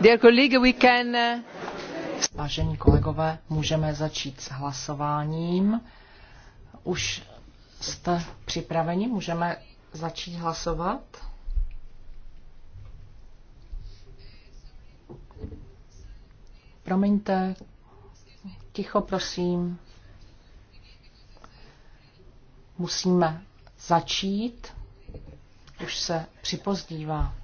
Uh, Vážení kolegové, můžeme začít s hlasováním. Už jste připraveni? Můžeme začít hlasovat? Promiňte, ticho prosím. Musíme začít. Už se připozdívá.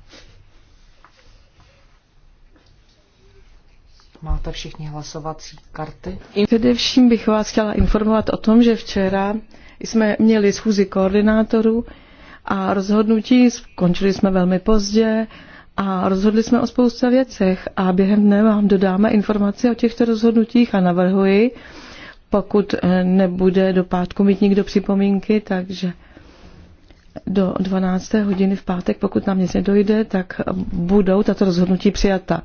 Máte všichni hlasovací karty? Především bych vás chtěla informovat o tom, že včera jsme měli schůzi koordinátorů a rozhodnutí, skončili jsme velmi pozdě a rozhodli jsme o spoustě věcech a během dne vám dodáme informace o těchto rozhodnutích a navrhuji, pokud eh, nebude do pátku mít nikdo připomínky, takže do 12. hodiny v pátek, pokud nám nic nedojde, tak budou tato rozhodnutí přijata.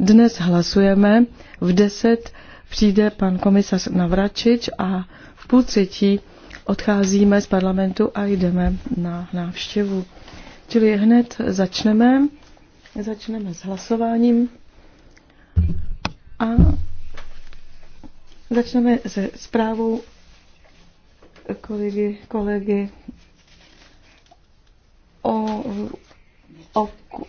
Dnes hlasujeme, v 10 přijde pan komisař Navračič a v půl třetí odcházíme z parlamentu a jdeme na návštěvu. Čili hned začneme. Začneme s hlasováním a začneme se zprávou kolegy, kolegy o, o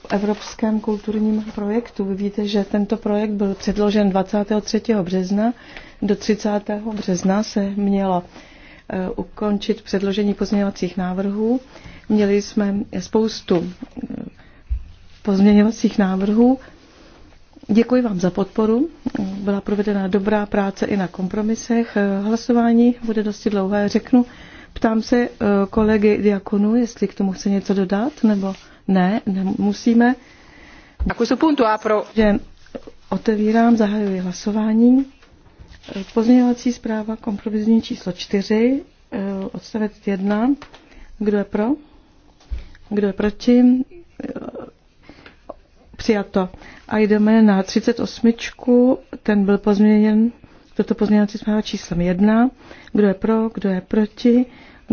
evropském kulturním projektu. Vy víte, že tento projekt byl předložen 23. března. Do 30. března se mělo e, ukončit předložení pozměňovacích návrhů. Měli jsme spoustu e, pozměňovacích návrhů. Děkuji vám za podporu. Byla provedena dobrá práce i na kompromisech. E, hlasování bude dosti dlouhé. Řeknu, Ptám se eh, kolegy Diakonu, jestli k tomu chce něco dodat, nebo ne, nemusíme. A questo a pro. Že otevírám, zahajuji hlasování. Eh, pozměňovací zpráva kompromisní číslo 4, eh, odstavec 1. Kdo je pro? Kdo je proti? Přijato. A jdeme na 38. Ten byl pozměněn Toto pozměňovací zpráva číslem 1. Kdo je pro, kdo je proti,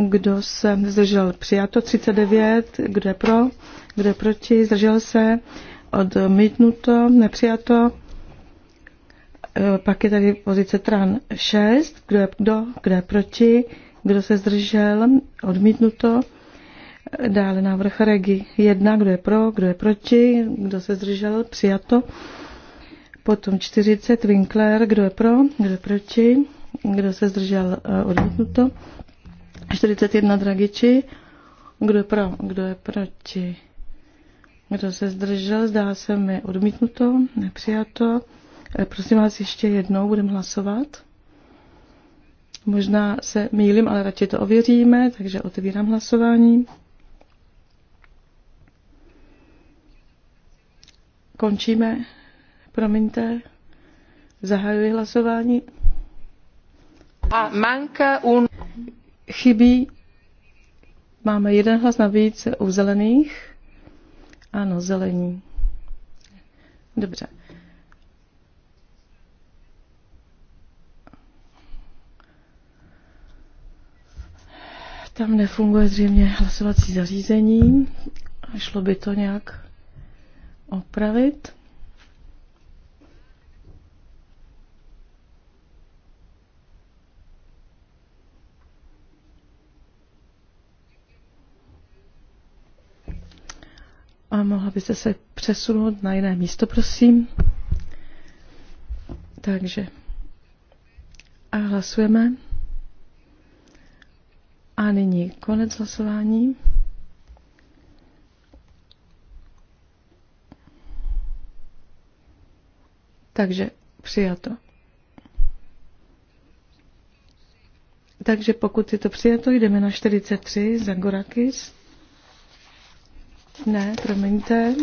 kdo se zdržel přijato, 39, kdo je pro, kdo je proti, zdržel se, odmítnuto, nepřijato. E, pak je tady pozice tran 6, kdo je kdo, kdo je proti, kdo se zdržel, odmítnuto. E, dále návrh regi 1, kdo je pro, kdo je proti, kdo se zdržel, přijato. Potom 40 Winkler, kdo je pro, kdo je proti, kdo se zdržel eh, odmítnuto. 41 Dragiči, kdo je pro, kdo je proti, kdo se zdržel, zdá se mi odmítnuto, nepřijato. Eh, prosím vás ještě jednou, budeme hlasovat. Možná se mýlím, ale radši to ověříme, takže otevírám hlasování. Končíme Promiňte, zahajuji hlasování. A manka un... Chybí. Máme jeden hlas navíc u zelených. Ano, zelení. Dobře. Tam nefunguje zřejmě hlasovací zařízení. Šlo by to nějak opravit. A mohla byste se přesunout na jiné místo, prosím. Takže. A hlasujeme. A nyní konec hlasování. Takže přijato. Takže pokud je to přijato, jdeme na 43 za Gorakis. Ne, promiňte.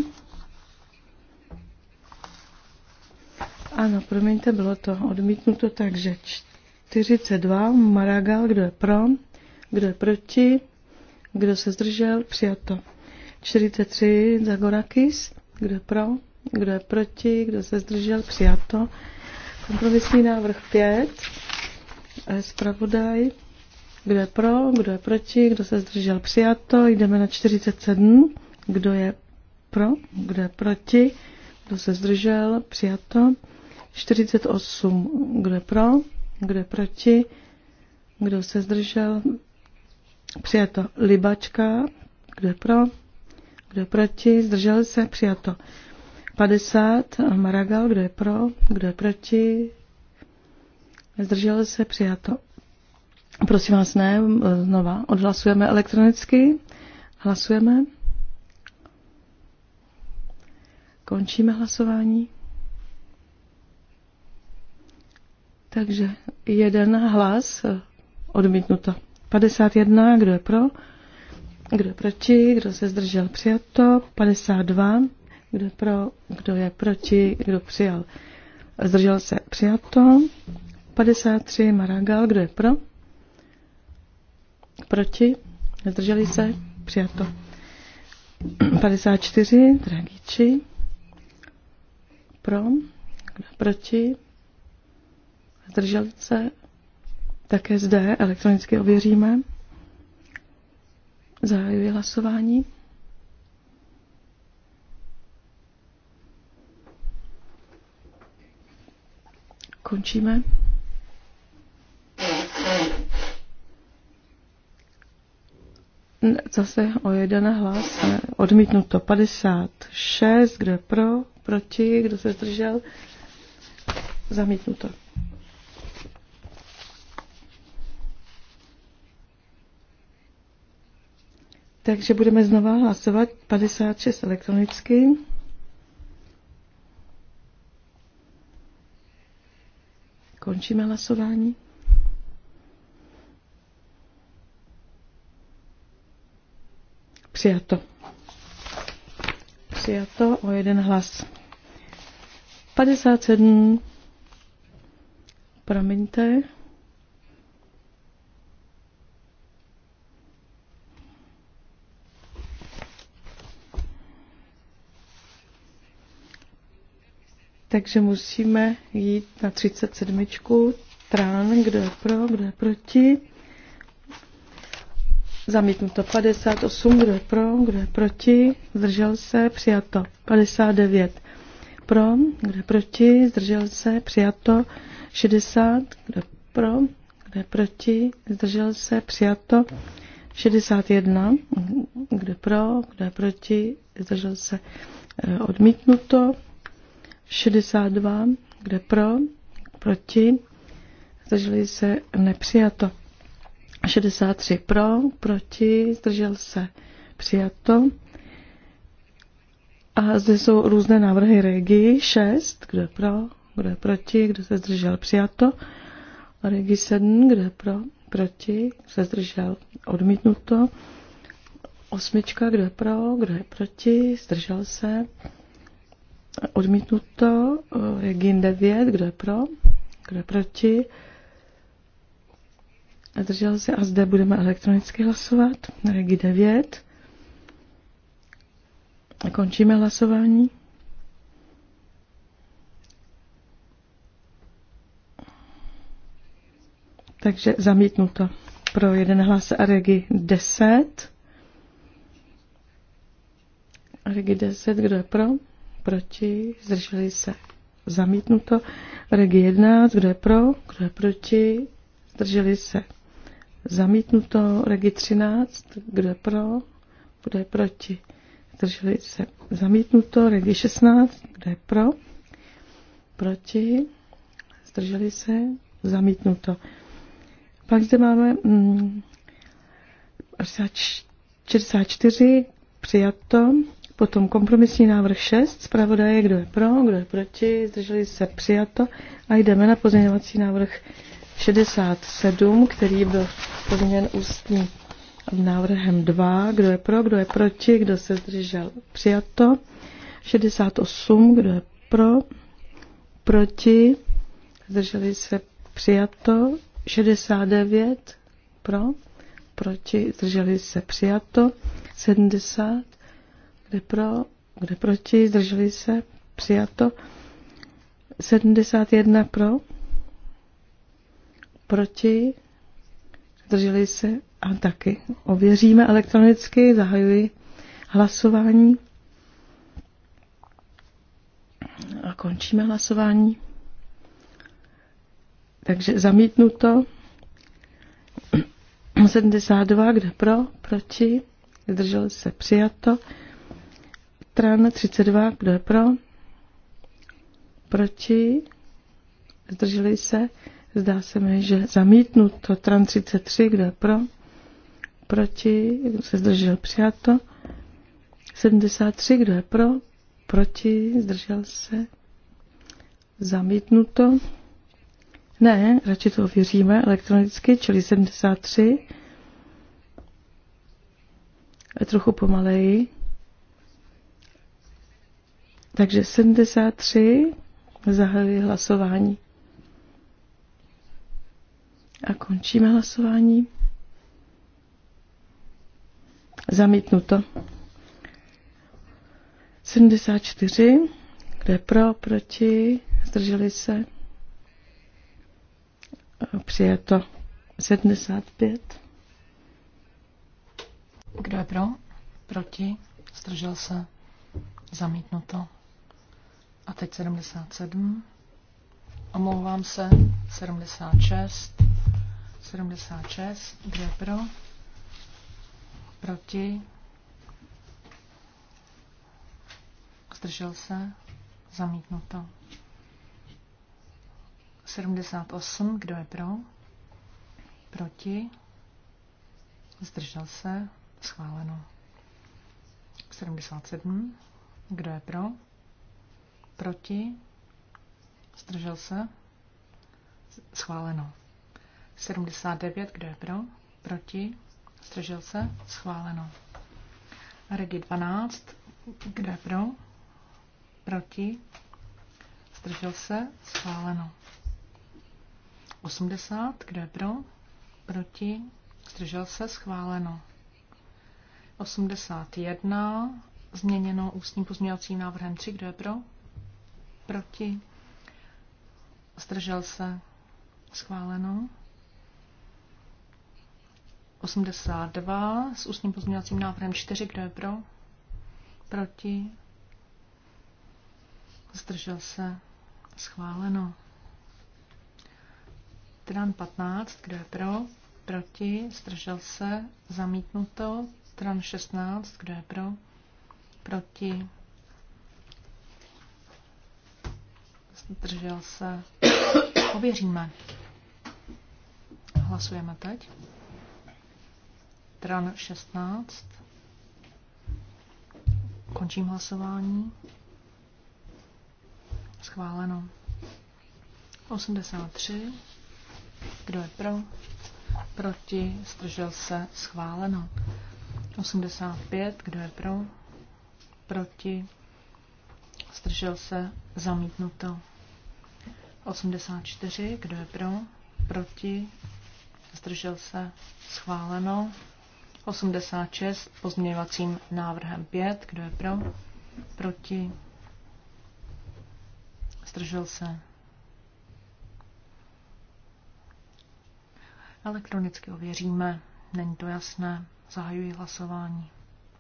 Ano, promiňte, bylo to odmítnuto, takže 42, Maragal, kdo je pro, kdo je proti, kdo se zdržel, přijato. 43, Zagorakis, kdo je pro, kdo je proti, kdo se zdržel, přijato. Kompromisní návrh 5, zpravodaj, kdo je pro, kdo je proti, kdo se zdržel, přijato. Jdeme na 47. Kdo je pro? Kdo je proti? Kdo se zdržel? Přijato. 48. Kdo je pro? Kdo je proti? Kdo se zdržel? Přijato. Libačka. Kdo je pro? Kdo je proti? Zdržel se? Přijato. 50. Maragal. Kdo je pro? Kdo je proti? Zdržel se? Přijato. Prosím vás, ne, znova. Odhlasujeme elektronicky. Hlasujeme. Končíme hlasování. Takže jeden hlas odmítnuto. 51, kdo je pro? Kdo je proti? Kdo se zdržel? Přijato. 52, kdo je pro? Kdo je proti? Kdo přijal? Zdržel se? Přijato. 53, Maragal, kdo je pro? Proti? Zdrželi se? Přijato. 54, Dragiči, pro? Kdo proti? Zdrželi se? Také zde elektronicky ověříme. Zahajuji hlasování. Končíme. Zase o jeden hlas odmítnu to 56, kdo je pro, proti, kdo se zdržel, zamítnu to. Takže budeme znova hlasovat 56 elektronicky. Končíme hlasování. Přijato. Přijato o jeden hlas. 57. Promiňte. Takže musíme jít na 37. Trán, kdo je pro, kdo je proti. Zamítnuto 58, kdo je pro, kdo je proti, zdržel se, přijato 59. Pro, kdo je proti, zdržel se, přijato 60, kdo je pro, kdo je proti, zdržel se, přijato 61, kdo je pro, kdo je proti, zdržel se, eh, odmítnuto 62, je pro, proti, zdrželi se nepřijato. 63 pro, proti, zdržel se přijato. A zde jsou různé návrhy regi 6, kdo je pro, kdo je proti, kdo se zdržel přijato. Regi 7, kdo je pro, proti, se zdržel odmítnuto. Osmička, kdo je pro, kdo je proti, zdržel se. Odmítnuto. Regi 9, kdo je pro, kdo je proti, zdržel se a zde budeme elektronicky hlasovat. Regi 9. Končíme hlasování. Takže zamítnuto pro jeden hlas a regi 10. Regi 10, kdo je pro? Proti, zdrželi se. Zamítnuto. Regi 11, kdo je pro? Kdo je proti? Zdrželi se Zamítnuto regi 13, kdo je pro, kdo je proti. Zdrželi se. Zamítnuto regi 16, kdo je pro, proti. Zdrželi se. Zamítnuto. Pak zde máme mm, 64, přijato. Potom kompromisní návrh 6, zpravodaje, kdo je pro, kdo je proti, zdrželi se, přijato. A jdeme na pozměňovací návrh 67, který byl podměn ústní návrhem 2. Kdo je pro, kdo je proti, kdo se zdržel? Přijato. 68, kdo je pro, proti, zdrželi se přijato. 69, pro, proti, zdrželi se přijato. 70, kde pro, kde proti, zdrželi se přijato. 71 pro, proti, drželi se a taky ověříme elektronicky, zahajuji hlasování a končíme hlasování. Takže zamítnuto 72, kde pro, proti, zdržel se přijato. Tran 32, kdo je pro, proti, zdrželi se Zdá se mi, že to tran 33, kdo je pro, proti, se zdržel, přijato. 73, kdo je pro, proti, zdržel se, zamítnuto. Ne, radši to ověříme elektronicky, čili 73. A trochu pomaleji. Takže 73 zahajuji hlasování. A končíme hlasování. Zamítnuto. 74. je pro, proti, zdrželi se. Přijeto. 75. Kdo je pro? Proti? Zdržel se? Zamítnuto. A teď 77. Omlouvám se. 76. 76, kdo je pro, proti, zdržel se, zamítnuto. 78, kdo je pro, proti, zdržel se, schváleno. 77, kdo je pro, proti, zdržel se, schváleno. 79, kdo je pro? Proti? Zdržel se? Schváleno. Regi 12, kdo je pro? Proti? Zdržel se? Schváleno. 80, kdo je pro? Proti? Zdržel se? Schváleno. 81, změněno ústním pozměňovacím návrhem 3, kdo je pro? Proti? Zdržel se? Schváleno. 82 s ústním pozměňovacím návrhem 4. Kdo je pro? Proti? Zdržel se? Schváleno. Tran 15. Kdo je pro? Proti? Zdržel se? Zamítnuto. Tran 16. Kdo je pro? Proti? Zdržel se? Ověříme. Hlasujeme teď. Tran 16. Končím hlasování. Schváleno. 83. Kdo je pro? Proti? Zdržel se? Schváleno. 85. Kdo je pro? Proti? Zdržel se? Zamítnuto. 84. Kdo je pro? Proti? Zdržel se? Schváleno. 86 pozměňovacím návrhem 5. Kdo je pro? Proti? Zdržel se? Elektronicky ověříme. Není to jasné. Zahajuji hlasování.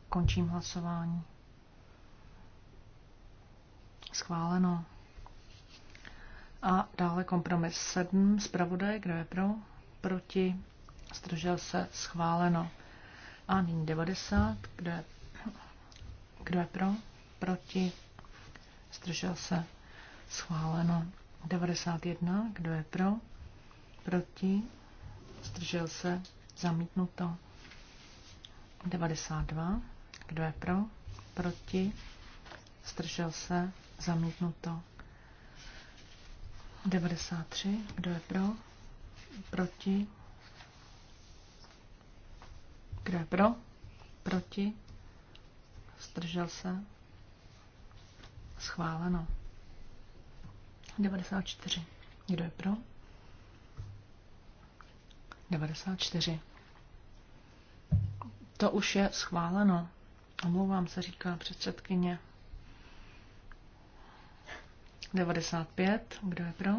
Končím hlasování. Schváleno. A dále kompromis 7. Zpravodaj, kdo je pro? Proti? Zdržel se? Schváleno. A nyní 90. Kdo je, kdo je pro? Proti? Zdržel se? Schváleno. 91. Kdo je pro? Proti? Zdržel se? Zamítnuto. 92. Kdo je pro? Proti? Zdržel se? Zamítnuto. 93. Kdo je pro? Proti? Kdo je pro? Proti? Zdržel se? Schváleno. 94. Kdo je pro? 94. To už je schváleno. Omlouvám se, říká předsedkyně. 95. Kdo je pro?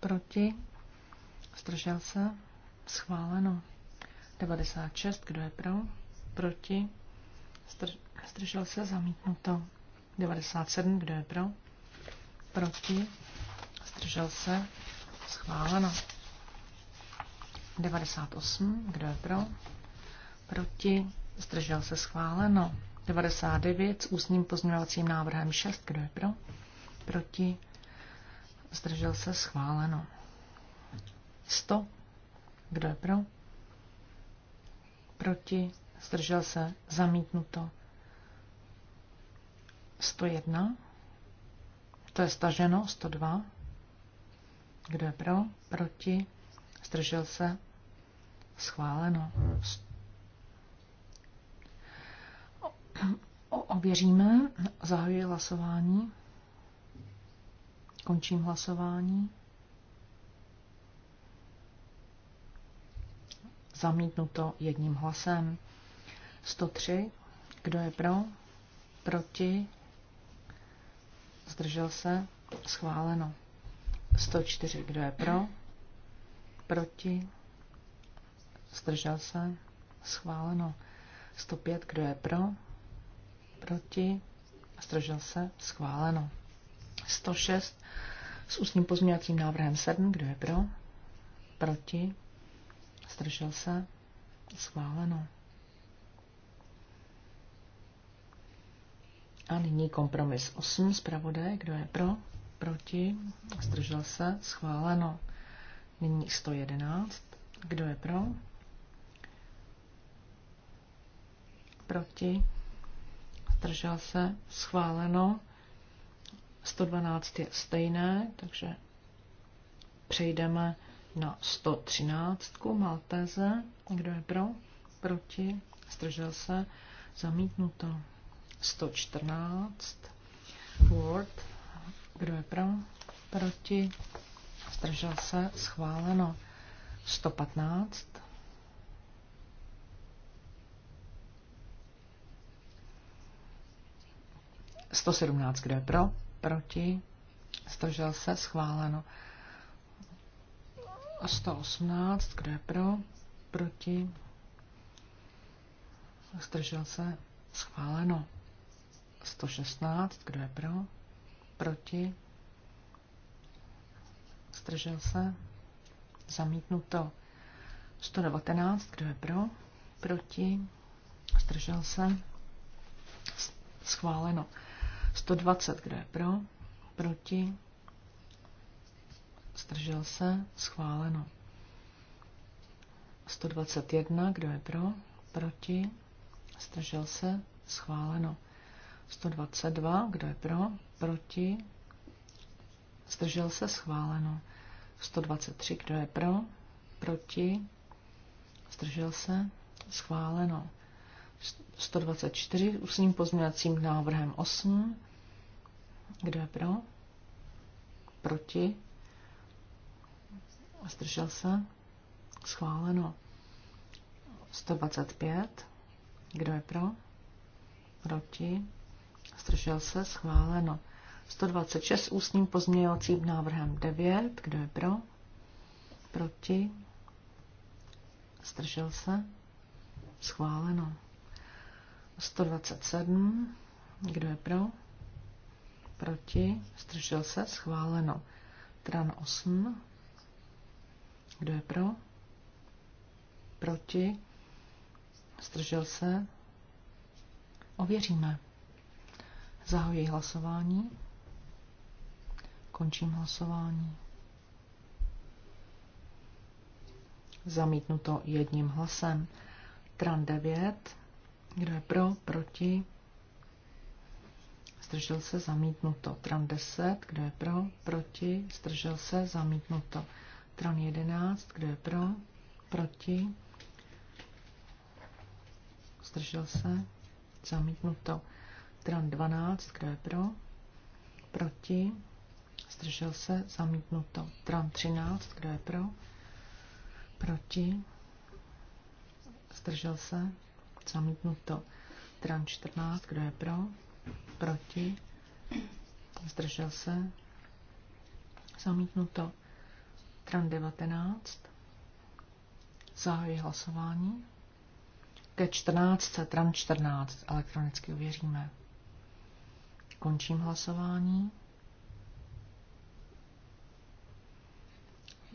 Proti? Zdržel se? Schváleno. 96, kdo je pro? Proti? Zdržel se zamítnuto. 97, kdo je pro? Proti? Zdržel se schváleno. 98, kdo je pro? Proti? Zdržel se schváleno. 99 s ústním pozměňovacím návrhem 6, kdo je pro? Proti? Zdržel se schváleno. 100, kdo je pro? proti, zdržel se, zamítnuto. 101, to je staženo, 102, kdo je pro, proti, zdržel se, schváleno. O, ověříme, zahajuji hlasování, končím hlasování. Zamítnuto jedním hlasem. 103. Kdo je pro? Proti? Zdržel se? Schváleno. 104. Kdo je pro? Proti? Zdržel se? Schváleno. 105. Kdo je pro? Proti? Zdržel se? Schváleno. 106. S ústním pozměňovacím návrhem 7. Kdo je pro? Proti? Zdržel se? Schváleno. A nyní kompromis 8. Zpravodaj, kdo je pro? Proti? Zdržel se? Schváleno. Nyní 111. Kdo je pro? Proti? Zdržel se? Schváleno. 112 je stejné, takže přejdeme na 113. Malteze, Kdo je pro? Proti? Zdržel se? Zamítnuto. 114. Word. Kdo je pro? Proti? Zdržel se? Schváleno. 115. Sto sedmnáct, kdo je pro? Proti? Zdržel se? Schváleno. 118, kdo je pro, proti, zdržel se, schváleno. 116, kdo je pro, proti, zdržel se, zamítnuto. 119, kdo je pro, proti, zdržel se, schváleno. 120, kdo je pro, proti, zdržel se, schváleno. 121, kdo je pro, proti, zdržel se, schváleno. 122, kdo je pro, proti, zdržel se, schváleno. 123, kdo je pro, proti, zdržel se, schváleno. 124 ním pozměňovacím návrhem 8, kdo je pro, proti, zdržel se, schváleno. 125, kdo je pro, proti, zdržel se, schváleno. 126 ústním pozměňovacím návrhem 9, kdo je pro, proti, zdržel se, schváleno. 127, kdo je pro, proti, zdržel se, schváleno. Tran 8, kdo je pro? Proti? Zdržel se? Ověříme. Zahojí hlasování. Končím hlasování. Zamítnuto jedním hlasem. Tran 9. Kdo je pro? Proti? Zdržel se? Zamítnuto. Tran 10. Kdo je pro? Proti? Zdržel se? Zamítnuto. Tron 11, kdo je pro? Proti? Zdržel se? Zamítnuto. Tron 12, kdo je pro? Proti? Zdržel se? Zamítnuto. Tron 13, kdo je pro? Proti? Zdržel se? Zamítnuto. Tran 14, kdo je pro? Proti? Zdržel se? Zamítnuto. Stran 19. Zahajuji hlasování. Ke 14. Tran 14. Elektronicky uvěříme. Končím hlasování.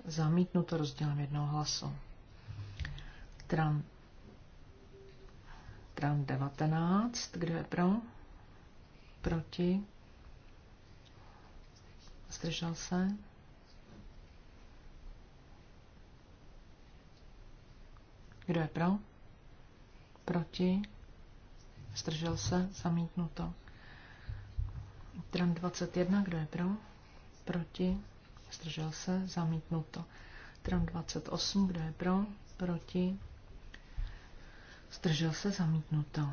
Zamítnuto rozdělem jednoho hlasu. Tran, tran 19. Kdo je pro? Proti? Zdržel se? Kdo je pro? Proti? Zdržel se? Zamítnuto. Trend 21. Kdo je pro? Proti? Zdržel se? Zamítnuto. Trend 28. Kdo je pro? Proti? Zdržel se? Zamítnuto.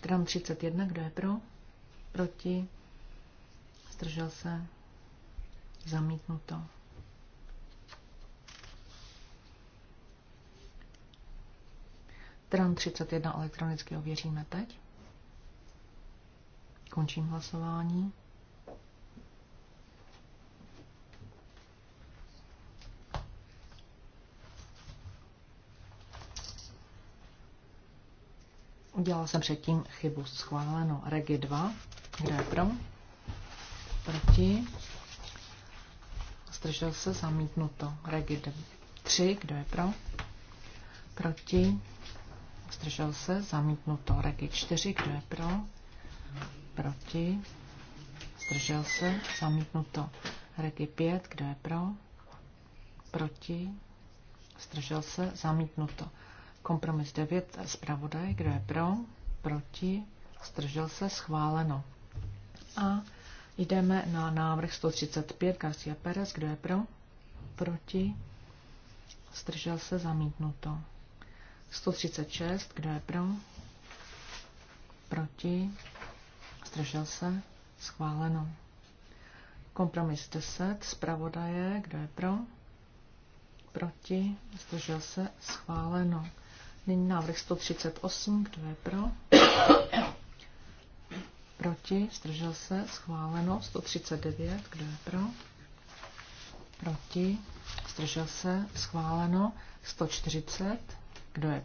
Trend 31. Kdo je pro? Proti? Zdržel se? Zamítnuto. Tran 31 elektronicky ověříme teď. Končím hlasování. Udělala jsem předtím chybu schváleno. Regi 2, kde je pro? Proti. Zdržel se zamítnuto. Regi 3, kdo je pro? Proti. Zdržel se? Zamítnuto. Regi 4. Kdo je pro? Proti? Zdržel se? Zamítnuto. Regi 5. Kdo je pro? Proti? Zdržel se? Zamítnuto. Kompromis 9. Zpravodaj. Kdo je pro? Proti? Zdržel se? Schváleno. A jdeme na návrh 135. Garcia Perez. Kdo je pro? Proti? Zdržel se? Zamítnuto. 136, kdo je pro? Proti? Zdržel se? Schváleno. Kompromis 10, zpravodaje, kdo je pro? Proti? Zdržel se? Schváleno. Nyní návrh 138, kdo je pro? Proti? Zdržel se? Schváleno. 139, kdo je pro? Proti? Zdržel se? Schváleno. 140, kdo je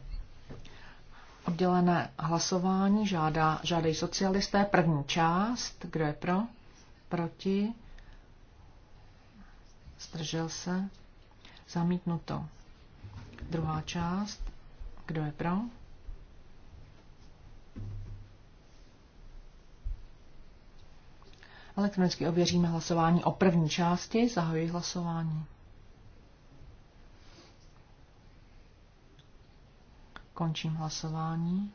oddělené hlasování žádá, žádají socialisté. První část, kdo je pro? Proti? Zdržel se? Zamítnuto. Druhá část, kdo je pro? Elektronicky ověříme hlasování o první části. Zahajuji hlasování. Končím hlasování.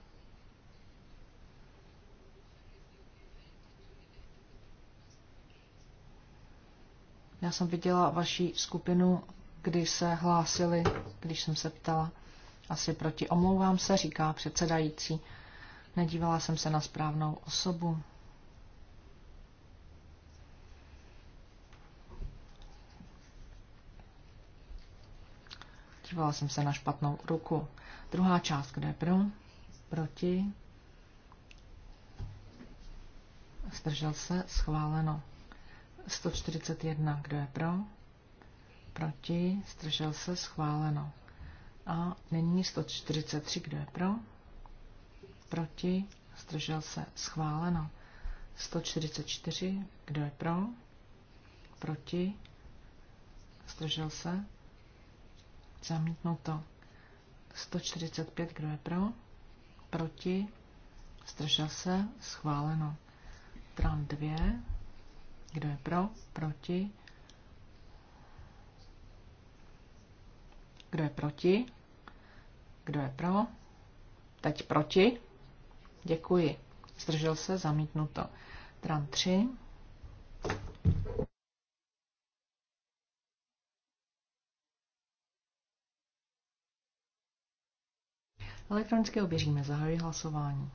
Já jsem viděla vaši skupinu, kdy se hlásili, když jsem se ptala. Asi proti omlouvám se, říká předsedající. Nedívala jsem se na správnou osobu. Dívala jsem se na špatnou ruku. Druhá část, kde je pro, proti, zdržel se, schváleno. 141, kdo je pro, proti, zdržel se, schváleno. A nyní 143, kdo je pro, proti, zdržel se, schváleno. 144, kdo je pro, proti, zdržel se, zamítnuto. 145, kdo je pro? Proti? Zdržel se? Schváleno. Tran 2. Kdo je pro? Proti? Kdo je proti? Kdo je pro? Teď proti? Děkuji. Zdržel se? Zamítnuto. Tran 3. Elektronicky oběříme Zahajuji hlasování.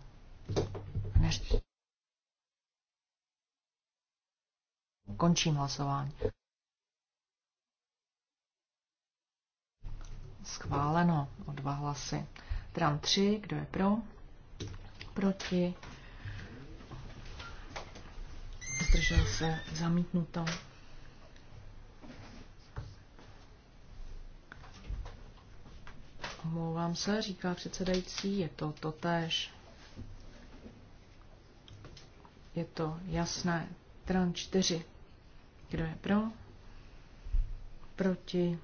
Než... Končím hlasování. Schváleno o dva hlasy. Tram 3, kdo je pro? Proti? Zdržel se zamítnuto. Omlouvám se, říká předsedající, je to totéž. Je to jasné. Tran 4. Kdo je pro? Proti?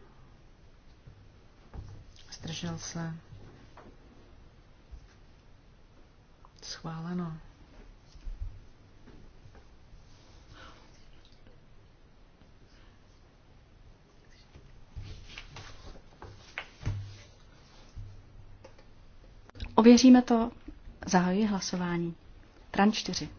Zdržel se? Schváleno. Ověříme to. Zahajuji hlasování. Tran 4.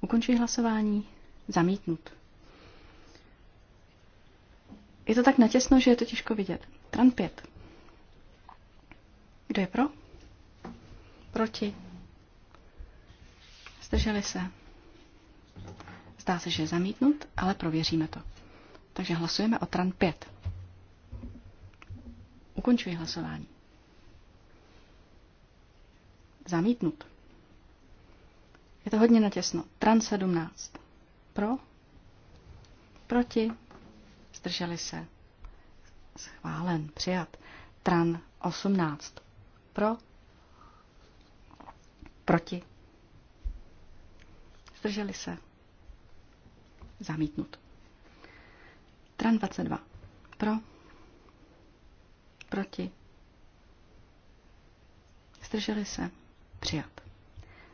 Ukončuji hlasování. Zamítnut. Je to tak natěsno, že je to těžko vidět. Tran 5. Kdo je pro? Proti? Zdrželi se. Zdá se, že je zamítnut, ale prověříme to. Takže hlasujeme o TRAN 5. Ukončuji hlasování. Zamítnut. Je to hodně natěsno. TRAN 17. Pro? Proti? Zdrželi se. Schválen. Přijat. TRAN 18. Pro? Proti? Zdrželi se. Zamítnut. Tran 22. Pro. Proti. Zdrželi se. Přijat.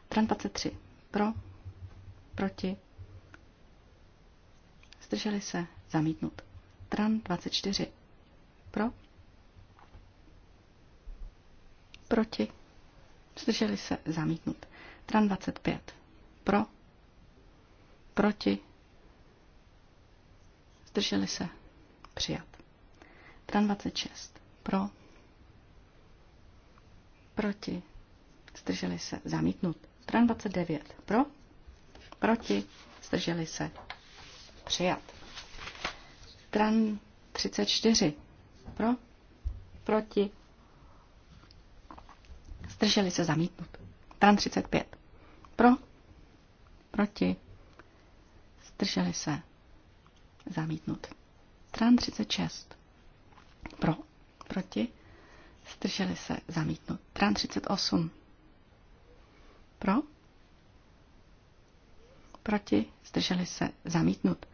Tran 23. Pro. Proti. Zdrželi se. Zamítnut. Tran 24. Pro. Proti. Zdrželi se. Zamítnut. Tran 25. Pro. Proti. Zdrželi se. Přijat. Tran 26. Pro. Proti. Zdrželi se. Zamítnut. Tran 29. Pro. Proti. Zdrželi se. Přijat. Tran 34. Pro. Proti. Zdrželi se. Zamítnut. Tran 35. Pro. Proti. Zdrželi se. Zamítnut. Tran 36. Pro. Proti. Strželi se. Zamítnut. Tran 38. Pro. Proti. Strželi se. Zamítnut.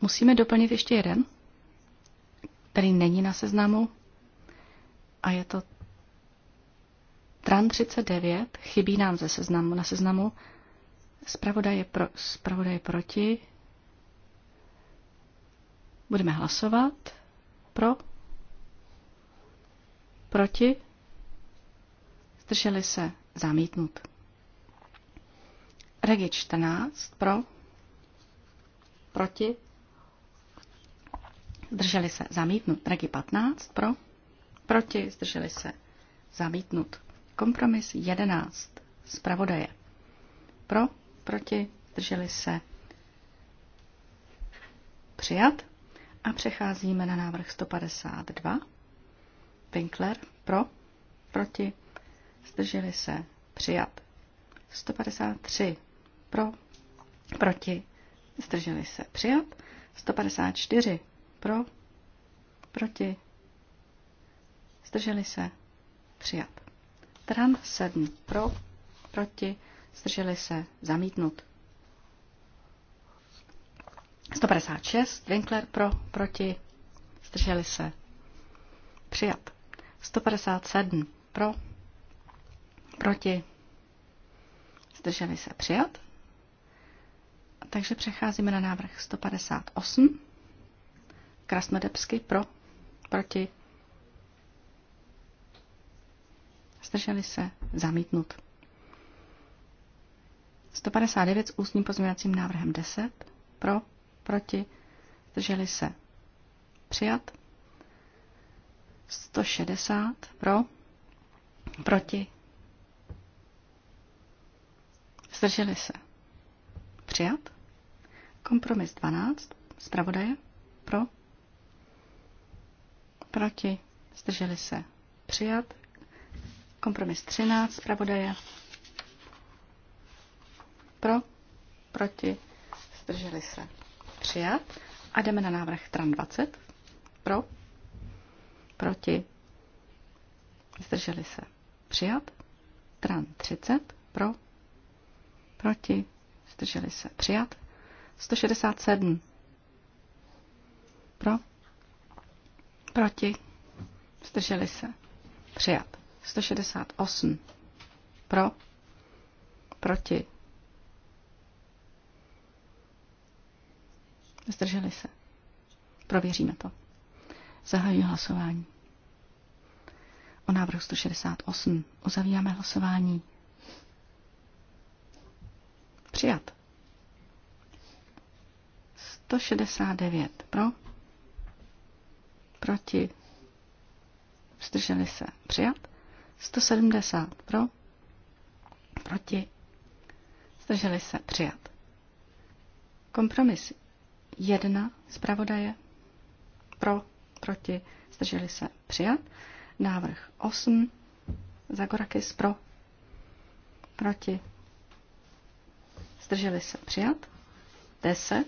Musíme doplnit ještě jeden, který není na seznamu. A je to Tran 39. Chybí nám ze seznamu, na seznamu. Spravodaj je, pro, spravodaj je proti. Budeme hlasovat. Pro? Proti? Zdrželi se zamítnut. Regi 14. Pro? Proti? Zdrželi se zamítnut. Regi 15. Pro? Proti? Zdrželi se zamítnut. Kompromis 11. Zpravodaje. Pro? Proti? Zdrželi se přijat. A přecházíme na návrh 152. Winkler pro, proti, zdrželi se, přijat. 153 pro, proti, zdrželi se, přijat. 154 pro, proti, zdrželi se, přijat. Tran 7 pro, proti, zdrželi se, zamítnut. 156, Winkler pro, proti, zdrželi se. Přijat. 157 pro, proti, zdrželi se. Přijat. Takže přecházíme na návrh 158. Krasnodebsky pro, proti, zdrželi se. Zamítnut. 159 s ústním pozměňovacím návrhem 10 pro, proti, zdrželi se přijat. 160 pro, proti, zdrželi se přijat. Kompromis 12 zpravodaje pro, proti, zdrželi se přijat. Kompromis 13 zpravodaje pro, proti, zdrželi se přijat. A jdeme na návrh TRAN 20. Pro, proti, zdrželi se přijat. TRAN 30. Pro, proti, zdrželi se přijat. 167. Pro, proti, zdrželi se přijat. 168. Pro, proti, Zdrželi se. Prověříme to. Zahajuji hlasování. O návrhu 168 uzavíráme hlasování. Přijat. 169 pro. Proti. Zdrželi se. Přijat. 170 pro. Proti. Zdrželi se. Přijat. Kompromis 1 zpravodaje pro, proti, zdrželi se přijat. Návrh 8 Zagorakis pro, proti, zdrželi se přijat. 10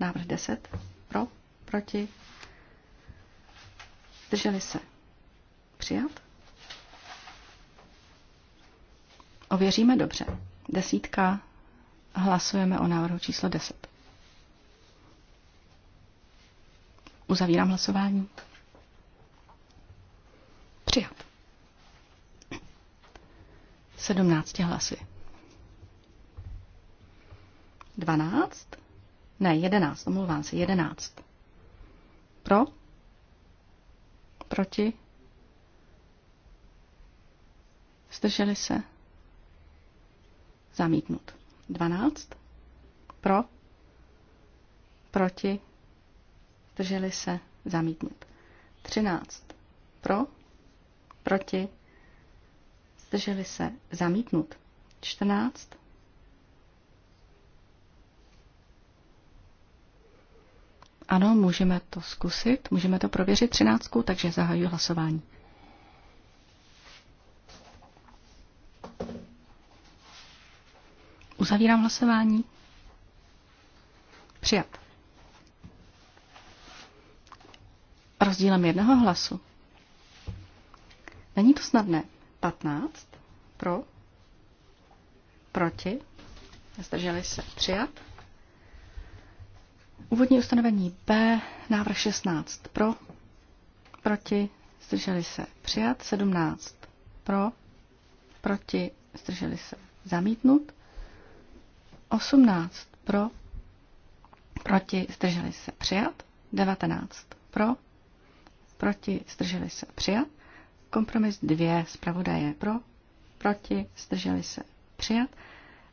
návrh 10 pro, proti, zdrželi se přijat. Ověříme dobře. Desítka. Hlasujeme o návrhu číslo 10. Uzavírám hlasování. Přijat. 17 hlasy. 12? Ne, 11, omlouvám se, 11. Pro? Proti? Zdrželi se? Zamítnut. 12. Pro? Proti? zdrželi se, zamítnut. 13 pro, proti, zdrželi se, zamítnut. 14 Ano, můžeme to zkusit, můžeme to prověřit třináctku, takže zahajuji hlasování. Uzavírám hlasování. Přijat. rozdílem jednoho hlasu. Není to snadné. 15 pro, proti, zdrželi se přijat. Úvodní ustanovení B, návrh 16 pro, proti, zdrželi se přijat, 17 pro, proti, zdrželi se zamítnut, 18 pro, proti, zdrželi se přijat, 19 pro, proti, zdrželi se, přijat. Kompromis dvě zpravodaje pro, proti, zdrželi se, přijat.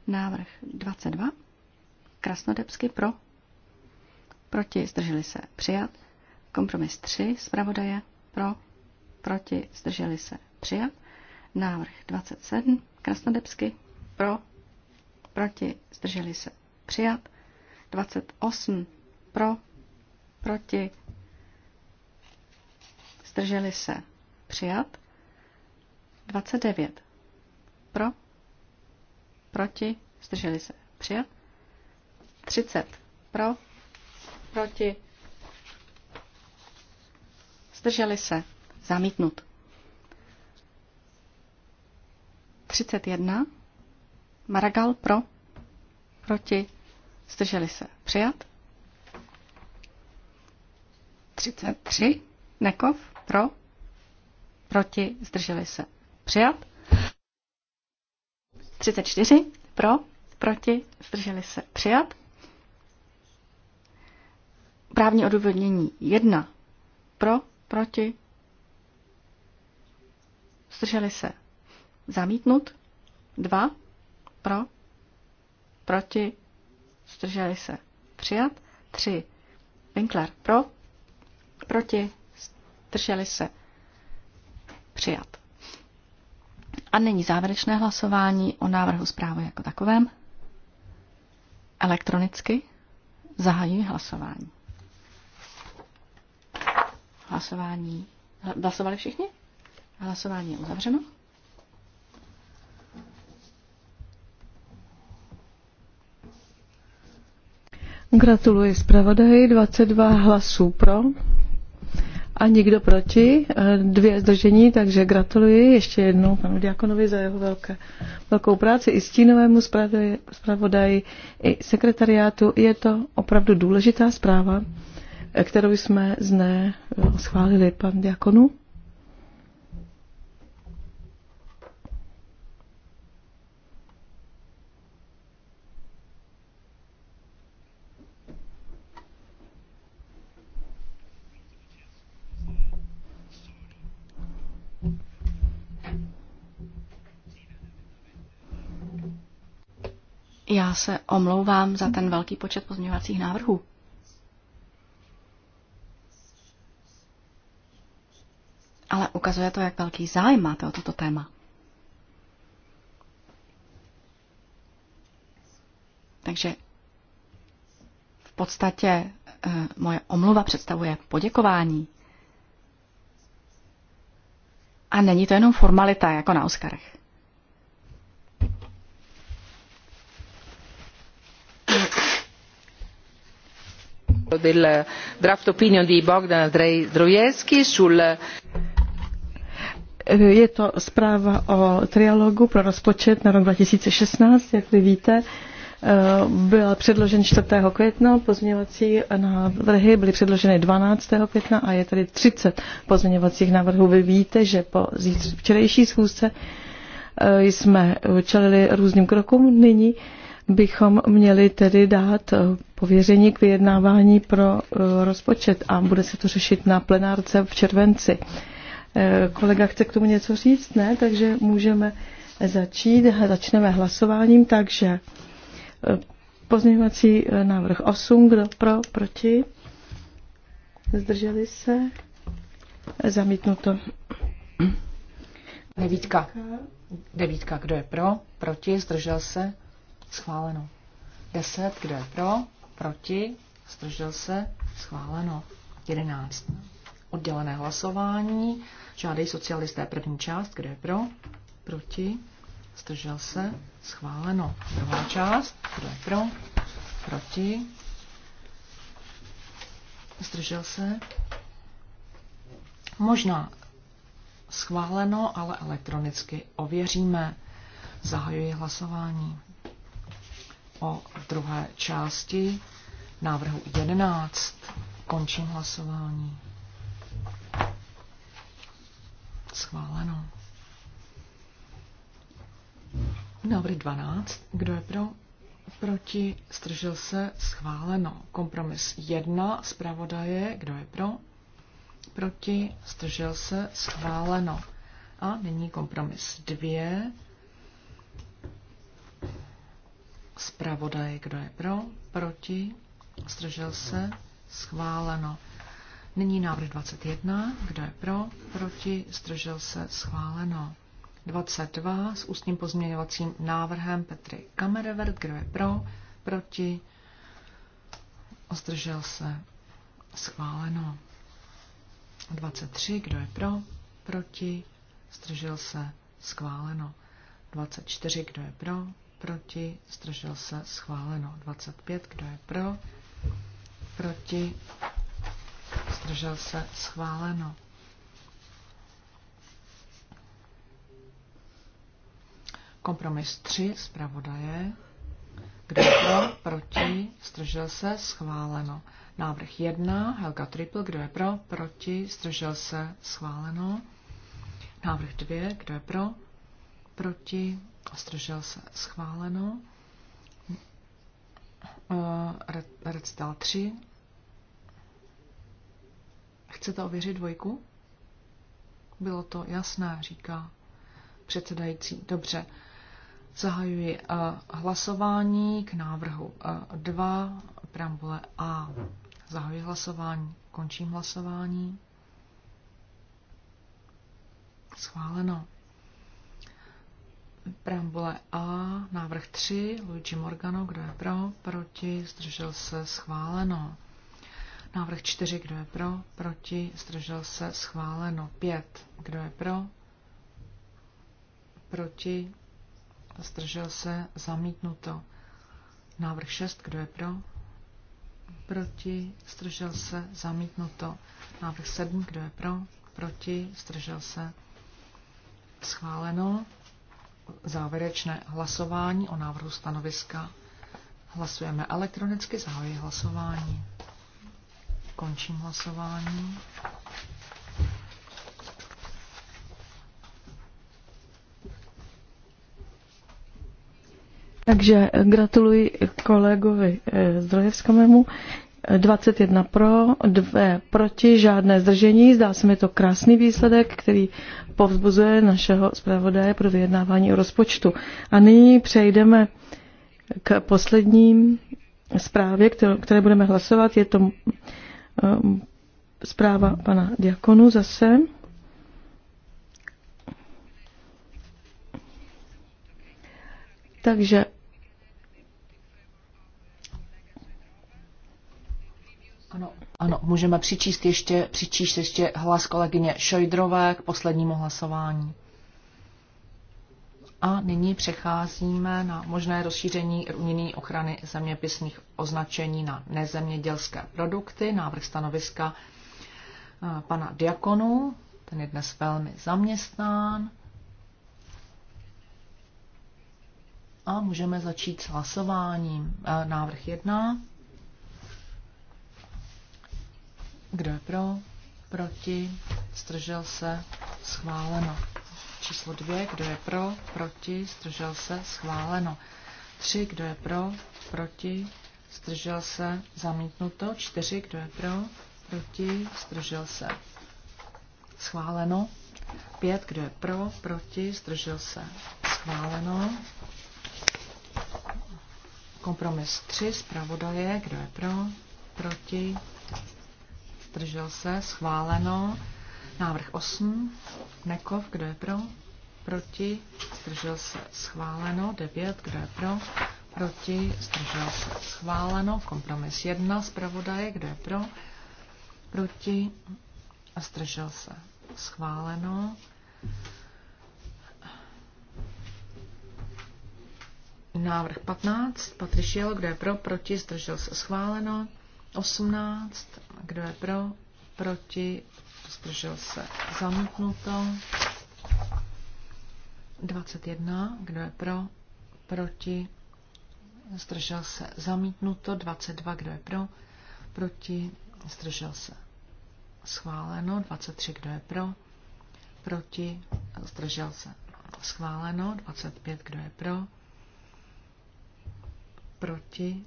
Návrh 22, Krasnodebsky pro, proti, zdrželi se, přijat. Kompromis 3 zpravodaje pro, proti, zdrželi se, přijat. Návrh 27, Krasnodebsky pro, proti, zdrželi se, přijat. 28, pro, proti, Zdrželi se. Přijat. 29. Pro. Proti. Zdrželi se. Přijat. 30. Pro. Proti. Zdrželi se. Zamítnut. 31. Maragal pro. Proti. Zdrželi se. Přijat. 33. Nekov. Pro? Proti? Zdrželi se. Přijat. 34. Pro? Proti? Zdrželi se. Přijat. Právní odůvodnění 1. Pro? Proti? Zdrželi se. Zamítnut. 2. Pro? Proti? Zdrželi se. Přijat. 3. Winkler pro, proti, zdrželi se. Přijat. A nyní závěrečné hlasování o návrhu zprávy jako takovém. Elektronicky zahajuji hlasování. Hlasování. Hlasovali všichni? Hlasování je uzavřeno. Gratuluji zpravodaji, 22 hlasů pro, a nikdo proti, eh, dvě zdržení, takže gratuluji ještě jednou panu Diakonovi za jeho velké, velkou práci i stínovému zpravodaji, i sekretariátu. Je to opravdu důležitá zpráva, eh, kterou jsme zne eh, schválili pan Diakonu. Já se omlouvám za ten velký počet pozměňovacích návrhů. Ale ukazuje to, jak velký zájem máte o toto téma. Takže v podstatě eh, moje omluva představuje poděkování. A není to jenom formalita, jako na Oscarech. della draft opinion di Bogdan Zdrojewski sul je to zpráva o trialogu pro rozpočet na rok 2016, jak vy víte. Eh, byl předložen 4. května, pozměňovací návrhy byly předloženy 12. května a je tady 30 pozměňovacích návrhů. Vy víte, že po včerejší schůzce eh, jsme čelili různým krokům. Nyní bychom měli tedy dát eh, pověření k vyjednávání pro eh, rozpočet a bude se to řešit na plenárce v červenci. Eh, kolega chce k tomu něco říct, ne? Takže můžeme začít. Začneme hlasováním, takže pozměňovací návrh 8, kdo pro, proti? Zdrželi se? Zamítnuto. Devítka. Devítka, kdo je pro, proti, zdržel se? Schváleno. 10, kdo je pro? Proti? Zdržel se? Schváleno. 11. Oddělené hlasování. žádej socialisté první část. Kdo je pro? Proti? Zdržel se? Schváleno. Druhá část. Kdo je pro? Proti? Zdržel se? Možná schváleno, ale elektronicky ověříme. Zahajuji hlasování o druhé části návrhu 11. Končím hlasování. Schváleno. Návrh 12. Kdo je pro? Proti? Stržil se? Schváleno. Kompromis 1. Zpravodaje. Kdo je pro? Proti? Stržil se? Schváleno. A nyní kompromis 2. Zpravodaj, kdo je pro, proti, zdržel se, schváleno. Nyní návrh 21, kdo je pro, proti, zdržel se, schváleno. 22 s ústním pozměňovacím návrhem Petry Kamerevert, kdo je pro, proti, zdržel se, schváleno. 23, kdo je pro, proti, zdržel se, schváleno. 24, kdo je pro, proti, zdržel se, schváleno. 25, kdo je pro, proti, zdržel se, schváleno. Kompromis 3, zpravodaje, kdo je pro, proti, zdržel se, schváleno. Návrh 1, Helga Triple, kdo je pro, proti, zdržel se, schváleno. Návrh 2, kdo je pro, proti, zdržel se schváleno. Eh, Recital 3. Chcete ověřit dvojku? Bylo to jasné, říká předsedající. Dobře. Zahajuji eh, hlasování k návrhu 2, eh, preambule A. Zahajuji hlasování, končím hlasování. Schváleno. Preambule A, návrh 3, Luigi Morgano, kdo je pro, proti, zdržel se, schváleno. Návrh 4, kdo je pro, proti, zdržel se, schváleno. 5, kdo je pro, proti, zdržel se, zamítnuto. Návrh 6, kdo je pro, proti, zdržel se, zamítnuto. Návrh 7, kdo je pro, proti, zdržel se, schváleno závěrečné hlasování o návrhu stanoviska. Hlasujeme elektronicky, zahajuji hlasování. Končím hlasování. Takže gratuluji kolegovi eh, Zdrojevskému. 21 pro, 2 proti, žádné zdržení. Zdá se mi to krásný výsledek, který povzbuzuje našeho zpravodaje pro vyjednávání o rozpočtu. A nyní přejdeme k posledním zprávě, které budeme hlasovat. Je to eh, zpráva pana Diakonu zase. Takže Ano, ano, můžeme přičíst ještě, přičíst ještě hlas kolegyně Šojdrové k poslednímu hlasování. A nyní přecházíme na možné rozšíření unijní ochrany zeměpisných označení na nezemědělské produkty. Návrh stanoviska eh, pana Diakonu, ten je dnes velmi zaměstnán. A můžeme začít s hlasováním. Eh, návrh 1. Kdo je pro? Proti? Zdržel se? Schváleno. Číslo dvě. Kdo je pro? Proti? Zdržel se? Schváleno. Tři. Kdo je pro? Proti? Zdržel se? Zamítnuto. Čtyři. Kdo je pro? Proti? Zdržel se? Schváleno. Pět. Kdo je pro? Proti? Zdržel se? Schváleno. Kompromis 3 zpravodaje. Kdo je pro? Proti? zdržel se, schváleno. Návrh 8, Nekov, kdo je pro, proti, zdržel se, schváleno. 9, kdo je pro, proti, zdržel se, schváleno. Kompromis 1, zpravodaje, kdo je pro, proti, zdržel se, schváleno. Návrh 15, Patrišiel, kdo je pro, proti, zdržel se, schváleno. 18. Kdo je pro? Proti? Zdržel se. Zamítnuto. 21. Kdo je pro? Proti? Zdržel se. Zamítnuto. 22. Kdo je pro? Proti? Zdržel se. Schváleno. 23. Kdo je pro? Proti? Zdržel se. Schváleno. 25. Kdo je pro? Proti?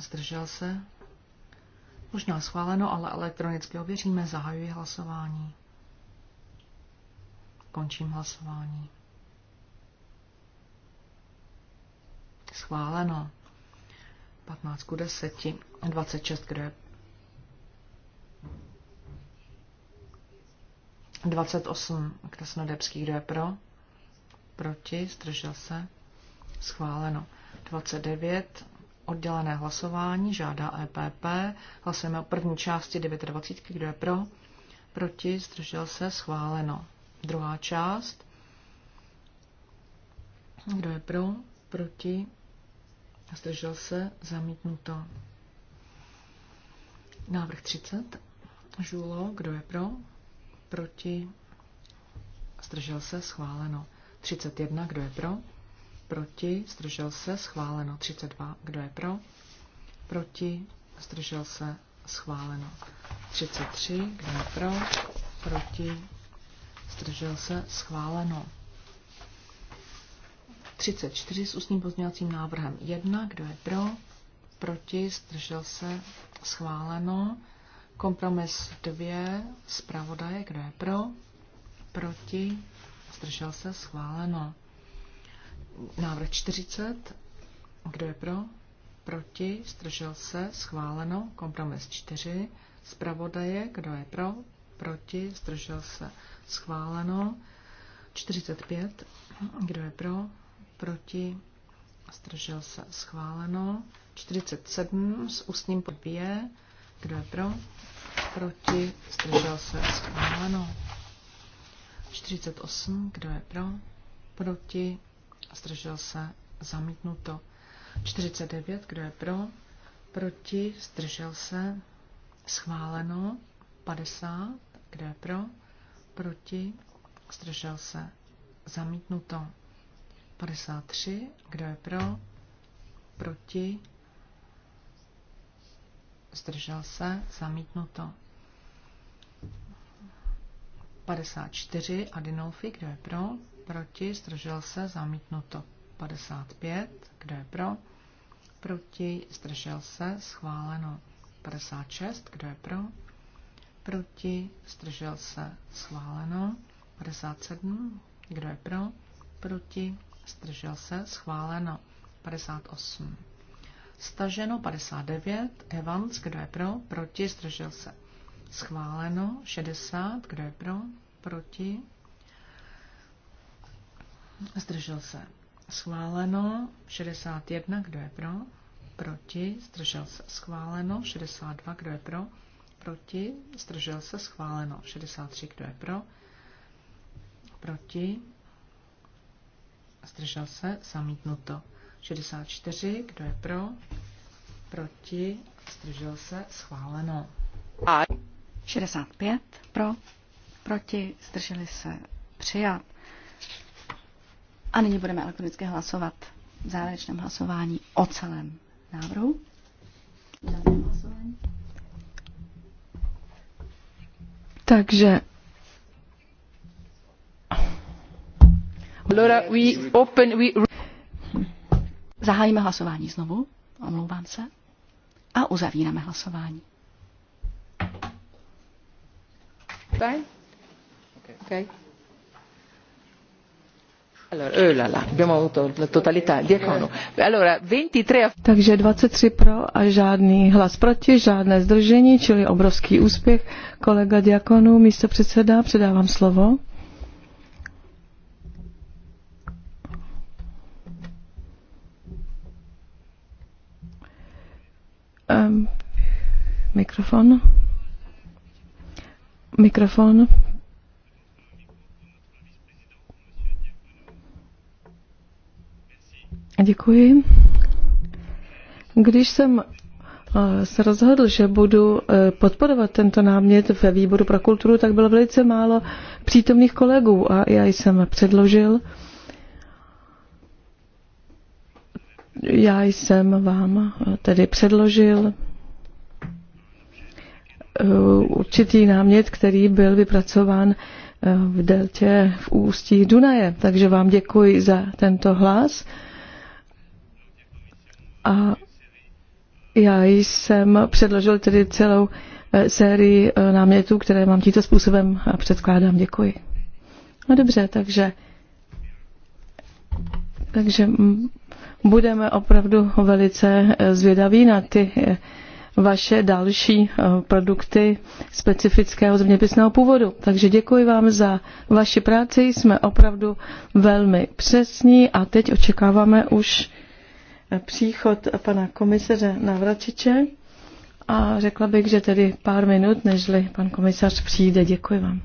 zdržel se. Možná schváleno, ale elektronicky ověříme. Zahajuji hlasování. Končím hlasování. Schváleno. 15 k 10. 26, kdo je 28 Krasnodebský, kdo je pro? Proti, zdržel se. Schváleno. 29 Oddělené hlasování žádá EPP. Hlasujeme o první části 29. Kdo je pro? Proti? Zdržel se? Schváleno. Druhá část. Kdo je pro? Proti? Zdržel se? Zamítnuto. Návrh 30. Žulo, kdo je pro? Proti? Zdržel se? Schváleno. 31. Kdo je pro? Proti? Zdržel se? Schváleno. 32. Kdo je pro? Proti? Zdržel se? Schváleno. 33. Kdo je pro? Proti? Zdržel se? Schváleno. 34 s ústním pozměňovacím návrhem 1. Kdo je pro? Proti? Zdržel se? Schváleno. Kompromis 2. Zpravodaje. Kdo je pro? Proti? Zdržel se? Schváleno. Návrh 40. Kdo je pro? Proti? Zdržel se? Schváleno. Kompromis 4. Zpravodaje. Kdo je pro? Proti? Zdržel se? Schváleno. 45. Kdo je pro? Proti? Zdržel se? Schváleno. 47 s ústním podbíje. Kdo je pro? Proti? Zdržel se? Schváleno. 48. Kdo je pro? Proti? zdržel se, zamítnuto. 49, kdo je pro, proti, zdržel se, schváleno. 50, kdo je pro, proti, zdržel se, zamítnuto. 53, kdo je pro, proti, zdržel se, zamítnuto. 54 Adinolfi, kdo je pro, proti, zdržel se, zamítnuto. 55, kdo je pro, proti, zdržel se, schváleno. 56, kdo je pro, proti, zdržel se, schváleno. 57, kdo je pro, proti, zdržel se, schváleno. 58. Staženo 59, Evans, kdo je pro, proti, zdržel se. Schváleno 60, kdo je pro, proti, Zdržel se. Schváleno. 61. Kdo je pro? Proti. Zdržel se. Schváleno. 62. Kdo je pro? Proti. Zdržel se. Schváleno. 63. Kdo je pro? Proti. Zdržel se. Zamítnuto. 64. Kdo je pro? Proti. Zdržel se. Schváleno. A 65. Pro. Proti. Zdrželi se. Přijat. A nyní budeme elektronicky hlasovat v závěrečném hlasování o celém návrhu. Takže Laura, we open, we... Zahájíme hlasování znovu, omlouvám se, a uzavíráme hlasování. Okay. okay. Eh, Takže 23 pro a žádný hlas proti, žádné zdržení, čili obrovský úspěch. Kolega Diakonu, místo předseda, předávám slovo. mikrofon. Mikrofon, Děkuji. Když jsem eh, se rozhodl, že budu eh, podporovat tento námět ve výboru pro kulturu, tak bylo velice málo přítomných kolegů a já jsem předložil. Já jsem vám eh, tedy předložil určitý námět, který byl vypracován v deltě v ústí Dunaje. Takže vám děkuji za tento hlas. A já jsem předložil tedy celou eh, sérii eh, námětů, které mám tímto způsobem a eh, předkládám. Děkuji. No dobře, takže, takže budeme opravdu velice zvědaví na ty vaše další produkty specifického zeměpisného původu. Takže děkuji vám za vaši práci, jsme opravdu velmi přesní a teď očekáváme už příchod pana komisaře Navračiče a řekla bych, že tedy pár minut, nežli pan komisař přijde. Děkuji vám.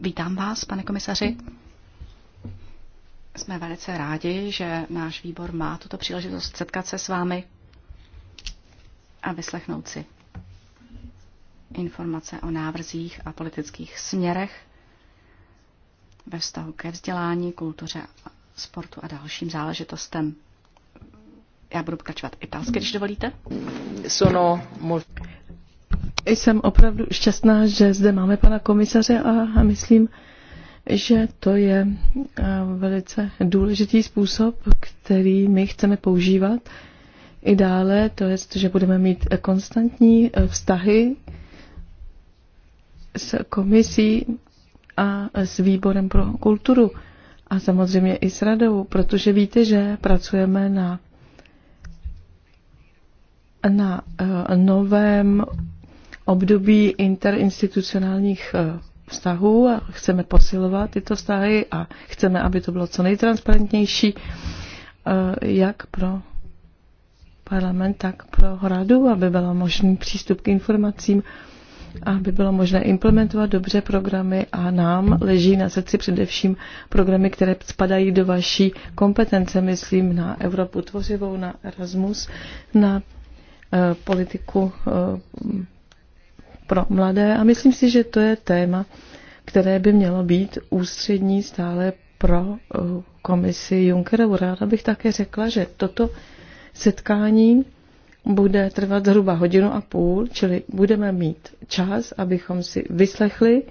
Vítám vás, pane komisaři. Jsme velice rádi, že náš výbor má tuto příležitost setkat se s vámi a vyslechnout si informace o návrzích a politických směrech ve vztahu ke vzdělání, kultuře, sportu a dalším záležitostem. Já budu pokračovat italsky, když dovolíte. Sono jsem opravdu šťastná, že zde máme pana komisaře a myslím, že to je velice důležitý způsob, který my chceme používat i dále, to je, že budeme mít konstantní e, vztahy s komisí a s výborem pro kulturu a samozřejmě i s radou, protože víte, že pracujeme na, na e, novém období interinstitucionálních eh, vztahů a chceme posilovat tyto vztahy a chceme, aby to bylo co nejtransparentnější, eh, jak pro parlament, tak pro radu, aby byl možný přístup k informacím, aby bylo možné implementovat dobře programy a nám leží na srdci především programy, které spadají do vaší kompetence, myslím na Evropu tvořivou, na Erasmus, na eh, politiku pro mladé a myslím si, že to je téma, které by mělo být ústřední stále pro eh, komisi Junckerovu. Ráda bych také řekla, že toto setkání bude trvat zhruba hodinu a půl, čili budeme mít čas, abychom si vyslechli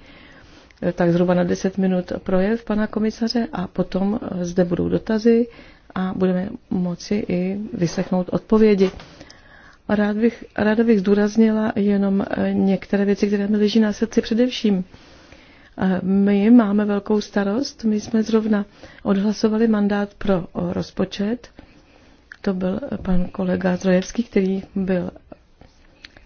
eh, tak zhruba na 10 minut projev pana komisaře a potom eh, zde budou dotazy a budeme moci i vyslechnout odpovědi. Rád bych, ráda bych zdůraznila jenom eh, některé věci, které mi leží na srdci především. Eh, my máme velkou starost, my jsme zrovna odhlasovali mandát pro eh, rozpočet. To byl pan kolega Zrojevský, který byl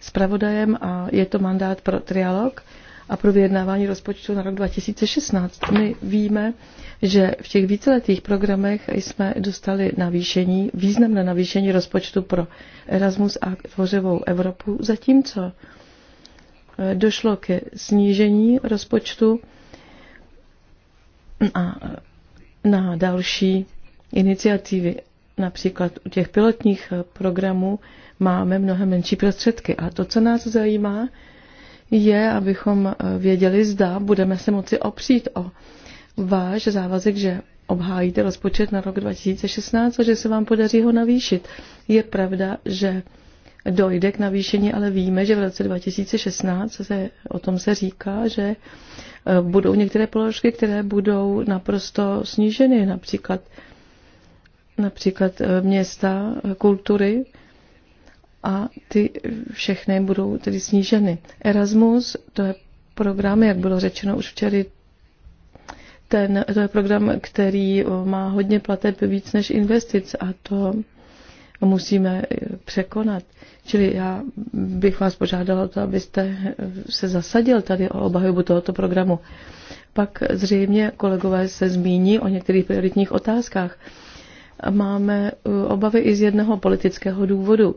zpravodajem a je to mandát pro trialog a pro vyjednávání rozpočtu na rok 2016. My víme, že v těch víceletých programech jsme dostali navýšení, významné navýšení rozpočtu pro Erasmus a tvořivou Evropu, zatímco eh, došlo ke snížení rozpočtu a eh, na další iniciativy. Například u těch pilotních eh, programů máme mnohem menší prostředky. A to, co nás zajímá, je, abychom eh, věděli, zda budeme se moci opřít o váš závazek, že obhájíte rozpočet na rok 2016 a že se vám podaří ho navýšit. Je pravda, že dojde k navýšení, ale víme, že v roce 2016 se, o tom se říká, že eh, budou některé položky, které budou naprosto sníženy, například, například eh, města kultury a ty všechny budou tedy sníženy. Erasmus, to je program, jak bylo řečeno už včera, ten, to je program, který má hodně plateb víc než investic a to musíme e, překonat. Čili já bych vás požádala to, abyste e, se zasadil tady o obhajobu tohoto programu. Pak zřejmě kolegové se zmíní o některých prioritních otázkách. Máme e, obavy i z jednoho politického důvodu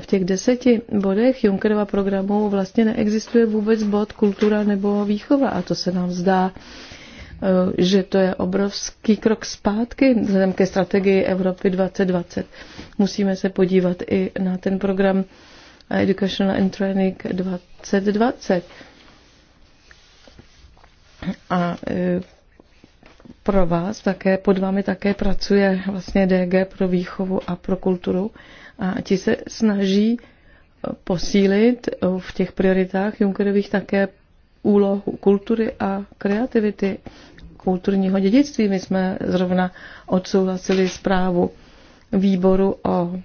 v těch deseti bodech Junckerova programu vlastně neexistuje vůbec bod kultura nebo výchova a to se nám zdá, eh, že to je obrovský krok zpátky vzhledem ke strategii Evropy 2020. Musíme se podívat i na ten program Educational and Training 2020. A eh, pro vás také, pod vámi také pracuje vlastně DG pro výchovu a pro kulturu a ti se snaží eh, posílit eh, v těch prioritách Junckerových také úlohu kultury a kreativity, kulturního dědictví. My jsme zrovna odsouhlasili zprávu výboru o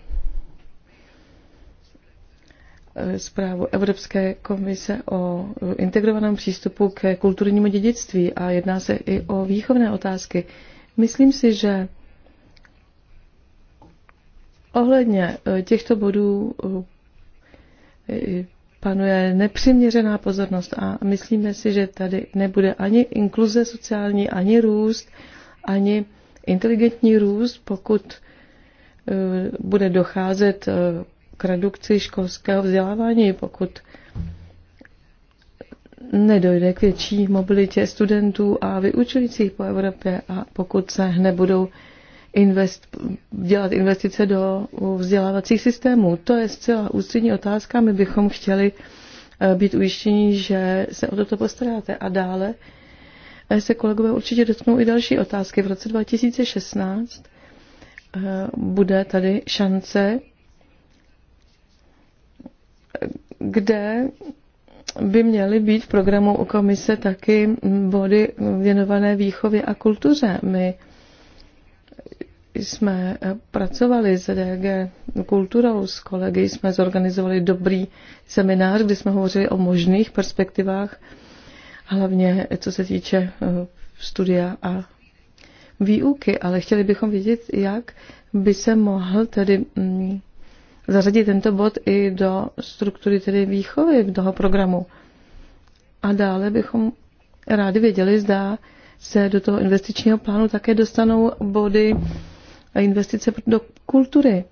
eh, zprávu Evropské komise o integrovaném přístupu ke kulturnímu dědictví a jedná se i o výchovné otázky. Myslím si, že Ohledně eh, těchto bodů eh, panuje nepřiměřená pozornost a myslíme si, že tady nebude ani inkluze sociální, ani růst, ani inteligentní růst, pokud eh, bude docházet k redukci školského vzdělávání, pokud nedojde k větší mobilitě studentů a vyučujících po Evropě a pokud se nebudou invest, dělat investice do vzdělávacích systémů. To je zcela ústřední otázka. My bychom chtěli eh, být ujištěni, že se o toto postaráte. A dále eh, se kolegové určitě dotknou i další otázky. V roce 2016 eh, bude tady šance, kde by měly být v programu u komise taky body věnované výchově a kultuře. My jsme pracovali s DG kulturou, s kolegy jsme zorganizovali dobrý seminář, kde jsme hovořili o možných perspektivách, hlavně co se týče eh, studia a výuky, ale chtěli bychom vidět, jak by se mohl tedy mm, zařadit tento bod i do struktury tedy výchovy, do toho programu. A dále bychom rádi věděli, zda se do toho investičního plánu také dostanou body a investice do kultury.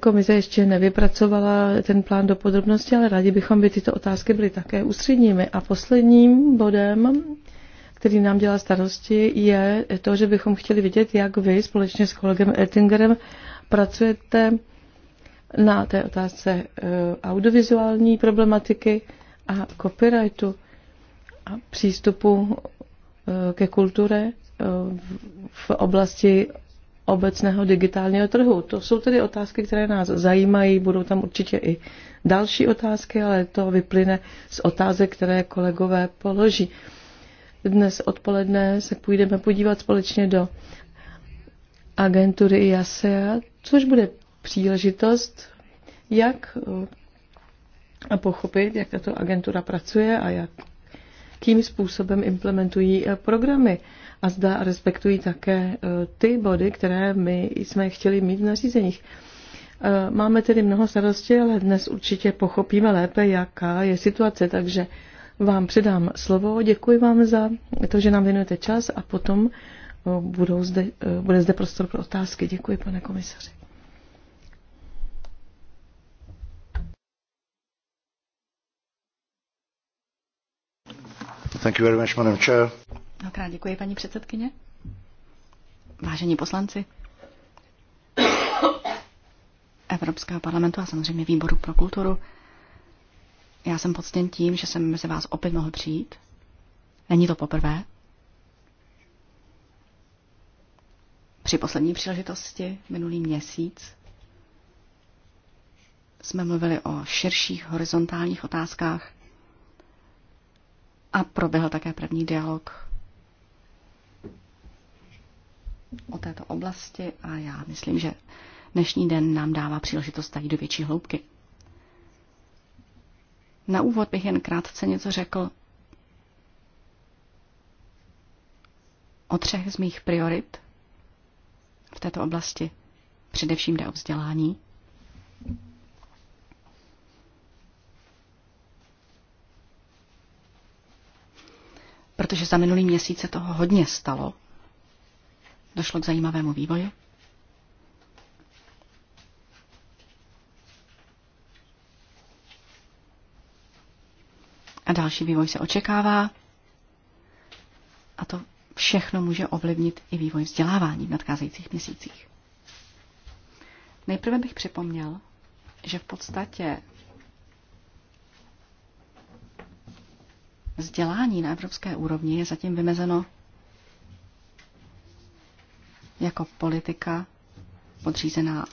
Komise ještě nevypracovala ten plán do podrobnosti, ale rádi bychom by tyto otázky byly také ústředními. A posledním bodem, který nám dělá starosti, je to, že bychom chtěli vidět, jak vy společně s kolegem Ettingerem pracujete na té otázce eh, audiovizuální problematiky a copyrightu a přístupu eh, ke kultuře eh, v oblasti obecného digitálního trhu. To jsou tedy otázky, které nás zajímají, budou tam určitě i další otázky, ale to vyplyne z otázek, které kolegové položí. Dnes odpoledne se půjdeme podívat společně do agentury IASEA, e což bude příležitost, jak eh, a pochopit, jak tato agentura pracuje a jak kým způsobem implementují eh, programy a zda respektují také eh, ty body, které my jsme chtěli mít v nařízeních. Eh, máme tedy mnoho starosti, ale dnes určitě pochopíme lépe, jaká je situace, takže vám předám slovo. Děkuji vám za to, že nám věnujete čas a potom budou zde, bude zde prostor pro otázky. Děkuji, pane komisaři. Thank you very much, Madam Chair. děkuji, paní předsedkyně. Vážení poslanci, Evropského parlamentu a samozřejmě výboru pro kulturu. Já jsem poctěn tím, že jsem mezi vás opět mohl přijít. Není to poprvé. Při poslední příležitosti minulý měsíc jsme mluvili o širších horizontálních otázkách, a proběhl také první dialog o této oblasti a já myslím, že dnešní den nám dává příležitost tady do větší hloubky. Na úvod bych jen krátce něco řekl o třech z mých priorit v této oblasti. Především jde o vzdělání. protože za minulý měsíc se toho hodně stalo. Došlo k zajímavému vývoji. A další vývoj se očekává. A to všechno může ovlivnit i vývoj vzdělávání v nadcházejících měsících. Nejprve bych připomněl, že v podstatě Vzdělání na evropské úrovni je zatím vymezeno jako politika podřízená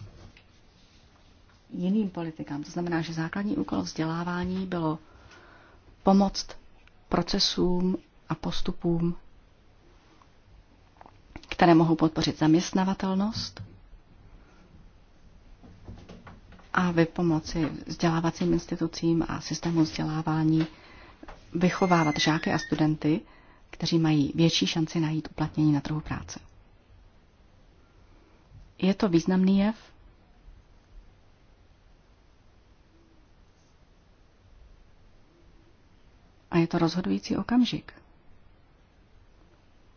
jiným politikám. To znamená, že základní úkol vzdělávání bylo pomoct procesům a postupům, které mohou podpořit zaměstnavatelnost a vypomoci vzdělávacím institucím a systému vzdělávání vychovávat žáky a studenty, kteří mají větší šanci najít uplatnění na trhu práce. Je to významný jev? A je to rozhodující okamžik.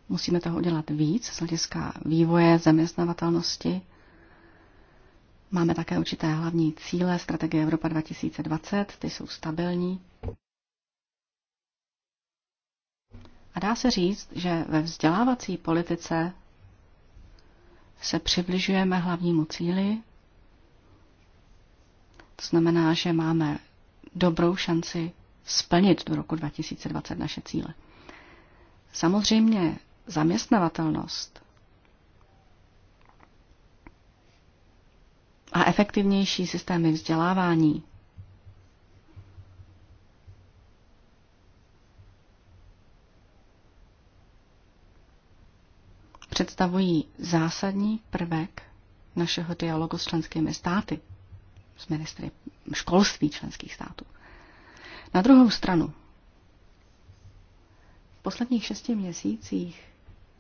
Musíme toho udělat víc z hlediska vývoje, zaměstnavatelnosti. Máme také určité hlavní cíle strategie Evropa 2020, ty jsou stabilní. A dá se říct, že ve vzdělávací politice se přibližujeme hlavnímu cíli. To znamená, že máme dobrou šanci splnit do roku 2020 naše cíle. Samozřejmě zaměstnavatelnost a efektivnější systémy vzdělávání představují zásadní prvek našeho dialogu s členskými státy, s ministry školství členských států. Na druhou stranu, v posledních šesti měsících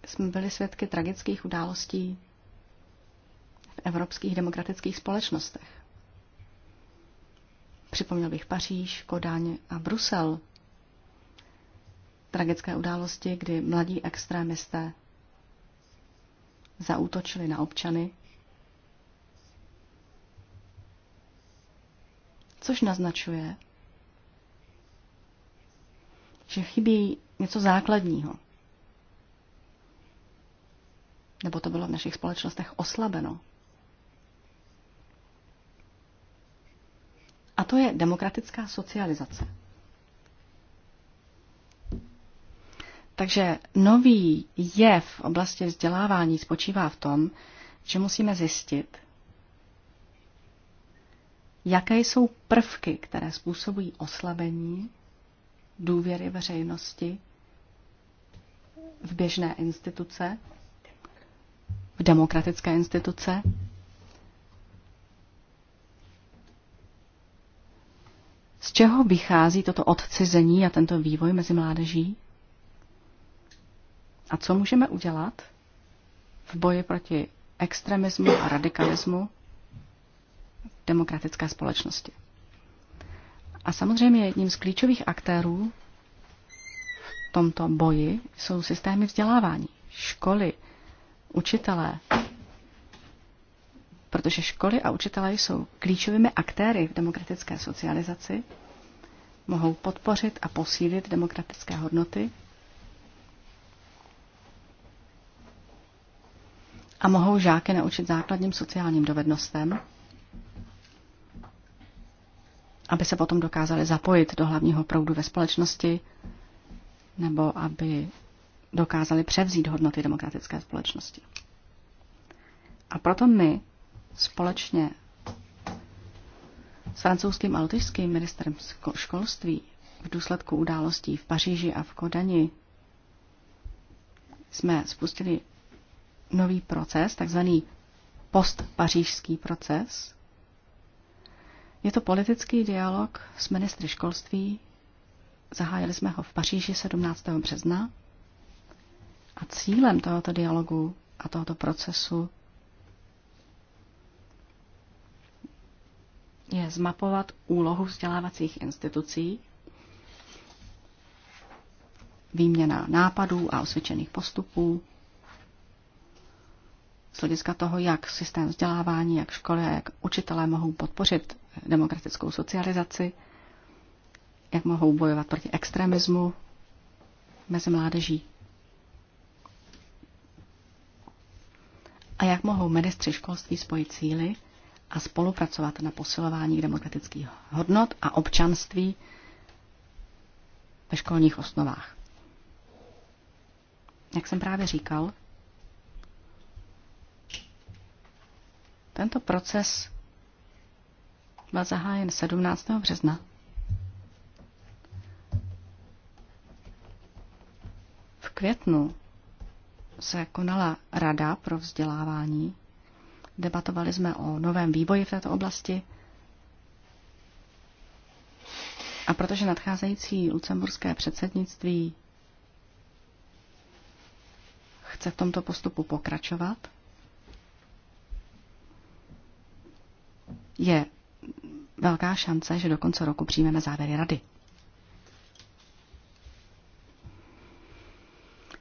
jsme byli svědky tragických událostí v evropských demokratických společnostech. Připomněl bych Paříž, Kodáň a Brusel. Tragické události, kdy mladí extrémisté zautočili na občany, což naznačuje, že chybí něco základního. Nebo to bylo v našich společnostech oslabeno. A to je demokratická socializace. Takže nový jev v oblasti vzdělávání spočívá v tom, že musíme zjistit, jaké jsou prvky, které způsobují oslabení důvěry veřejnosti v běžné instituce, v demokratické instituce. Z čeho vychází toto odcizení a tento vývoj mezi mládeží? A co můžeme udělat v boji proti extremismu a radikalismu v demokratické společnosti? A samozřejmě jedním z klíčových aktérů v tomto boji jsou systémy vzdělávání, školy, učitelé, protože školy a učitelé jsou klíčovými aktéry v demokratické socializaci, mohou podpořit a posílit demokratické hodnoty a mohou žáky naučit základním sociálním dovednostem, aby se potom dokázali zapojit do hlavního proudu ve společnosti nebo aby dokázali převzít hodnoty demokratické společnosti. A proto my společně s francouzským a lotyšským ministrem školství v důsledku událostí v Paříži a v Kodani jsme spustili nový proces, takzvaný postpařížský proces. Je to politický dialog s ministry školství. Zahájili jsme ho v Paříži 17. března. A cílem tohoto dialogu a tohoto procesu je zmapovat úlohu vzdělávacích institucí, výměna nápadů a osvědčených postupů, z hlediska toho, jak systém vzdělávání, jak školy a jak učitelé mohou podpořit demokratickou socializaci, jak mohou bojovat proti extremismu mezi mládeží. A jak mohou ministři školství spojit síly a spolupracovat na posilování demokratických hodnot a občanství ve školních osnovách. Jak jsem právě říkal, Tento proces byl zahájen 17. března. V květnu se konala Rada pro vzdělávání. Debatovali jsme o novém vývoji v této oblasti. A protože nadcházející lucemburské předsednictví chce v tomto postupu pokračovat, je velká šance, že do konce roku přijmeme závěry rady.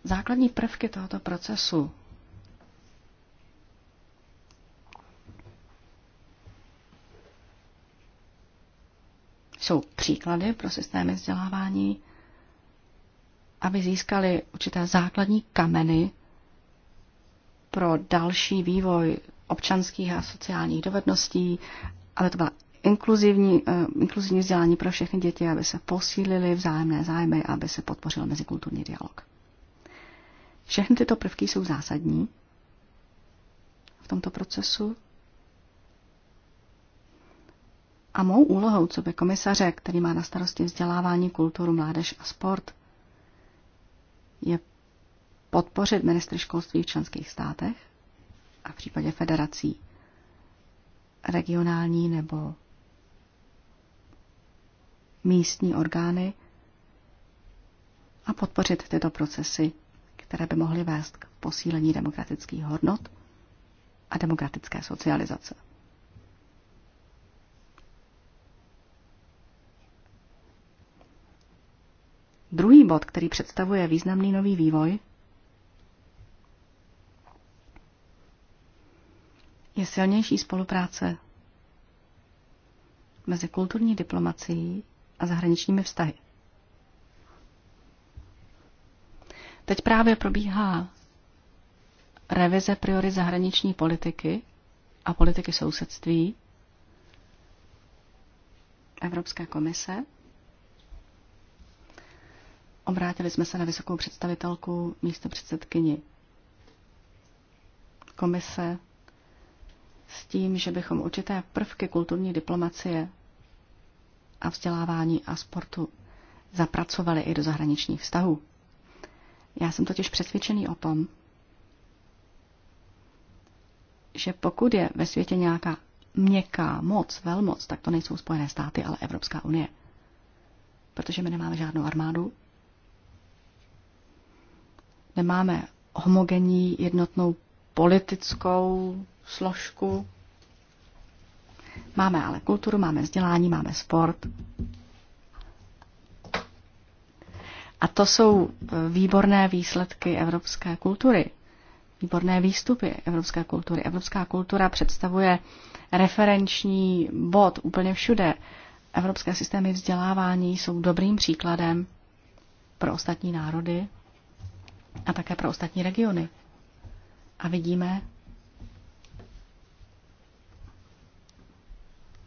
Základní prvky tohoto procesu jsou příklady pro systémy vzdělávání, aby získali určité základní kameny pro další vývoj občanských a sociálních dovedností, ale to byla inkluzivní, eh, inkluzivní vzdělání pro všechny děti, aby se posílily vzájemné zájmy, aby se podpořil mezikulturní dialog. Všechny tyto prvky jsou zásadní v tomto procesu. A mou úlohou, co by komisaře, který má na starosti vzdělávání, kulturu, mládež a sport, je podpořit ministry školství v členských státech a v případě federací regionální nebo místní orgány a podpořit tyto procesy, které by mohly vést k posílení demokratických hodnot a demokratické socializace. Druhý bod, který představuje významný nový vývoj, je silnější spolupráce mezi kulturní diplomací a zahraničními vztahy. Teď právě probíhá revize priorit zahraniční politiky a politiky sousedství Evropské komise. Obrátili jsme se na vysokou představitelku místo předsedkyni komise s tím, že bychom určité prvky kulturní diplomacie a vzdělávání a sportu zapracovali i do zahraničních vztahů. Já jsem totiž přesvědčený o tom, že pokud je ve světě nějaká měkká moc, velmoc, tak to nejsou Spojené státy, ale Evropská unie. Protože my nemáme žádnou armádu, nemáme homogenní jednotnou politickou složku. Máme ale kulturu, máme vzdělání, máme sport. A to jsou e, výborné výsledky evropské kultury, výborné výstupy evropské kultury. Evropská kultura představuje referenční bod úplně všude. Evropské systémy vzdělávání jsou dobrým příkladem pro ostatní národy a také pro ostatní regiony. A vidíme,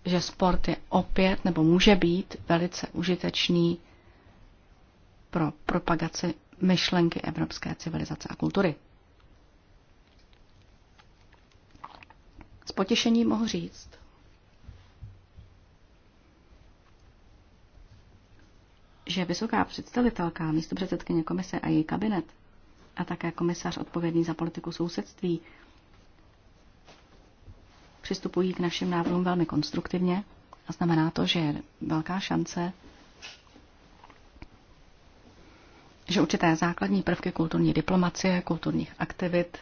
že sport je opět nebo může být velice užitečný pro propagaci myšlenky evropské civilizace a kultury. S potěšením mohu říct, že vysoká představitelka, místo předsedkyně komise a její kabinet a také komisař odpovědný za politiku sousedství přistupují k našim návrhům velmi konstruktivně a znamená to, že je velká šance, že určité základní prvky kulturní diplomacie, kulturních aktivit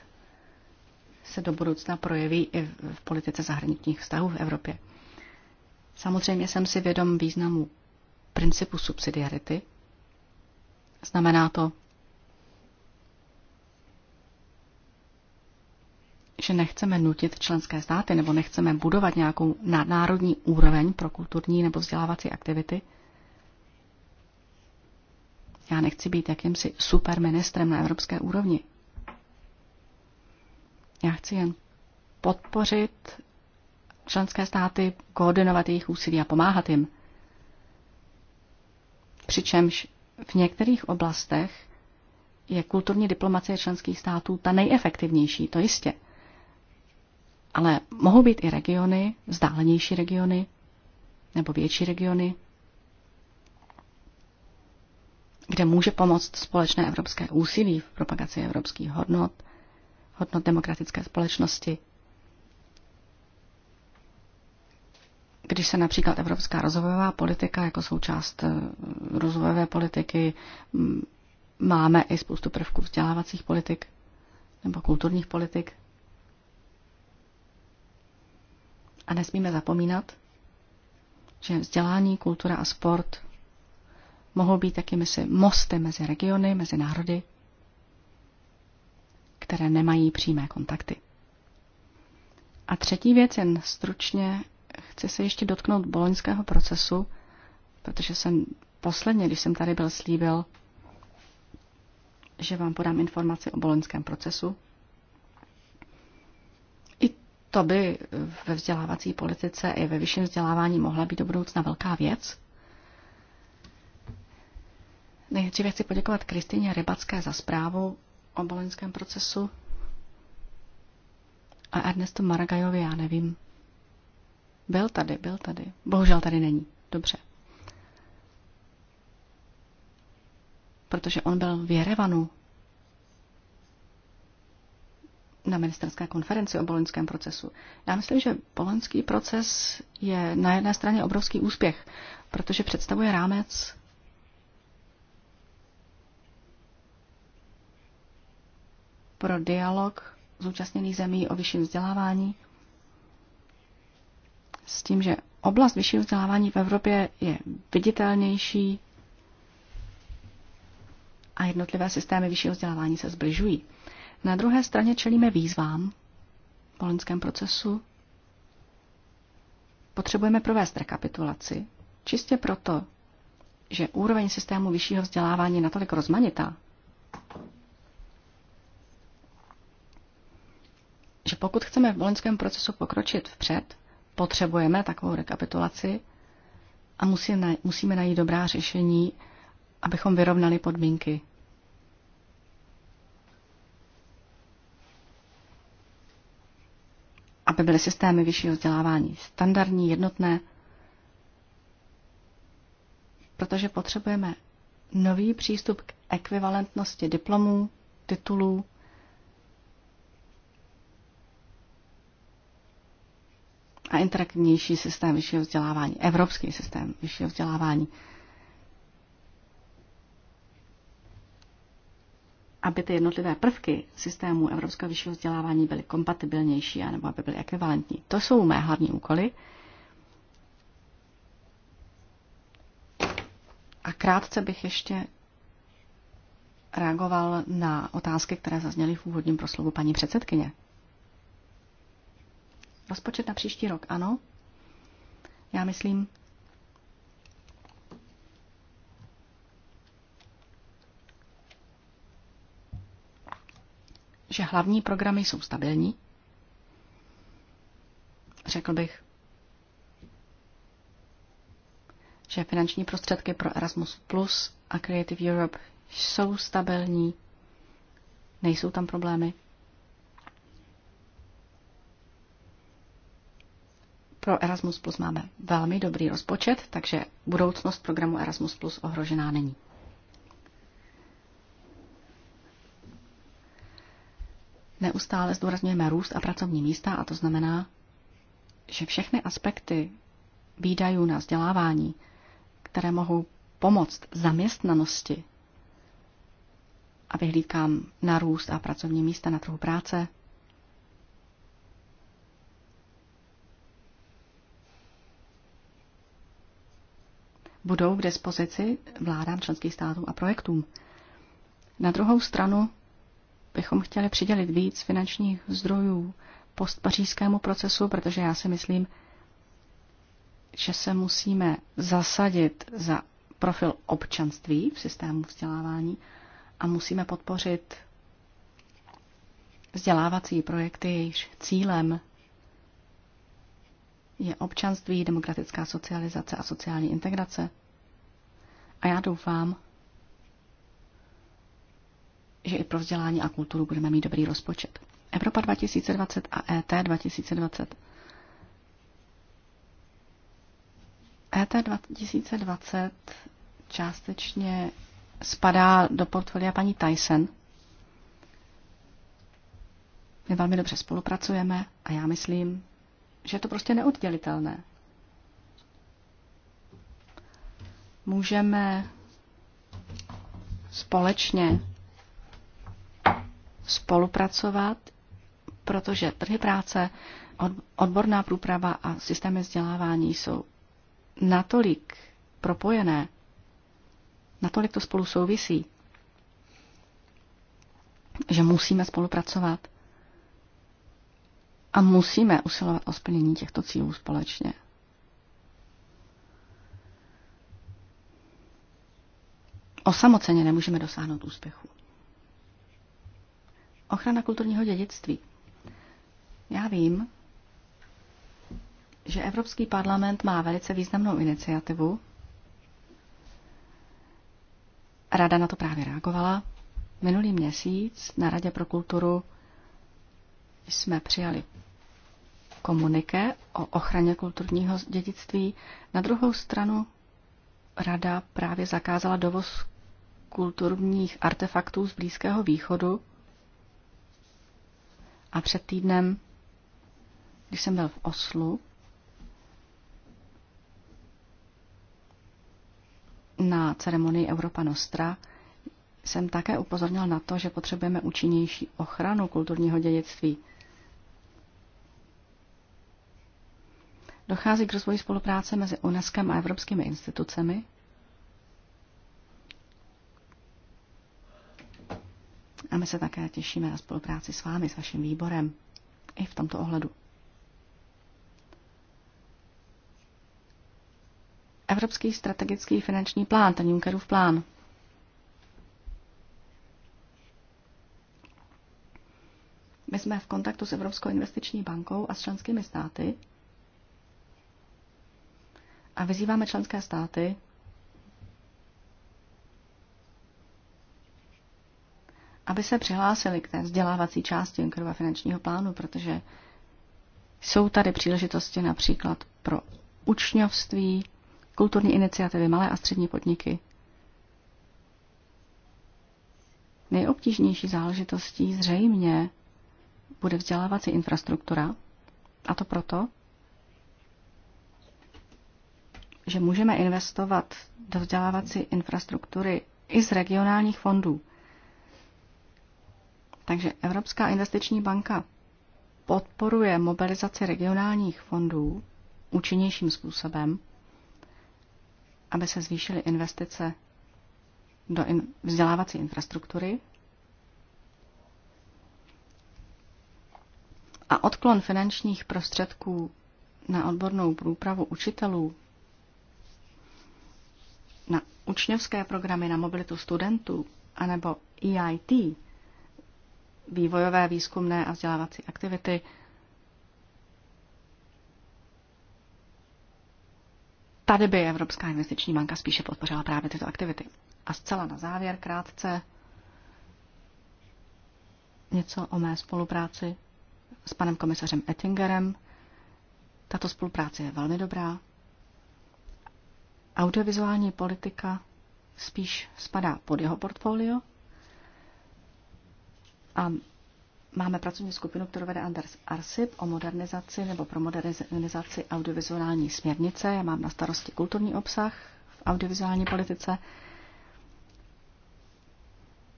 se do budoucna projeví i v politice zahraničních vztahů v Evropě. Samozřejmě jsem si vědom významu principu subsidiarity. Znamená to, že nechceme nutit členské státy nebo nechceme budovat nějakou nadnárodní úroveň pro kulturní nebo vzdělávací aktivity. Já nechci být jakýmsi superministrem na evropské úrovni. Já chci jen podpořit členské státy, koordinovat jejich úsilí a pomáhat jim. Přičemž v některých oblastech je kulturní diplomacie členských států ta nejefektivnější, to jistě. Ale mohou být i regiony, vzdálenější regiony nebo větší regiony, kde může pomoct společné evropské úsilí v propagaci evropských hodnot, hodnot demokratické společnosti. Když se například evropská rozvojová politika jako součást eh, rozvojové politiky máme i spoustu prvků vzdělávacích politik nebo kulturních politik, A nesmíme zapomínat, že vzdělání, kultura a sport mohou být taky mezi mosty mezi regiony, mezi národy, které nemají přímé kontakty. A třetí věc, jen stručně, chci se ještě dotknout boloňského procesu, protože jsem posledně, když jsem tady byl, slíbil, že vám podám informaci o boloňském procesu, to by ve vzdělávací politice i ve vyšším vzdělávání mohla být do budoucna velká věc. Nejdříve chci poděkovat Kristýně Rybacké za zprávu o boloňském procesu a Ernestu Maragajovi, já nevím. Byl tady, byl tady. Bohužel tady není. Dobře. Protože on byl v Jerevanu na ministerské konferenci o boloňském procesu. Já myslím, že boloňský proces je na jedné straně obrovský úspěch, protože představuje rámec pro dialog zúčastněných zemí o vyšším vzdělávání s tím, že oblast vyššího vzdělávání v Evropě je viditelnější a jednotlivé systémy vyššího vzdělávání se zbližují. Na druhé straně čelíme výzvám v polenském procesu. Potřebujeme provést rekapitulaci, čistě proto, že úroveň systému vyššího vzdělávání je natolik rozmanitá, že pokud chceme v boloňském procesu pokročit vpřed, potřebujeme takovou rekapitulaci a musíme najít dobrá řešení, abychom vyrovnali podmínky aby byly systémy vyššího vzdělávání standardní, jednotné, protože potřebujeme nový přístup k ekvivalentnosti diplomů, titulů, a interaktivnější systém vyššího vzdělávání, evropský systém vyššího vzdělávání. aby ty jednotlivé prvky systému evropského vyššího vzdělávání byly kompatibilnější, anebo aby byly ekvivalentní. To jsou mé hlavní úkoly. A krátce bych ještě reagoval na otázky, které zazněly v úvodním proslovu paní předsedkyně. Rozpočet na příští rok, ano. Já myslím, že hlavní programy jsou stabilní. Řekl bych, že finanční prostředky pro Erasmus Plus a Creative Europe jsou stabilní, nejsou tam problémy. Pro Erasmus Plus máme velmi dobrý rozpočet, takže budoucnost programu Erasmus Plus ohrožená není. neustále zdůrazňujeme růst a pracovní místa a to znamená, že všechny aspekty výdajů na vzdělávání, které mohou pomoct zaměstnanosti a vyhlídkám na růst a pracovní místa na trhu práce, budou k dispozici vládám členských států a projektům. Na druhou stranu bychom chtěli přidělit víc finančních zdrojů postpařížskému procesu, protože já si myslím, že se musíme zasadit za profil občanství v systému vzdělávání a musíme podpořit vzdělávací projekty, jejichž cílem je občanství, demokratická socializace a sociální integrace. A já doufám, že i pro vzdělání a kulturu budeme mít dobrý rozpočet. Evropa 2020 a ET 2020. ET 2020 částečně spadá do portfolia paní Tyson. My velmi dobře spolupracujeme a já myslím, že je to prostě neoddělitelné. Můžeme společně spolupracovat, protože trhy práce, odborná průprava a systémy vzdělávání jsou natolik propojené, natolik to spolu souvisí, že musíme spolupracovat a musíme usilovat o splnění těchto cílů společně. Osamoceně nemůžeme dosáhnout úspěchu. Ochrana kulturního dědictví. Já vím, že Evropský parlament má velice významnou iniciativu. Rada na to právě reagovala. Minulý měsíc na Radě pro kulturu jsme přijali komuniké o ochraně kulturního dědictví. Na druhou stranu Rada právě zakázala dovoz kulturních artefaktů z Blízkého východu a před týdnem, když jsem byl v Oslu, na ceremonii Europa Nostra, jsem také upozornil na to, že potřebujeme účinnější ochranu kulturního dědictví. Dochází k rozvoji spolupráce mezi UNESCO a evropskými institucemi, my se také těšíme na spolupráci s vámi, s vaším výborem, i v tomto ohledu. Evropský strategický finanční plán, ten Junckerův plán. My jsme v kontaktu s Evropskou investiční bankou a s členskými státy a vyzýváme členské státy, aby se přihlásili k té vzdělávací části Junckerova finančního plánu, protože jsou tady příležitosti například pro učňovství, kulturní iniciativy, malé a střední podniky. Nejobtížnější záležitostí zřejmě bude vzdělávací infrastruktura, a to proto, že můžeme investovat do vzdělávací infrastruktury i z regionálních fondů – takže Evropská investiční banka podporuje mobilizaci regionálních fondů účinnějším způsobem, aby se zvýšily investice do in- vzdělávací infrastruktury a odklon finančních prostředků na odbornou průpravu učitelů, na učňovské programy na mobilitu studentů anebo EIT, vývojové, výzkumné a vzdělávací aktivity. Tady by Evropská investiční banka spíše podpořila právě tyto aktivity. A zcela na závěr krátce něco o mé spolupráci s panem komisařem Ettingerem. Tato spolupráce je velmi dobrá. Audiovizuální politika spíš spadá pod jeho portfolio, a máme pracovní skupinu, kterou vede Anders Arsip o modernizaci nebo pro modernizaci audiovizuální směrnice. Já mám na starosti kulturní obsah v audiovizuální politice.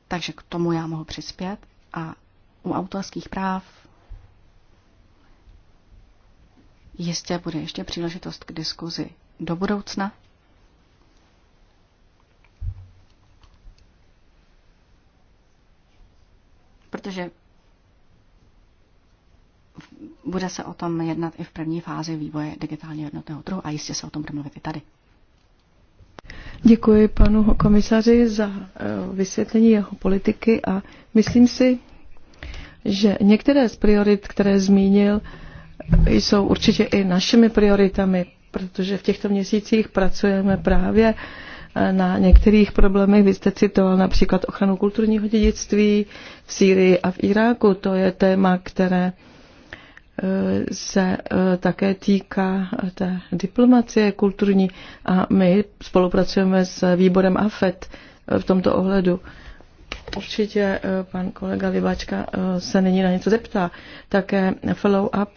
Takže k tomu já mohu přispět. A u autorských práv jistě bude ještě příležitost k diskuzi do budoucna. protože bude se o tom jednat i v první fázi vývoje digitálně jednotného trhu a jistě se o tom bude mluvit i tady. Děkuji panu komisaři za eh, vysvětlení jeho politiky a myslím si, že některé z priorit, které zmínil, eh, jsou určitě i našimi prioritami, protože v těchto měsících pracujeme právě Eh, na některých problémech. Vy jste citoval například ochranu kulturního dědictví v Sýrii a v Iráku. To je téma, které eh, se eh, také týká té diplomacie kulturní a my spolupracujeme s výborem AFET v tomto ohledu. Určitě pan kolega Libačka se nyní na něco zeptá. Také follow-up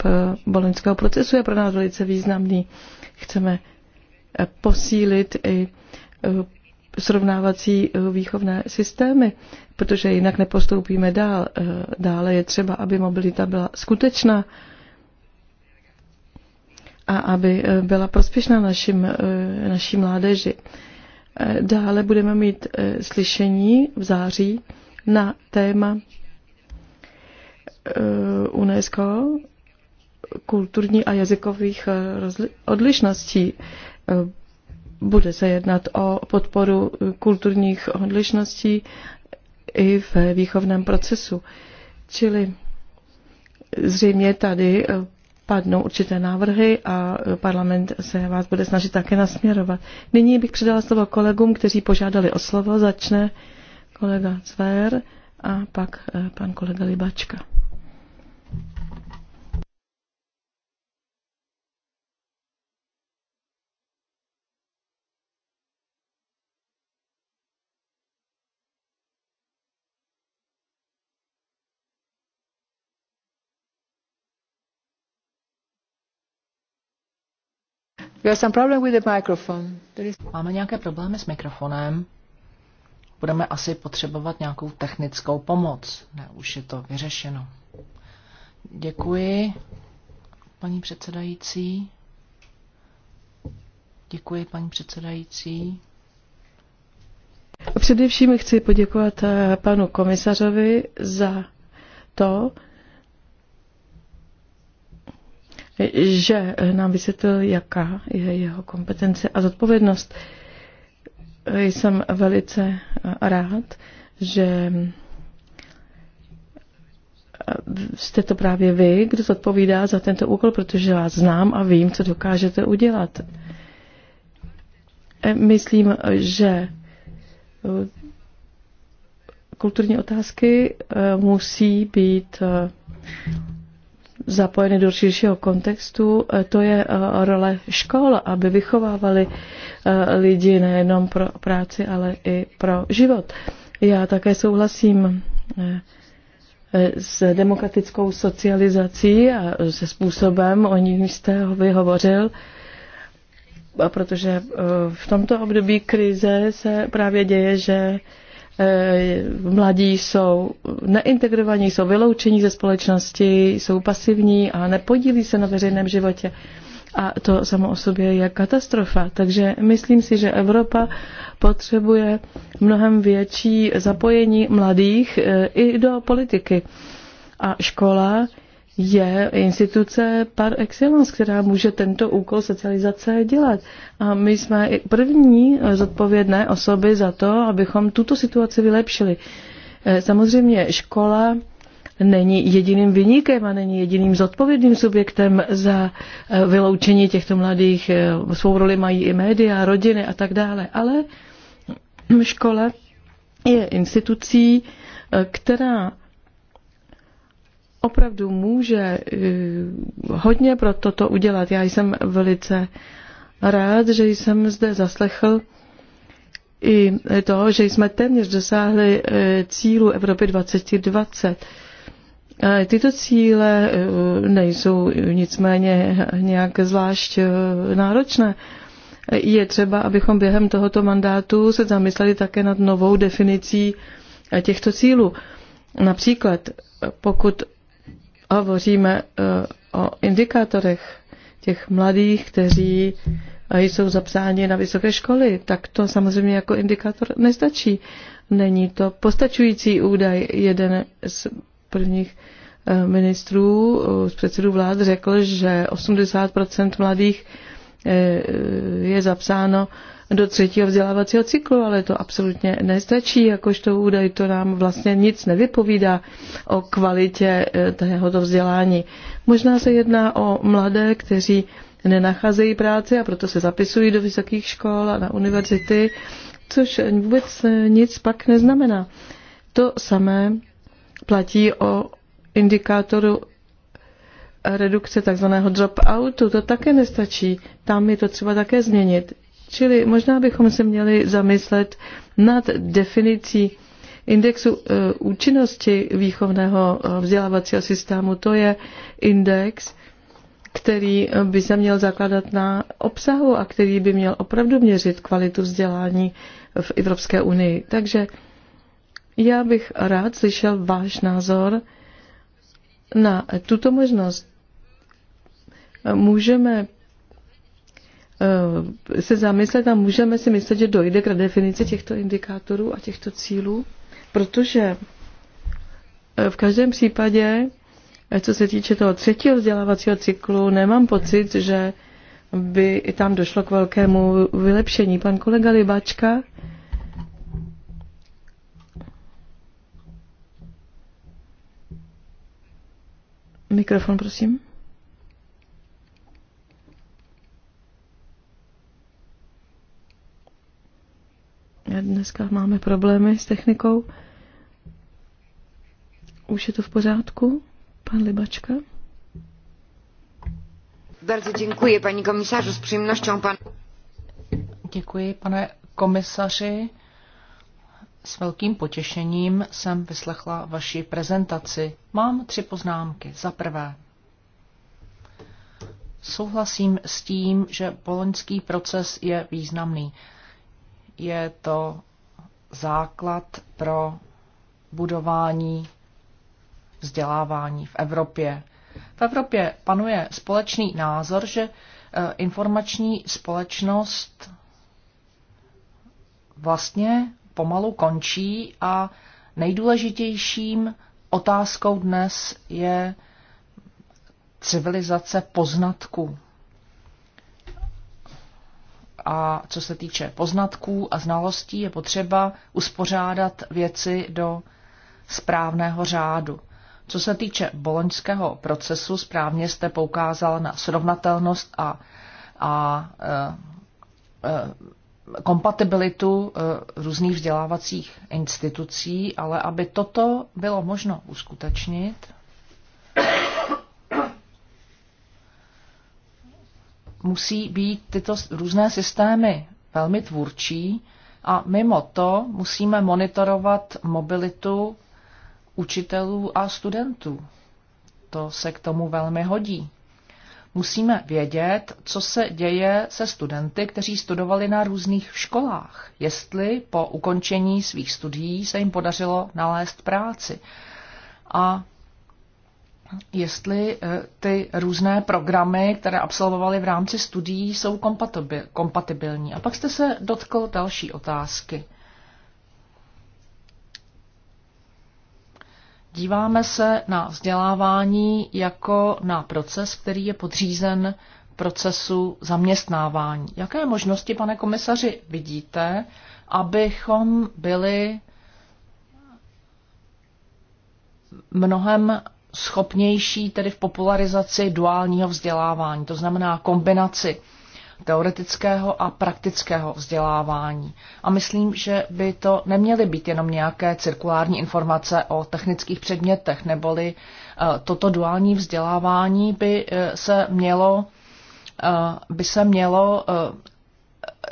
boloňského procesu je pro nás velice významný. Chceme posílit i Eh, srovnávací eh, výchovné systémy, protože jinak nepostoupíme dál. Eh, dále je třeba, aby mobilita byla skutečná a aby byla prospěšná našim, naší mládeži. Dále budeme mít slyšení v září na téma UNESCO kulturní a jazykových odlišností. Bude se jednat o podporu kulturních odlišností i v výchovném procesu. Čili zřejmě tady padnou určité návrhy a parlament se vás bude snažit také nasměrovat. Nyní bych předala slovo kolegům, kteří požádali o slovo. Začne kolega Cver a pak eh, pan kolega Libačka. Máme nějaké problémy s mikrofonem. Budeme asi potřebovat nějakou technickou pomoc. Ne, už je to vyřešeno. Děkuji, paní předsedající. Děkuji, paní předsedající. Především chci poděkovat eh, panu komisařovi za to, že nám vysvětlil, jaká je jeho kompetence a zodpovědnost. Jsem velice rád, že jste to právě vy, kdo zodpovídá za tento úkol, protože vás znám a vím, co dokážete udělat. Myslím, že kulturní otázky musí být zapojeny do širšího kontextu, eh, to je eh, role škol, aby vychovávali eh, lidi nejenom pro práci, ale i pro život. Já také souhlasím s demokratickou socializací a se způsobem, o ní jste vyhovořil, protože v tomto období krize se právě děje, že Eh, mladí jsou neintegrovaní, jsou vyloučení ze společnosti, jsou pasivní a nepodílí se na veřejném životě. A to samo o sobě je katastrofa. Takže myslím si, že Evropa potřebuje mnohem větší zapojení mladých eh, i do politiky. A škola je instituce par excellence, která může tento úkol socializace dělat. A my jsme první zodpovědné osoby za to, abychom tuto situaci vylepšili. Eh, samozřejmě škola není jediným vynikem a není jediným zodpovědným subjektem za eh, vyloučení těchto mladých. Eh, svou roli mají i média, rodiny a tak dále. Ale škola je institucí, která opravdu může eh, hodně pro toto udělat. Já jsem velice rád, že jsem zde zaslechl i to, že jsme téměř dosáhli eh, cílu Evropy 2020. Eh, tyto cíle nejsou nicméně nějak zvlášť náročné. Je třeba, abychom během tohoto mandátu se zamysleli také nad novou definicí těchto cílů. Například, pokud hovoříme eh, o indikátorech těch mladých, kteří eh, jsou zapsáni na vysoké školy, tak to samozřejmě jako indikátor nestačí. Není to postačující údaj. Jeden z prvních eh, ministrů, z předsedů vlád řekl, že 80% mladých je zapsáno do třetího vzdělávacího cyklu, ale to absolutně nestačí, to údaj to nám vlastně nic nevypovídá o kvalitě eh, tohoto vzdělání. Možná se jedná o mladé, kteří nenacházejí práci a proto se zapisují do vysokých škol a na univerzity, což vůbec eh, nic pak neznamená. To samé platí o indikátoru redukce takzvaného drop-outu, to také nestačí. Tam je to třeba také změnit. Čili možná bychom se měli zamyslet nad definicí indexu eh, účinnosti výchovného eh, vzdělávacího systému. To je index, který eh, by se měl zakládat na obsahu a který by měl opravdu měřit kvalitu vzdělání v Evropské unii. Takže já bych rád slyšel váš názor na tuto možnost. Můžeme Eh, se zamyslet a můžeme si myslet, že dojde k redefinici těchto indikátorů a těchto cílů, protože eh, v každém případě, eh, co se týče toho třetího vzdělávacího cyklu, nemám pocit, že by i tam došlo k velkému vylepšení. Pan kolega Libáčka. Mikrofon, prosím. Dneska máme problémy s technikou. Už je to v pořádku, pan Libačka? Bardzo děkuji, paní komisarzu, S příjemností, pan... Děkuji, pane komisaři. S velkým potěšením jsem vyslechla vaši prezentaci. Mám tři poznámky. Za prvé, souhlasím s tím, že boloňský proces je významný je to základ pro budování vzdělávání v Evropě. V Evropě panuje společný názor, že eh, informační společnost vlastně pomalu končí a nejdůležitějším otázkou dnes je civilizace poznatku, a co se týče poznatků a znalostí, je potřeba uspořádat věci do správného řádu. Co se týče boloňského procesu, správně jste poukázal na srovnatelnost a, a e, e, kompatibilitu e, různých vzdělávacích institucí, ale aby toto bylo možno uskutečnit, musí být tyto různé systémy velmi tvůrčí a mimo to musíme monitorovat mobilitu učitelů a studentů. To se k tomu velmi hodí. Musíme vědět, co se děje se studenty, kteří studovali na různých školách, jestli po ukončení svých studií se jim podařilo nalézt práci. A jestli eh, ty různé programy, které absolvovali v rámci studií, jsou kompatibilní. A pak jste se dotkl další otázky. Díváme se na vzdělávání jako na proces, který je podřízen procesu zaměstnávání. Jaké možnosti, pane komisaři, vidíte, abychom byli mnohem schopnější tedy v popularizaci duálního vzdělávání, to znamená kombinaci teoretického a praktického vzdělávání. A myslím, že by to neměly být jenom nějaké cirkulární informace o technických předmětech, neboli eh, toto duální vzdělávání by eh, se mělo, eh, by se mělo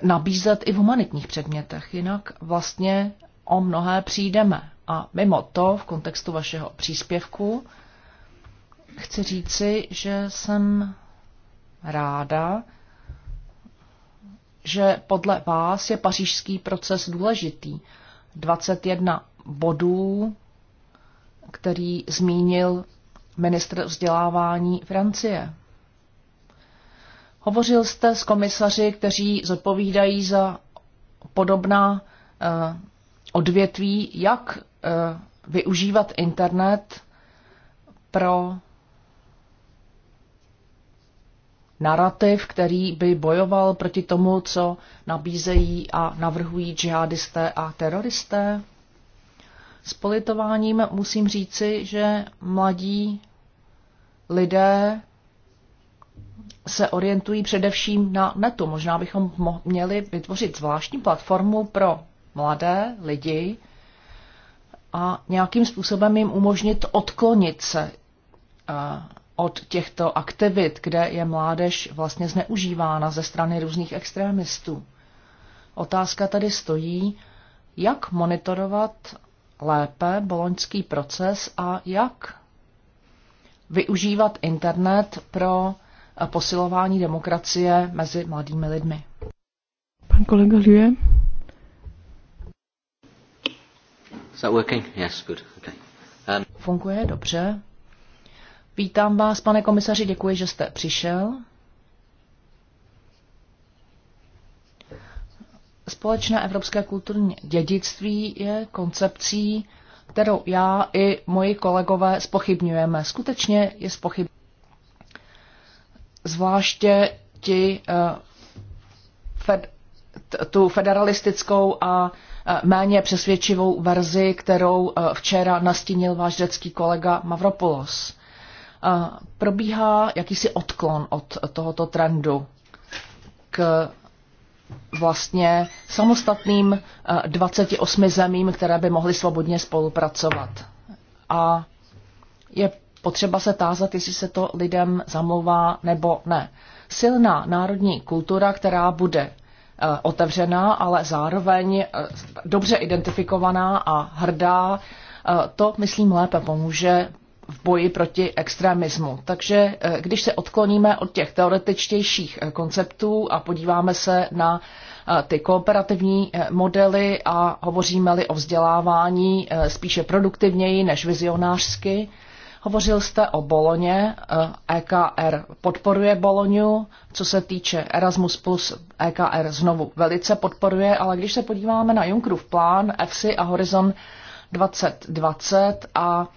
nabízet i v humanitních předmětech, jinak vlastně o mnohé přijdeme. A mimo to, v kontextu vašeho příspěvku, chci říci, že jsem ráda, že podle vás je pařížský proces důležitý. 21 bodů, který zmínil ministr vzdělávání Francie. Hovořil jste s komisaři, kteří zodpovídají za podobná eh, odvětví, jak eh, využívat internet pro narrativ, který by bojoval proti tomu, co nabízejí a navrhují džihadisté a teroristé? S politováním musím říci, že mladí lidé se orientují především na netu. Možná bychom měli vytvořit zvláštní platformu pro mladé lidi a nějakým způsobem jim umožnit odklonit se eh, od těchto aktivit, kde je mládež vlastně zneužívána ze strany různých extremistů. Otázka tady stojí, jak monitorovat lépe boloňský proces a jak využívat internet pro posilování demokracie mezi mladými lidmi. Pan kolega Lue. Is that working? Yes, good. Okay. Um... Funguje dobře. Vítám vás, pane komisaři, děkuji, že jste přišel. Společné evropské kulturní dědictví je koncepcí, kterou já i moji kolegové spochybňujeme. Skutečně je spochybňujeme. Zvláště ti eh, fed, tu federalistickou a eh, méně přesvědčivou verzi, kterou eh, včera nastínil váš řecký kolega Mavropoulos probíhá jakýsi odklon od tohoto trendu k vlastně samostatným 28 zemím, které by mohly svobodně spolupracovat. A je potřeba se tázat, jestli se to lidem zamlouvá nebo ne. Silná národní kultura, která bude otevřená, ale zároveň dobře identifikovaná a hrdá, to, myslím, lépe pomůže v boji proti extremismu. Takže eh, když se odkloníme od těch teoretičtějších eh, konceptů a podíváme se na eh, ty kooperativní modely a hovoříme-li o vzdělávání spíše produktivněji než vizionářsky, Hovořil jste o Boloně, EKR e podporuje Boloňu, co se týče Erasmus+, plus EKR znovu velice podporuje, ale když se podíváme na Junckerův plán, EFSI a Horizon 2020 a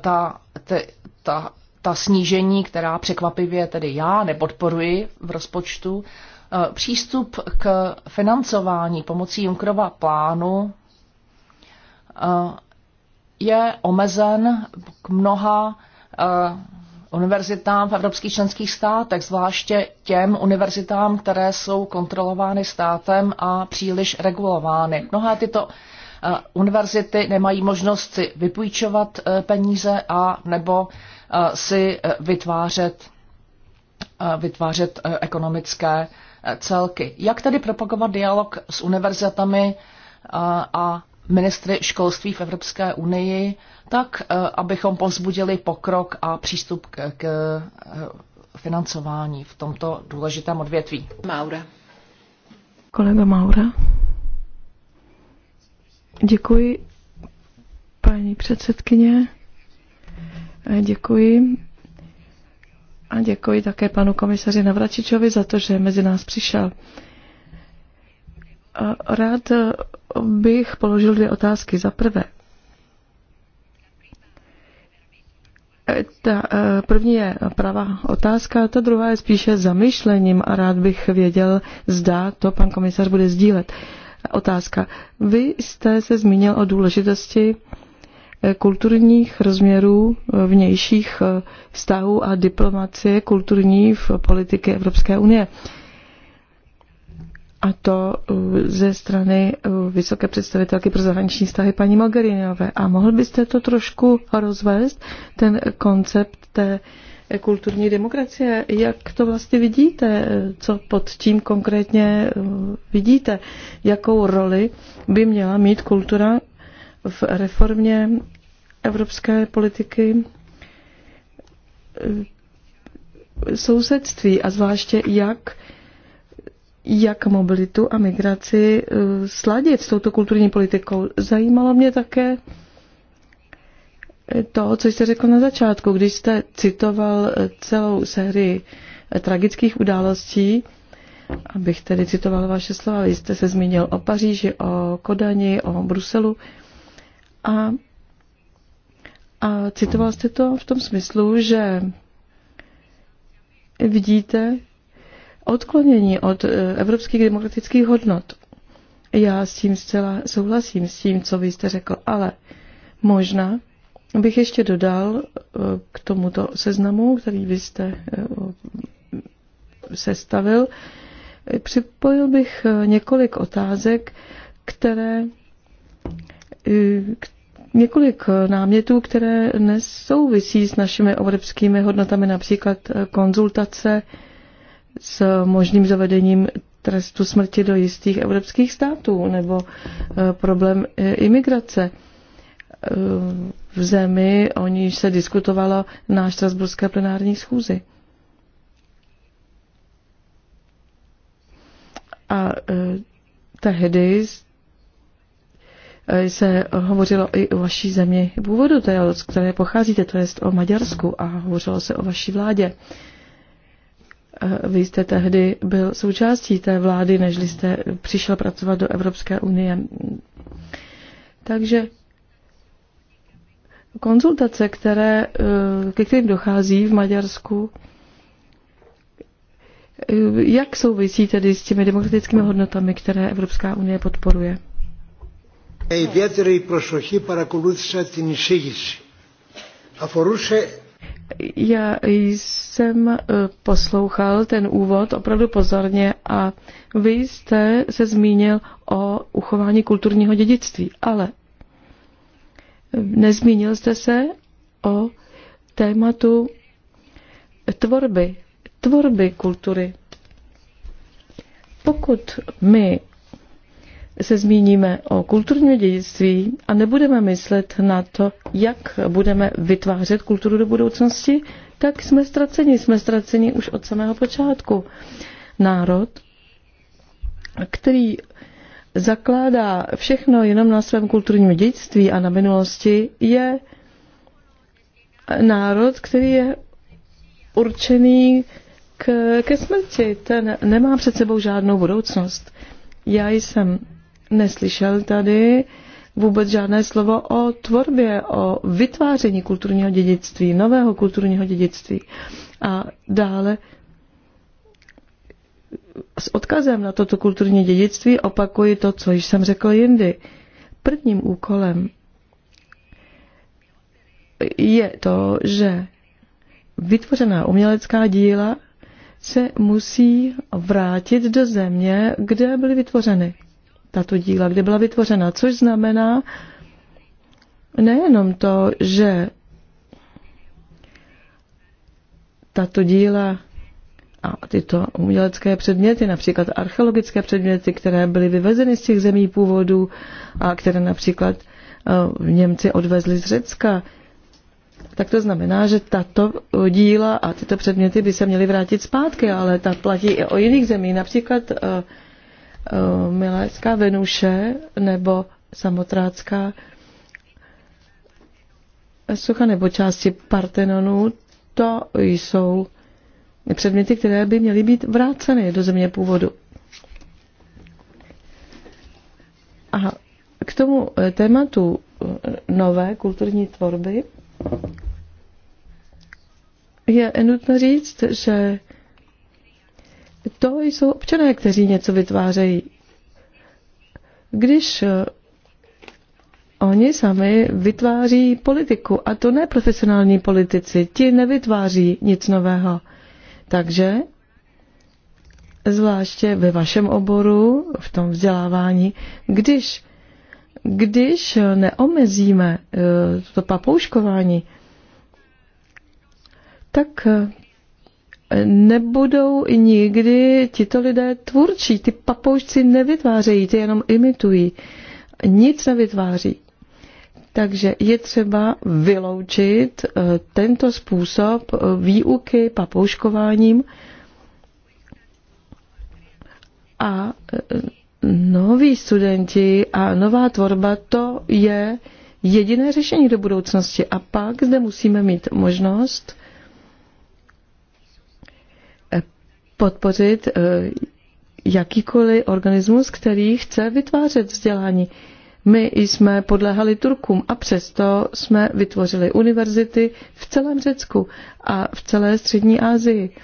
ta, ty, ta, ta snížení, která překvapivě tedy já nepodporuji v rozpočtu, e, přístup k financování pomocí Junkrova plánu e, je omezen k mnoha e, univerzitám v evropských členských státech, zvláště těm univerzitám, které jsou kontrolovány státem a příliš regulovány. Mnohé tyto Eh, univerzity nemají možnost si vypůjčovat eh, peníze a nebo eh, si vytvářet, vytvářet ekonomické celky. Jak tedy propagovat dialog s univerzitami a ministry školství v Evropské unii, tak abychom pozbudili pokrok a přístup k, k financování v tomto důležitém odvětví. Maura. Kolega Maura. Děkuji, paní předsedkyně. Děkuji. A děkuji také panu komisaři Navračičovi za to, že mezi nás přišel. Rád bych položil dvě otázky. Za prvé, Ta eh, první je pravá otázka, ta druhá je spíše zamyšlením a rád bych věděl, zda to pan komisař bude sdílet otázka. Vy jste se zmínil o důležitosti eh, kulturních rozměrů eh, vnějších eh, vztahů a diplomacie kulturní v politiky Evropské unie. A to ze strany vysoké představitelky pro zahraniční vztahy paní Mogherinové. A mohl byste to trošku rozvést, ten koncept té kulturní demokracie. Jak to vlastně vidíte? Co pod tím konkrétně eh, vidíte? Jakou roli by měla mít kultura v reformě evropské politiky eh, sousedství a zvláště jak jak mobilitu a migraci eh, sladit s touto kulturní politikou. Zajímalo mě také, to, co jste řekl na začátku, když jste citoval eh, celou sérii eh, tragických událostí, abych tedy citoval vaše slova, vy jste se zmínil o Paříži, o Kodani, o Bruselu a, a citoval jste to v tom smyslu, že vidíte odklonění od eh, evropských demokratických hodnot. Já s tím zcela souhlasím, s tím, co vy jste řekl, ale možná Abych ještě dodal eh, k tomuto seznamu, který vy jste eh, sestavil, eh, připojil bych několik otázek, které několik námětů, které nesouvisí s našimi evropskými hodnotami, například konzultace s možným zavedením trestu smrti do jistých evropských států nebo problém imigrace v zemi, o níž se diskutovalo na Štrasburské plenární schůzi. A e, tehdy e, se hovořilo i o vaší zemi původu, to je, z které pocházíte, to je o Maďarsku a hovořilo se o vaší vládě. E, vy jste tehdy byl součástí té vlády, než jste přišel pracovat do Evropské unie. Takže konzultace, které, eh, ke kterým dochází v Maďarsku, eh, jak souvisí tedy s těmi demokratickými hodnotami, které Evropská unie podporuje? já jsem eh, poslouchal ten úvod opravdu pozorně a vy jste se zmínil o uchování kulturního dědictví, ale Nezmínil jste se o tématu tvorby, tvorby kultury. Pokud my se zmíníme o kulturním dědictví a nebudeme myslet na to, jak budeme vytvářet kulturu do budoucnosti, tak jsme ztraceni. Jsme ztraceni už od samého počátku. Národ, který zakládá všechno jenom na svém kulturním dědictví a na minulosti, je národ, který je určený k, ke smrti. Ten nemá před sebou žádnou budoucnost. Já jsem neslyšel tady vůbec žádné slovo o tvorbě, o vytváření kulturního dědictví, nového kulturního dědictví. A dále s odkazem na toto kulturní dědictví opakuji to, co již jsem řekl jindy. Prvním úkolem je to, že vytvořená umělecká díla se musí vrátit do země, kde byly vytvořeny tato díla, kde byla vytvořena, což znamená nejenom to, že tato díla a tyto umělecké předměty, například archeologické předměty, které byly vyvezeny z těch zemí původu a které například eh, Němci odvezli z Řecka, tak to znamená, že tato díla a tyto předměty by se měly vrátit zpátky, ale ta platí i o jiných zemích, například eh, eh, Milécká Venuše nebo Samotrácká sucha nebo části Partenonu, to jsou předměty, které by měly být vráceny do země původu. A k tomu eh, tématu eh, nové kulturní tvorby je nutno říct, že to jsou občané, kteří něco vytvářejí. Když eh, oni sami vytváří politiku, a to ne profesionální politici, ti nevytváří nic nového. Takže zvláště ve vašem oboru, v tom vzdělávání, když, když neomezíme eh, to papouškování, tak eh, nebudou nikdy tito lidé tvůrčí. Ty papoušci nevytvářejí, ty jenom imitují. Nic nevytváří. Takže je třeba vyloučit eh, tento způsob eh, výuky papouškováním a eh, noví studenti a nová tvorba, to je jediné řešení do budoucnosti. A pak zde musíme mít možnost podpořit jakýkoliv organismus, který chce vytvářet vzdělání. My jsme podléhali Turkům a přesto jsme vytvořili univerzity v celém Řecku a v celé střední Asii.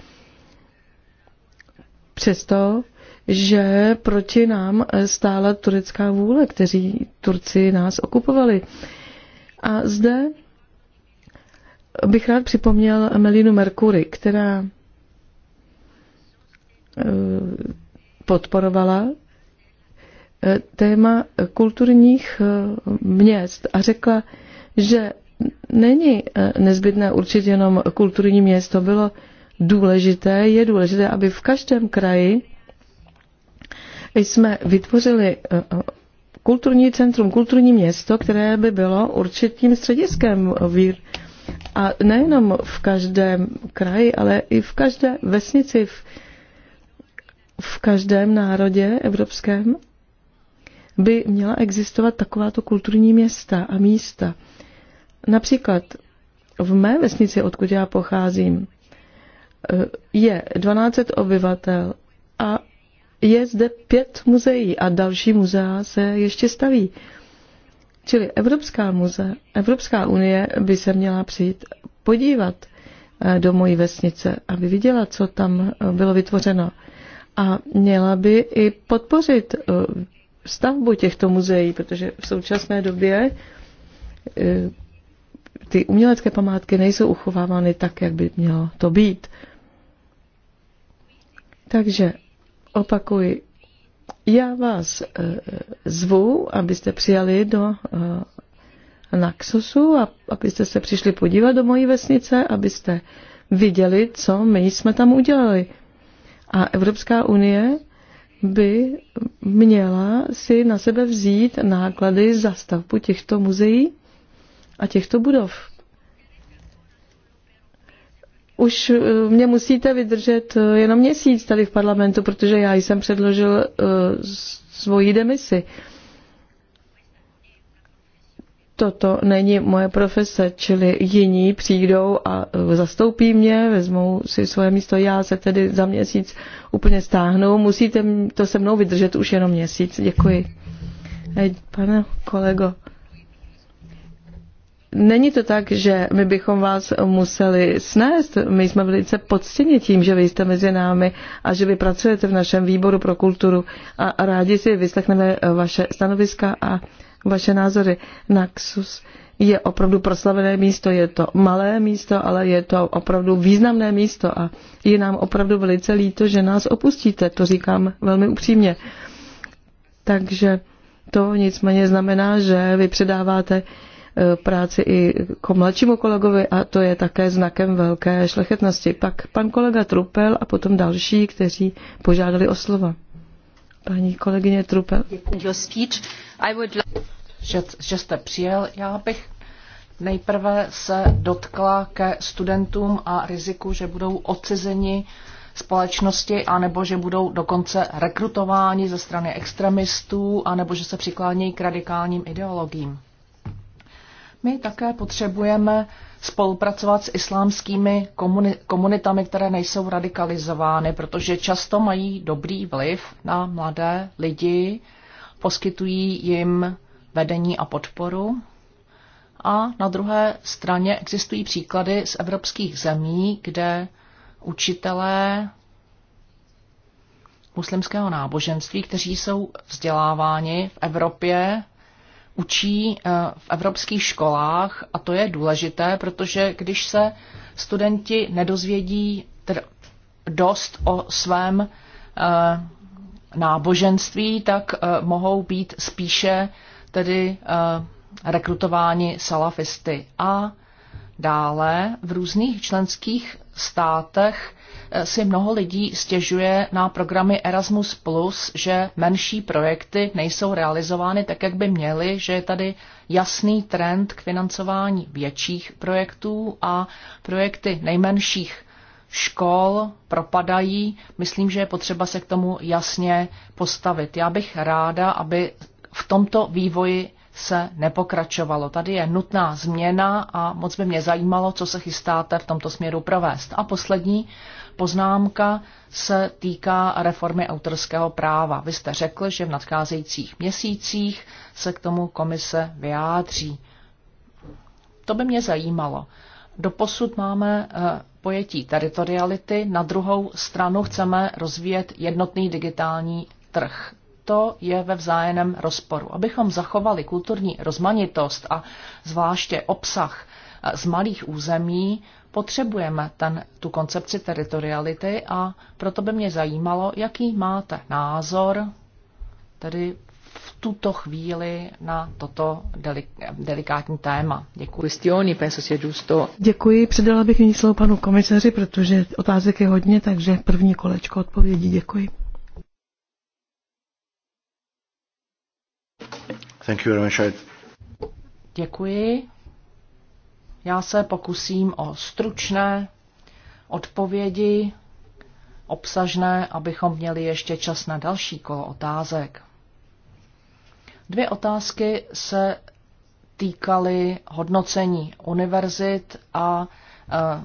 Přesto, že proti nám stála turecká vůle, kteří Turci nás okupovali. A zde bych rád připomněl Melinu Merkury, která eh, podporovala téma kulturních eh, měst a řekla, že není eh, nezbytné určitě jenom kulturní město, bylo důležité, je důležité, aby v každém kraji jsme vytvořili eh, kulturní centrum, kulturní město, které by bylo určitým střediskem vír. A nejenom v každém kraji, ale i v každé vesnici, v, v každém národě evropském by měla existovat takováto kulturní města a místa. Například v mé vesnici, odkud já pocházím, eh, je 12 obyvatel a je zde pět muzeí a další muzea se ještě staví. Čili Evropská muze, Evropská unie by se měla přijít podívat eh, do mojí vesnice, aby viděla, co tam eh, bylo vytvořeno. A měla by i podpořit stavbu těchto muzeí, protože v současné době e, ty umělecké památky nejsou uchovávány tak, jak by mělo to být. Takže opakuji, já vás e, zvu, abyste přijali do e, Naxosu a abyste se přišli podívat do mojí vesnice, abyste viděli, co my jsme tam udělali. A Evropská unie by měla si na sebe vzít náklady za stavbu těchto muzeí a těchto budov. Už eh, mě musíte vydržet eh, jenom měsíc tady v parlamentu, protože já jsem předložil eh, svoji demisi toto není moje profese, čili jiní přijdou a e, zastoupí mě, vezmou si svoje místo, já se tedy za měsíc úplně stáhnu. Musíte to se mnou vydržet už jenom měsíc. Děkuji. Hej, pane kolego, není to tak, že my bychom vás museli snést. My jsme velice podstěni tím, že vy jste mezi námi a že vy pracujete v našem výboru pro kulturu a rádi si vyslechneme e, vaše stanoviska a vaše názory. Naxus je opravdu proslavené místo, je to malé místo, ale je to opravdu významné místo a je nám opravdu velice líto, že nás opustíte, to říkám velmi upřímně. Takže to nicméně znamená, že vy předáváte e, práci i ko mladšímu kolegovi a to je také znakem velké šlechetnosti. Pak pan kolega Trupel a potom další, kteří požádali o slova. Paní kolegyně Trupel. Že, že jste přijel, já bych nejprve se dotkla ke studentům a riziku, že budou odcizeni společnosti, anebo že budou dokonce rekrutováni ze strany extremistů, anebo že se přiklánějí k radikálním ideologiím. My také potřebujeme spolupracovat s islámskými komuni- komunitami, které nejsou radikalizovány, protože často mají dobrý vliv na mladé lidi, poskytují jim vedení a podporu. A na druhé straně existují příklady z evropských zemí, kde učitelé muslimského náboženství, kteří jsou vzděláváni v Evropě, učí eh, v evropských školách a to je důležité, protože když se studenti nedozvědí dost o svém eh, náboženství, tak eh, mohou být spíše tedy rekrutováni salafisty. A dále v různých členských státech si mnoho lidí stěžuje na programy Erasmus+, Plus, že menší projekty nejsou realizovány tak, jak by měly, že je tady jasný trend k financování větších projektů a projekty nejmenších škol propadají. Myslím, že je potřeba se k tomu jasně postavit. Já bych ráda, aby v tomto vývoji se nepokračovalo. Tady je nutná změna a moc by mě zajímalo, co se chystáte v tomto směru provést. A poslední poznámka se týká reformy autorského práva. Vy jste řekl, že v nadcházejících měsících se k tomu komise vyjádří. To by mě zajímalo. Doposud máme eh, pojetí teritoriality, na druhou stranu chceme rozvíjet jednotný digitální trh to je ve vzájemném rozporu. Abychom zachovali kulturní rozmanitost a zvláště obsah eh, z malých území, Potřebujeme ten, tu koncepci teritoriality a proto by mě zajímalo, jaký máte názor, tedy v tuto chvíli na toto delikátní téma. Děkuji. Děkuji, předala bych nyní slovo panu komisaři, protože otázek je hodně, takže první kolečko odpovědí. Děkuji. Thank you very much. Děkuji. Já se pokusím o stručné odpovědi, obsažné, abychom měli ještě čas na další kolo otázek. Dvě otázky se týkaly hodnocení univerzit a e,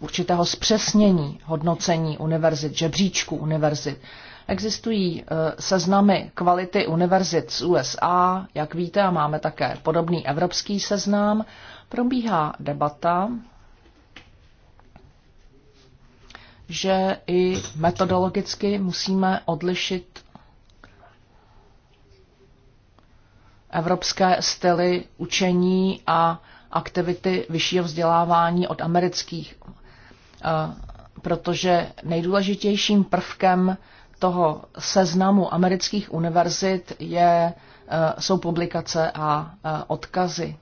určitého zpřesnění hodnocení univerzit, žebříčku univerzit. Existují e, seznamy kvality univerzit z USA, jak víte, a máme také podobný evropský seznam. Probíhá debata, že i metodologicky musíme odlišit evropské styly učení a aktivity vyššího vzdělávání od amerických, eh, protože nejdůležitějším prvkem toho seznamu amerických univerzit je, eh, jsou publikace a eh, odkazy.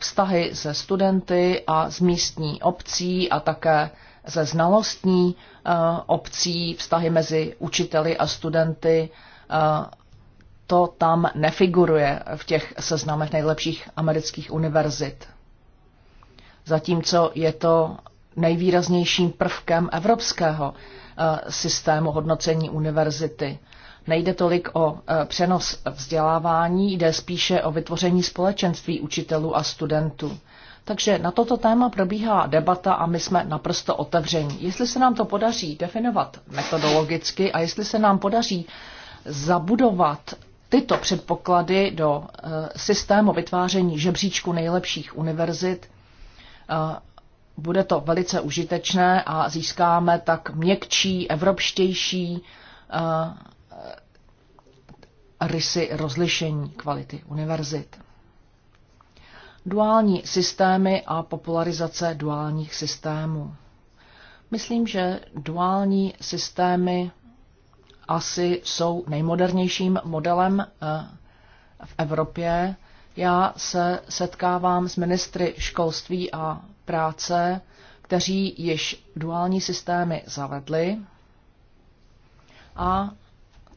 vztahy se studenty a z místní obcí a také ze znalostní eh, obcí, vztahy mezi učiteli a studenty, eh, to tam nefiguruje v těch seznamech nejlepších amerických univerzit. Zatímco je to nejvýraznějším prvkem evropského eh, systému hodnocení univerzity nejde tolik o e, přenos vzdělávání, jde spíše o vytvoření společenství učitelů a studentů. Takže na toto téma probíhá debata a my jsme naprosto otevření. Jestli se nám to podaří definovat metodologicky a jestli se nám podaří zabudovat tyto předpoklady do e, systému vytváření žebříčku nejlepších univerzit, e, bude to velice užitečné a získáme tak měkčí, evropštější rysy rozlišení kvality univerzit. Duální systémy a popularizace duálních systémů. Myslím, že duální systémy asi jsou nejmodernějším modelem eh, v Evropě. Já se setkávám s ministry školství a práce, kteří již duální systémy zavedli a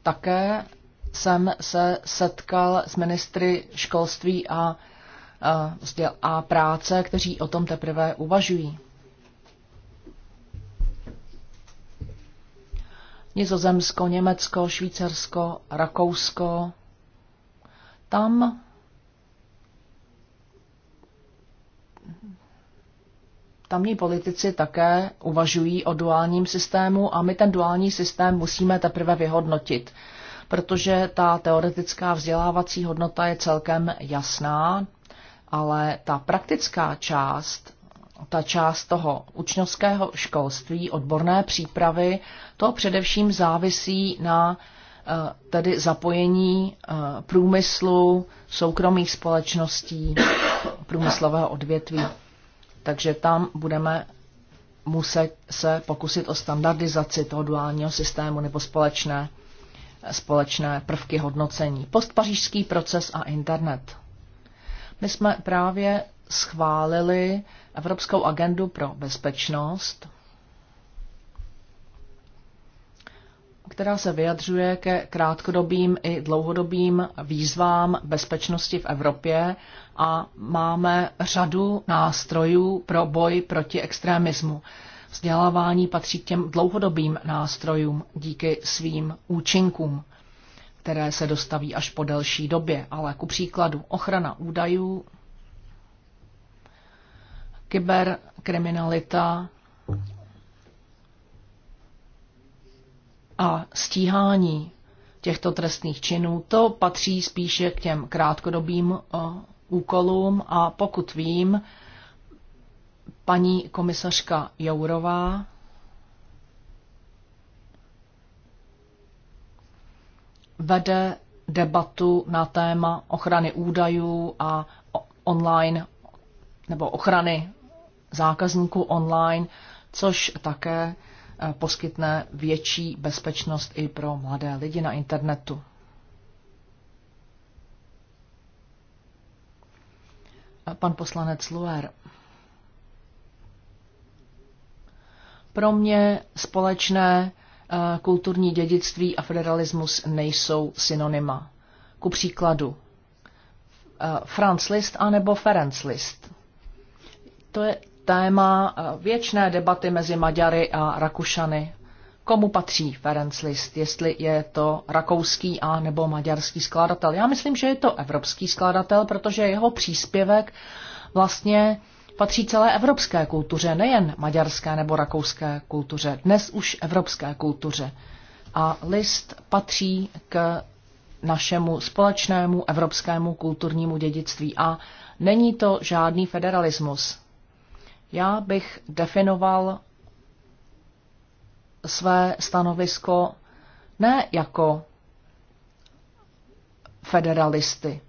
také jsem se setkal s ministry školství a, vlastně a práce, kteří o tom teprve uvažují. Nizozemsko, Německo, Švýcarsko, Rakousko. Tam tamní politici také uvažují o duálním systému a my ten duální systém musíme teprve vyhodnotit protože ta teoretická vzdělávací hodnota je celkem jasná, ale ta praktická část, ta část toho učňovského školství, odborné přípravy, to především závisí na eh, tedy zapojení eh, průmyslu, soukromých společností, průmyslového odvětví. Takže tam budeme muset se pokusit o standardizaci toho duálního systému nebo společné společné prvky hodnocení. Postpařížský proces a internet. My jsme právě schválili Evropskou agendu pro bezpečnost, která se vyjadřuje ke krátkodobým i dlouhodobým výzvám bezpečnosti v Evropě a máme řadu nástrojů pro boj proti extremismu. Vzdělávání patří k těm dlouhodobým nástrojům díky svým účinkům, které se dostaví až po delší době, ale ku příkladu ochrana údajů, kyberkriminalita a stíhání těchto trestných činů, to patří spíše k těm krátkodobým eh, úkolům a pokud vím, paní komisařka Jourová vede debatu na téma ochrany údajů a online nebo ochrany zákazníků online, což také eh, poskytne větší bezpečnost i pro mladé lidi na internetu. Pan poslanec Luer Pro mě společné eh, kulturní dědictví a federalismus nejsou synonyma. Ku příkladu eh, Franz Liszt anebo Ferenc Liszt. To je téma eh, věčné debaty mezi Maďary a Rakušany. Komu patří Ferenc Liszt, jestli je to rakouský a nebo maďarský skladatel? Já myslím, že je to evropský skladatel, protože jeho příspěvek vlastně patří celé evropské kultuře, nejen maďarské nebo rakouské kultuře, dnes už evropské kultuře. A list patří k našemu společnému evropskému kulturnímu dědictví a není to žádný federalismus. Já bych definoval své stanovisko ne jako federalisty.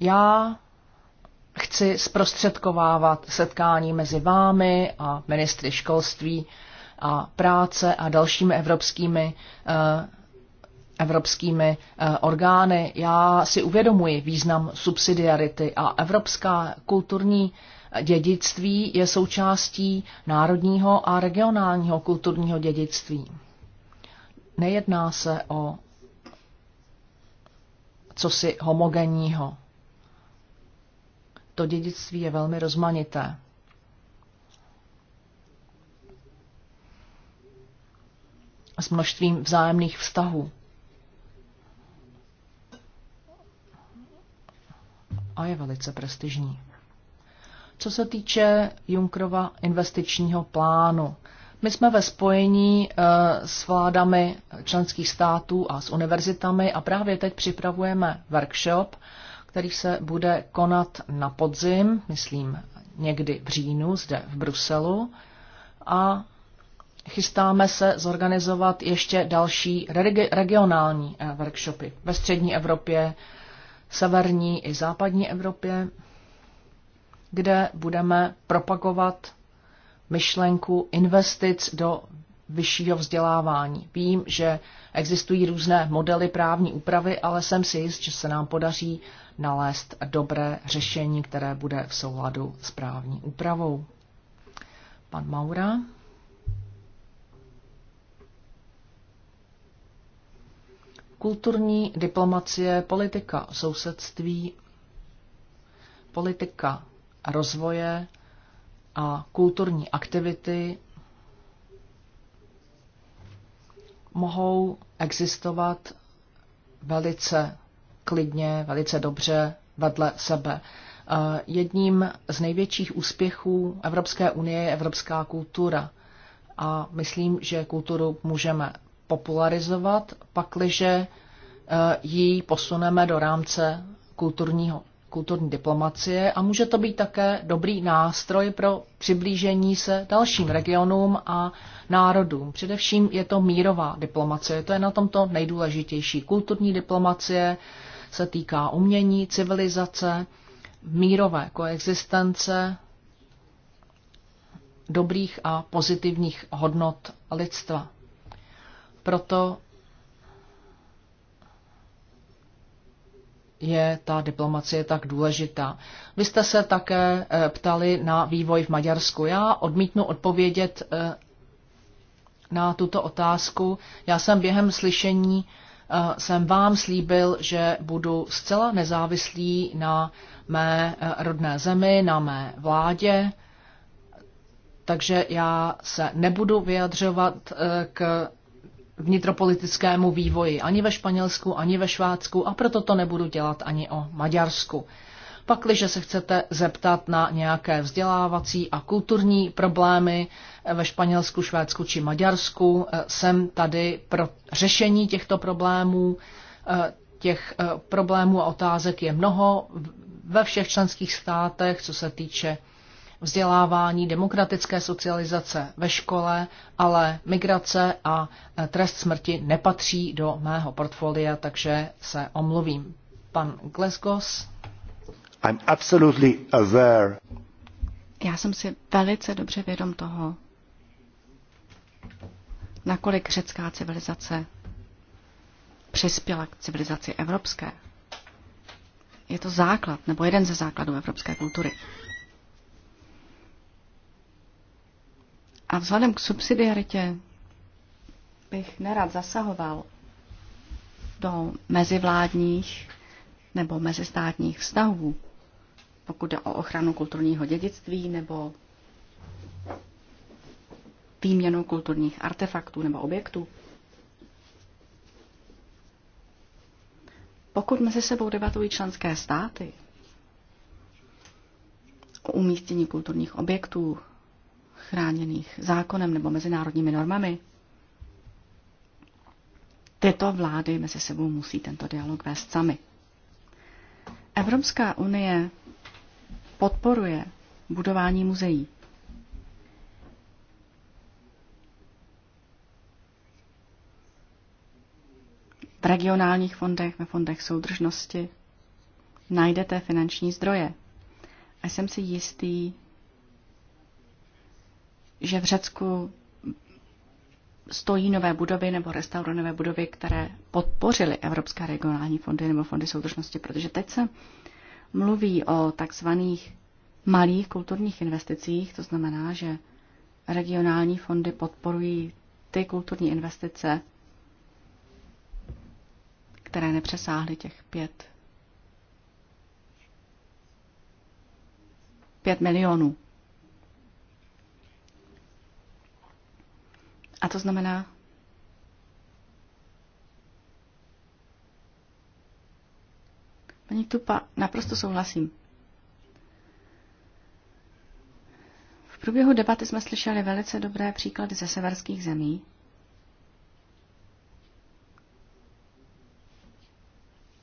Já chci zprostředkovávat setkání mezi vámi a ministry školství a práce a dalšími evropskými eh, evropskými eh, orgány. Já si uvědomuji význam subsidiarity a evropská kulturní dědictví je součástí národního a regionálního kulturního dědictví. Nejedná se o cosi homogenního to dědictví je velmi rozmanité. S množstvím vzájemných vztahů. A je velice prestižní. Co se týče Junkrova investičního plánu, my jsme ve spojení eh, s vládami členských států a s univerzitami a právě teď připravujeme workshop, který se bude konat na podzim, myslím někdy v říjnu zde v Bruselu. A chystáme se zorganizovat ještě další regionální eh, workshopy ve střední Evropě, severní i západní Evropě, kde budeme propagovat myšlenku investic do vyššího vzdělávání. Vím, že existují různé modely právní úpravy, ale jsem si jist, že se nám podaří nalézt dobré řešení, které bude v souladu s právní úpravou. Pan Maura. Kulturní diplomacie, politika sousedství, politika rozvoje a kulturní aktivity mohou existovat velice klidně, velice dobře vedle sebe. Eh, jedním z největších úspěchů Evropské unie je evropská kultura. A myslím, že kulturu můžeme popularizovat, pakliže eh, ji posuneme do rámce kulturního, kulturní diplomacie a může to být také dobrý nástroj pro přiblížení se dalším regionům a národům. Především je to mírová diplomacie, to je na tomto nejdůležitější. Kulturní diplomacie, se týká umění, civilizace, mírové koexistence, dobrých a pozitivních hodnot lidstva. Proto je ta diplomacie tak důležitá. Vy jste se také eh, ptali na vývoj v Maďarsku. Já odmítnu odpovědět eh, na tuto otázku. Já jsem během slyšení Eh, jsem vám slíbil, že budu zcela nezávislý na mé eh, rodné zemi, na mé vládě, takže já se nebudu vyjadřovat eh, k vnitropolitickému vývoji ani ve Španělsku, ani ve Švátsku a proto to nebudu dělat ani o Maďarsku pakliže se chcete zeptat na nějaké vzdělávací a kulturní problémy eh, ve Španělsku, Švédsku či Maďarsku. Eh, jsem tady pro řešení těchto problémů. Eh, těch problémů a otázek je mnoho ve všech členských státech, co se týče vzdělávání, demokratické socializace ve škole, ale migrace a trest smrti nepatří do mého portfolia, takže se omluvím. Pan Glesgos. I'm absolutely aware. Já jsem si velice dobře vědom toho, nakolik řecká civilizace přispěla k civilizaci evropské. Je to základ, nebo jeden ze základů evropské kultury. A vzhledem k subsidiaritě bych nerad zasahoval do mezivládních nebo mezistátních vztahů, pokud jde o ochranu kulturního dědictví nebo výměnu kulturních artefaktů nebo objektů. Pokud mezi sebou debatují členské státy o umístění kulturních objektů chráněných zákonem nebo mezinárodními normami, tyto vlády mezi sebou musí tento dialog vést sami. Evropská unie podporuje budování muzeí. V regionálních fondech, ve fondech soudržnosti najdete finanční zdroje. A jsem si jistý, že v Řecku stojí nové budovy nebo restauranové budovy, které podpořily Evropské regionální fondy nebo fondy soudržnosti, protože teď se mluví o takzvaných malých kulturních investicích, to znamená, že regionální fondy podporují ty kulturní investice, které nepřesáhly těch pět, pět milionů. A to znamená, Pani Tupa, naprosto souhlasím. V průběhu debaty jsme slyšeli velice dobré příklady ze severských zemí.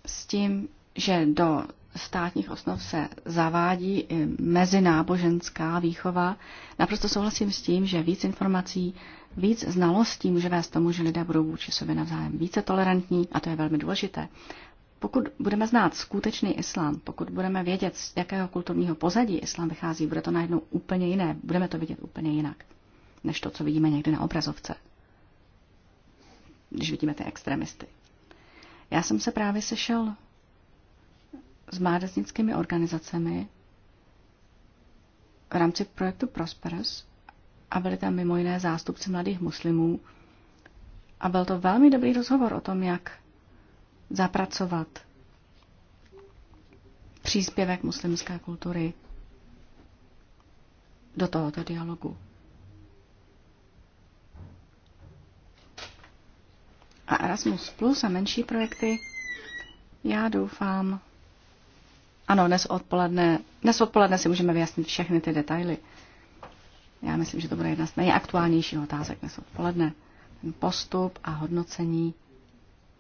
S tím, že do státních osnov se zavádí i mezináboženská výchova. Naprosto souhlasím s tím, že víc informací, víc znalostí může vést tomu, že lidé budou vůči sobě navzájem více tolerantní a to je velmi důležité. Pokud budeme znát skutečný islám, pokud budeme vědět, z jakého kulturního pozadí islám vychází, bude to najednou úplně jiné, budeme to vidět úplně jinak, než to, co vidíme někdy na obrazovce, když vidíme ty extremisty. Já jsem se právě sešel s mládežnickými organizacemi v rámci projektu Prosperous a byli tam mimo jiné zástupci mladých muslimů. A byl to velmi dobrý rozhovor o tom, jak zapracovat příspěvek muslimské kultury do tohoto dialogu. A Erasmus Plus a menší projekty, já doufám, ano, dnes odpoledne, dnes odpoledne si můžeme vyjasnit všechny ty detaily. Já myslím, že to bude jedna z nejaktuálnějších otázek dnes odpoledne. Ten postup a hodnocení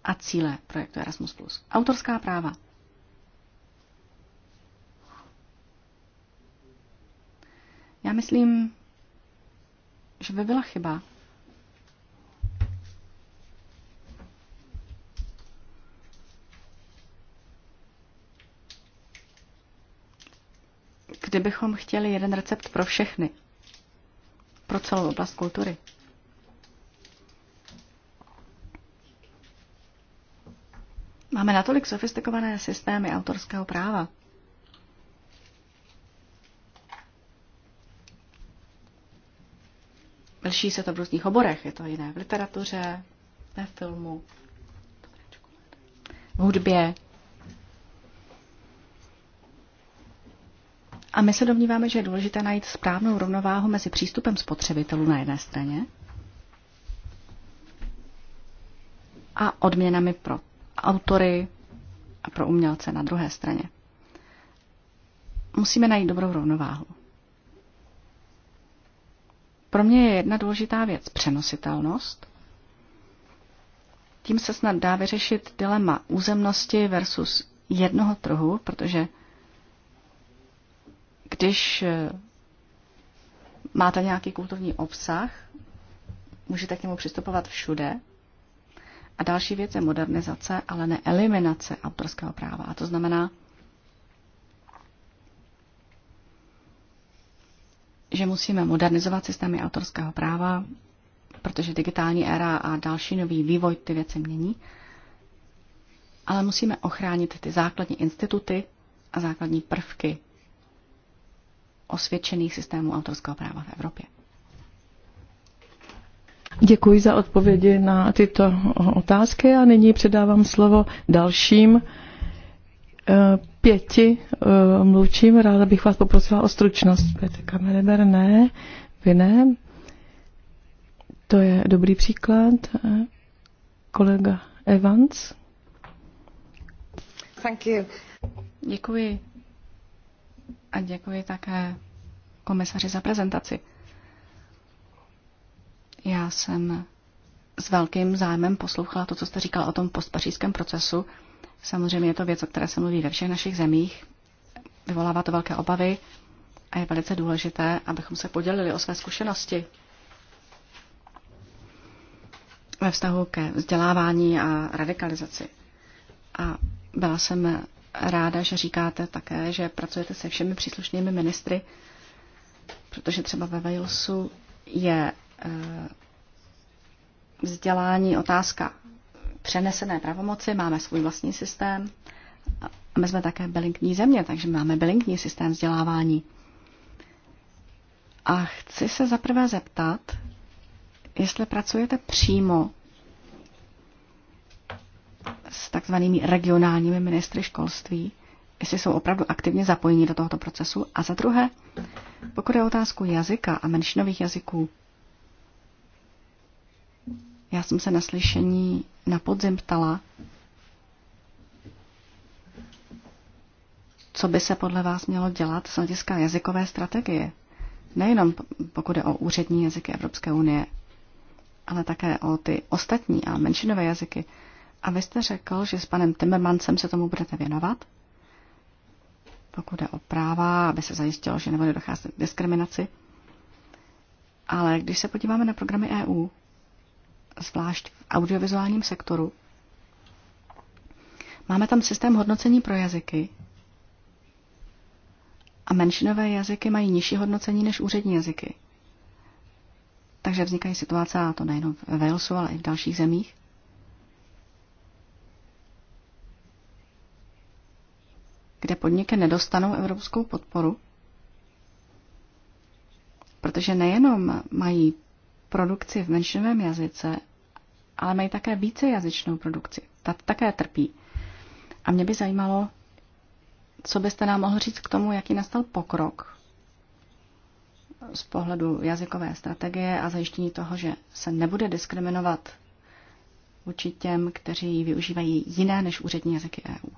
a cíle projektu Erasmus+. Autorská práva. Já myslím, že by byla chyba, kdybychom chtěli jeden recept pro všechny, pro celou oblast kultury. Máme natolik sofistikované systémy autorského práva, Lší se to v různých oborech. Je to jiné v literatuře, ve filmu, v hudbě, A my se domníváme, že je důležité najít správnou rovnováhu mezi přístupem spotřebitelů na jedné straně a odměnami pro autory a pro umělce na druhé straně. Musíme najít dobrou rovnováhu. Pro mě je jedna důležitá věc přenositelnost. Tím se snad dá vyřešit dilema územnosti versus jednoho trhu, protože když eh, máte nějaký kulturní obsah, můžete k němu přistupovat všude. A další věc je modernizace, ale ne eliminace autorského práva. A to znamená, že musíme modernizovat systémy autorského práva, protože digitální éra a další nový vývoj ty věci mění. Ale musíme ochránit ty základní instituty a základní prvky osvědčených systémů autorského práva v Evropě. Děkuji za odpovědi na tyto otázky a nyní předávám slovo dalším eh, pěti eh, mluvčím. Ráda bych vás poprosila o stručnost. Petr Kamereber, ne, vy ne. To je dobrý příklad. Kolega Evans. Thank you. Děkuji. A děkuji také komisaři za prezentaci. Já jsem s velkým zájmem poslouchala to, co jste říkal o tom postpařížském procesu. Samozřejmě je to věc, o které se mluví ve všech našich zemích. Vyvolává to velké obavy a je velice důležité, abychom se podělili o své zkušenosti ve vztahu ke vzdělávání a radikalizaci. A byla jsem ráda, že říkáte také, že pracujete se všemi příslušnými ministry, protože třeba ve Walesu je eh, vzdělání otázka přenesené pravomoci, máme svůj vlastní systém a my jsme také bilingní země, takže máme bilingní systém vzdělávání. A chci se zaprvé zeptat, jestli pracujete přímo s takzvanými regionálními ministry školství, jestli jsou opravdu aktivně zapojeni do tohoto procesu. A za druhé, pokud je otázku jazyka a menšinových jazyků, já jsem se na slyšení na podzim ptala, co by se podle vás mělo dělat z hlediska jazykové strategie. Nejenom pokud je o úřední jazyky Evropské unie, ale také o ty ostatní a menšinové jazyky. A vy jste řekl, že s panem Timmermansem se tomu budete věnovat, pokud je o práva, aby se zajistilo, že nebude docházet k diskriminaci. Ale když se podíváme na programy EU, zvlášť v audiovizuálním sektoru, máme tam systém hodnocení pro jazyky a menšinové jazyky mají nižší hodnocení než úřední jazyky. Takže vznikají situace, a to nejenom ve Walesu, ale i v dalších zemích, podniky nedostanou evropskou podporu? Protože nejenom mají produkci v menšinovém jazyce, ale mají také vícejazyčnou produkci. Ta také trpí. A mě by zajímalo, co byste nám mohl říct k tomu, jaký nastal pokrok z pohledu jazykové strategie a zajištění toho, že se nebude diskriminovat vůči těm, kteří využívají jiné než úřední jazyky EU.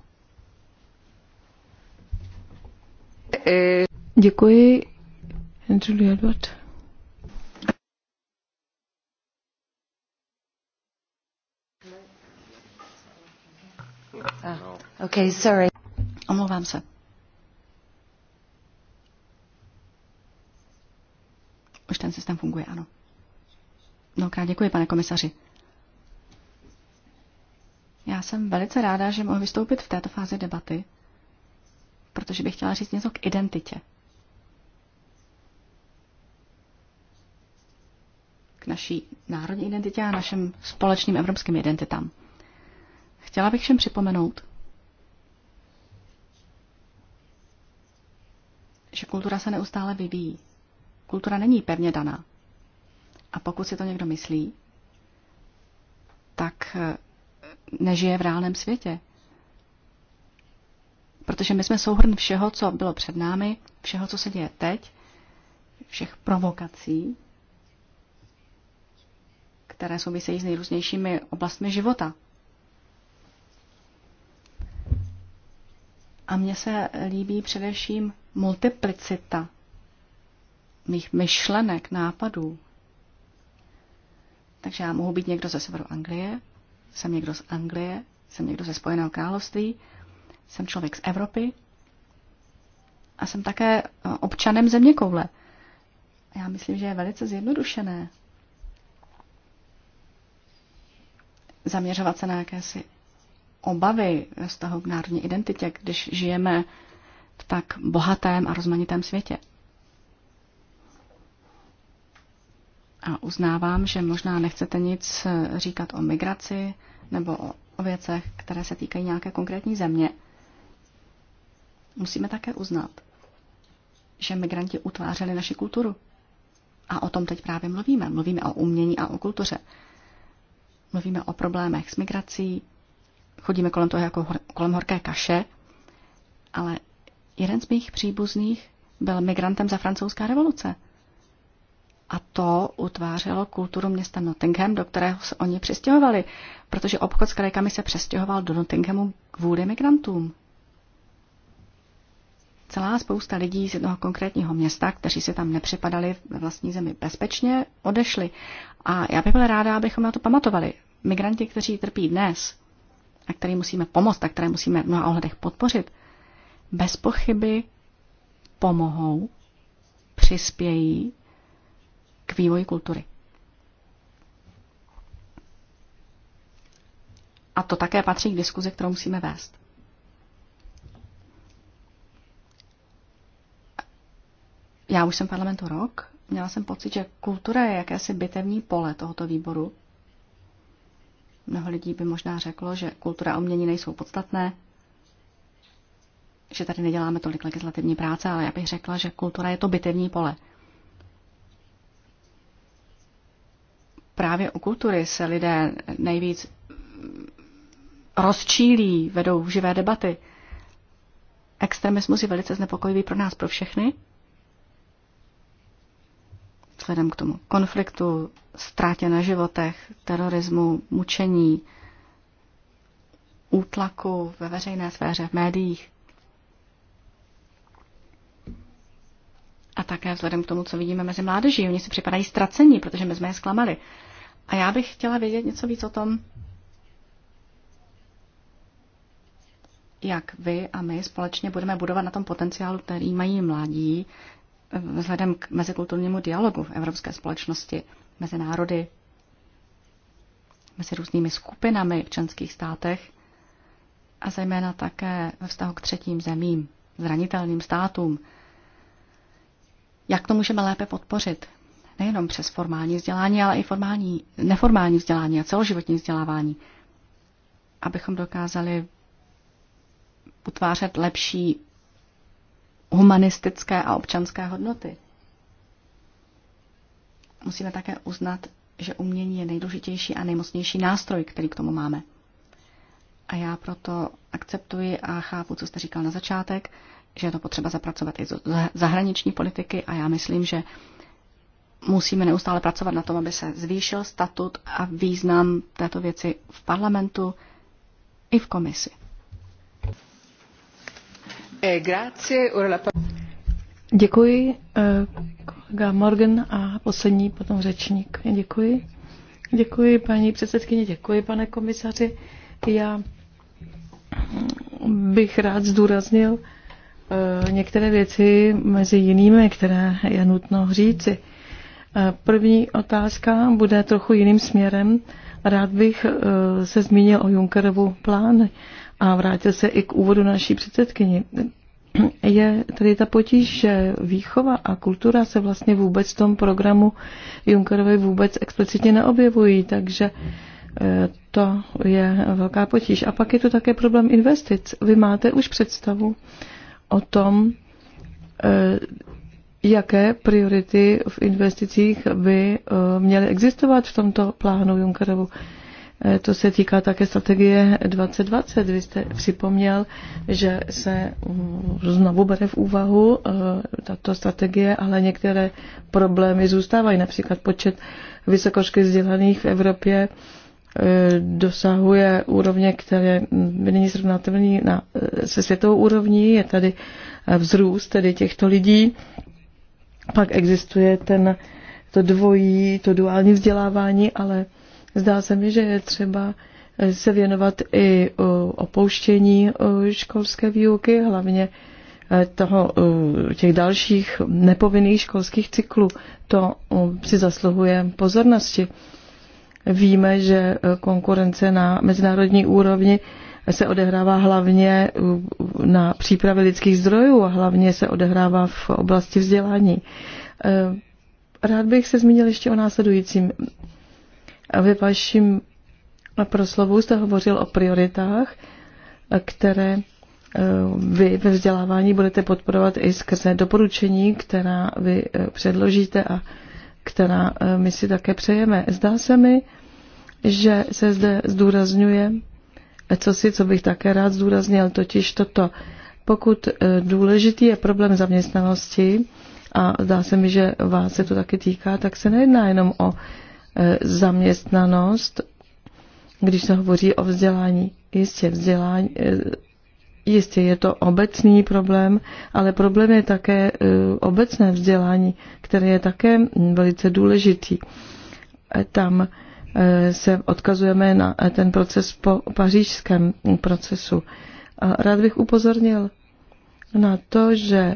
Děkuji. Julia Edward. Ah, ok, sorry. Omlouvám se. Už ten systém funguje, ano. No, krát děkuji, pane komisaři. Já jsem velice ráda, že mohu vystoupit v této fázi debaty protože bych chtěla říct něco k identitě. K naší národní identitě a našem společným evropským identitám. Chtěla bych všem připomenout, že kultura se neustále vyvíjí. Kultura není pevně daná. A pokud si to někdo myslí, tak nežije v reálném světě. Protože my jsme souhrn všeho, co bylo před námi, všeho, co se děje teď, všech provokací, které souvisejí s nejrůznějšími oblastmi života. A mně se líbí především multiplicita mých myšlenek, nápadů. Takže já mohu být někdo ze severu Anglie, jsem někdo z Anglie, jsem někdo ze Spojeného království jsem člověk z Evropy a jsem také eh, občanem země koule. Já myslím, že je velice zjednodušené zaměřovat se na jakési obavy z toho k národní identitě, když žijeme v tak bohatém a rozmanitém světě. A uznávám, že možná nechcete nic eh, říkat o migraci nebo o věcech, které se týkají nějaké konkrétní země. Musíme také uznat, že migranti utvářeli naši kulturu. A o tom teď právě mluvíme. Mluvíme o umění a o kultuře. Mluvíme o problémech s migrací, chodíme kolem toho jako hor- kolem horké kaše, ale jeden z mých příbuzných byl migrantem za francouzská revoluce. A to utvářelo kulturu města Nottingham, do kterého se oni přestěhovali, protože obchod s krajkami se přestěhoval do Nottinghamu kvůli migrantům, celá spousta lidí z jednoho konkrétního města, kteří se tam nepřipadali ve vlastní zemi bezpečně, odešli. A já bych byla ráda, abychom na to pamatovali. Migranti, kteří trpí dnes a který musíme pomoct a které musíme v mnoha ohledech podpořit, bez pochyby pomohou, přispějí k vývoji kultury. A to také patří k diskuzi, kterou musíme vést. Já už jsem v parlamentu rok, měla jsem pocit, že kultura je jakési bitevní pole tohoto výboru. Mnoho lidí by možná řeklo, že kultura a umění nejsou podstatné, že tady neděláme tolik legislativní práce, ale já bych řekla, že kultura je to bitevní pole. Právě u kultury se lidé nejvíc rozčílí, vedou živé debaty. Extremismus je velice znepokojivý pro nás, pro všechny, vzhledem k tomu konfliktu, ztrátě na životech, terorismu, mučení, útlaku ve veřejné sféře, v médiích. A také vzhledem k tomu, co vidíme mezi mládeží. Oni si připadají ztracení, protože my jsme je zklamali. A já bych chtěla vědět něco víc o tom, jak vy a my společně budeme budovat na tom potenciálu, který mají mladí, vzhledem k mezikulturnímu dialogu v evropské společnosti mezi národy, mezi různými skupinami v členských státech a zejména také ve vztahu k třetím zemím, zranitelným státům. Jak to můžeme lépe podpořit? Nejenom přes formální vzdělání, ale i formální, neformální vzdělání a celoživotní vzdělávání, abychom dokázali utvářet lepší humanistické a občanské hodnoty. Musíme také uznat, že umění je nejdůležitější a nejmocnější nástroj, který k tomu máme. A já proto akceptuji a chápu, co jste říkal na začátek, že je to potřeba zapracovat i z zahraniční politiky a já myslím, že musíme neustále pracovat na tom, aby se zvýšil statut a význam této věci v parlamentu i v komisi. Eh, děkuji, eh, kolega Morgan a poslední potom řečník. Děkuji. Děkuji, paní předsedkyně, děkuji, pane komisaři. Já bych rád zdůraznil eh, některé věci mezi jinými, které je nutno říci. První otázka bude trochu jiným směrem. Rád bych se zmínil o Junckerovu plánu a vrátil se i k úvodu naší předsedkyni. Je tady ta potíž, že výchova a kultura se vlastně vůbec v tom programu Junckerovi vůbec explicitně neobjevují, takže eh, to je velká potíž. A pak je tu také problém investic. Vy máte už představu o tom, eh, jaké priority v investicích by eh, měly existovat v tomto plánu Junckerovu. Eh, to se týká také strategie 2020. Vy jste připomněl, že se mm, znovu bere v úvahu eh, tato strategie, ale některé problémy zůstávají. Například počet vysokošky vzdělaných v Evropě eh, dosahuje úrovně, které není srovnatelné na, se světovou úrovní. Je tady vzrůst tedy těchto lidí. Pak existuje ten, to dvojí, to duální vzdělávání, ale Zdá se mi, že je třeba eh, se věnovat i eh, opouštění eh, školské výuky, hlavně toho, těch dalších nepovinných školských cyklů. To si zasluhuje pozornosti. Víme, že konkurence na mezinárodní úrovni se odehrává hlavně na přípravě lidských zdrojů a hlavně se odehrává v oblasti vzdělání. Rád bych se zmínil ještě o následujícím. Ve vaším proslovu jste hovořil o prioritách, které eh, vy ve vzdělávání budete podporovat i skrze doporučení, která vy eh, předložíte a která eh, my si také přejeme. Zdá se mi, že se zde zdůrazňuje, co si, co bych také rád zdůraznil, totiž toto. Pokud důležitý je problém zaměstnanosti, a zdá se mi, že vás se to taky týká, tak se nejedná jenom o Eh, zaměstnanost, když se hovoří o vzdělání. Jistě, vzdělání, eh, jistě je to obecný problém, ale problém je také eh, obecné vzdělání, které je také velice důležitý. Tam se odkazujeme na ten proces po pařížském procesu. Rád bych upozornil na to, že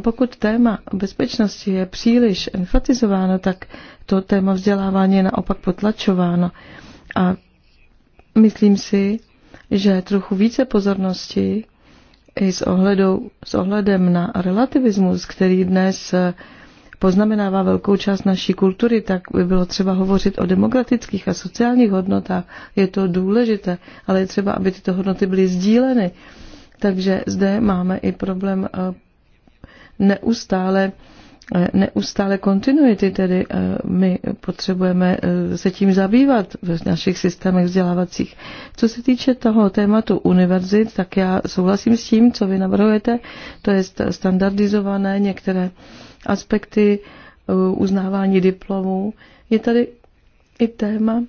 pokud téma bezpečnosti je příliš enfatizováno, tak to téma vzdělávání je naopak potlačováno. A myslím si, že trochu více pozornosti i s, ohledou, s ohledem na relativismus, který dnes eh, poznamenává velkou část naší kultury, tak by bylo třeba hovořit o demokratických a sociálních hodnotách. Je to důležité, ale je třeba, aby tyto hodnoty byly sdíleny. Takže zde máme i problém eh, neustále eh, neustále kontinuity, tedy eh, my potřebujeme eh, se tím zabývat v našich systémech vzdělávacích. Co se týče toho tématu univerzit, tak já souhlasím s tím, co vy navrhujete, to je standardizované některé aspekty uznávání diplomů. Je tady i téma,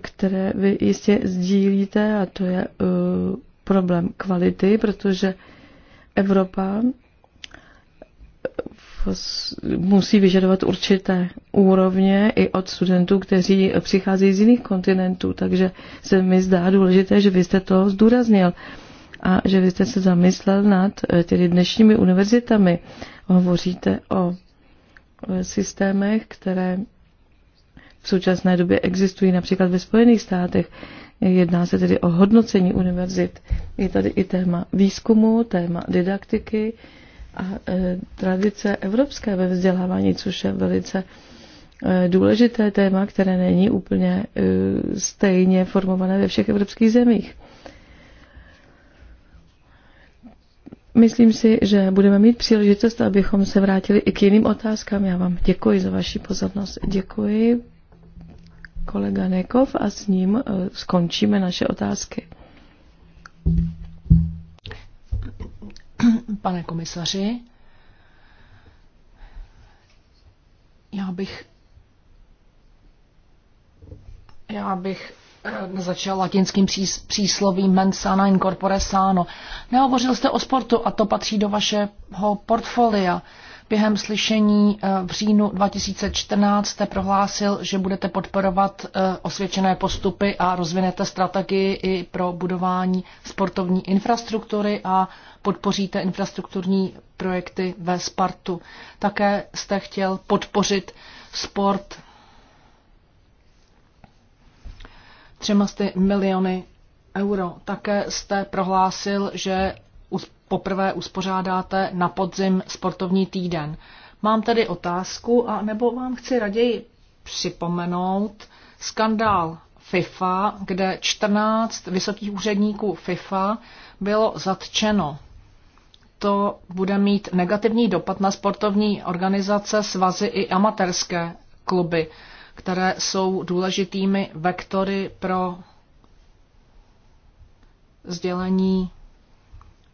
které vy jistě sdílíte a to je problém kvality, protože Evropa eh, musí vyžadovat určité úrovně i od studentů, kteří přicházejí z jiných kontinentů. Takže se mi zdá důležité, že vy jste to zdůraznil a že vy jste se zamyslel nad eh, tedy dnešními univerzitami. Hovoříte o eh, systémech, které v současné době existují například ve Spojených státech. Jedná se tedy o hodnocení univerzit. Je tady i téma výzkumu, téma didaktiky a e, tradice evropské ve vzdělávání, což je velice e, důležité téma, které není úplně e, stejně formované ve všech evropských zemích. Myslím si, že budeme mít příležitost, abychom se vrátili i k jiným otázkám. Já vám děkuji za vaši pozornost. Děkuji kolega Nekov a s ním eh, skončíme naše otázky. Pane komisaři, já bych já bych eh, začal latinským příslovím mens sana in corpore sano. Nehovořil jste o sportu a to patří do vašeho portfolia. Během slyšení eh, v říjnu 2014 jste prohlásil, že budete podporovat eh, osvědčené postupy a rozvinete strategii i pro budování sportovní infrastruktury a podpoříte infrastrukturní projekty ve Spartu. Také jste chtěl podpořit sport třemasty miliony euro. Také jste prohlásil, že poprvé uspořádáte na podzim sportovní týden. Mám tedy otázku, a nebo vám chci raději připomenout skandál FIFA, kde 14 vysokých úředníků FIFA bylo zatčeno. To bude mít negativní dopad na sportovní organizace, svazy i amatérské kluby, které jsou důležitými vektory pro sdělení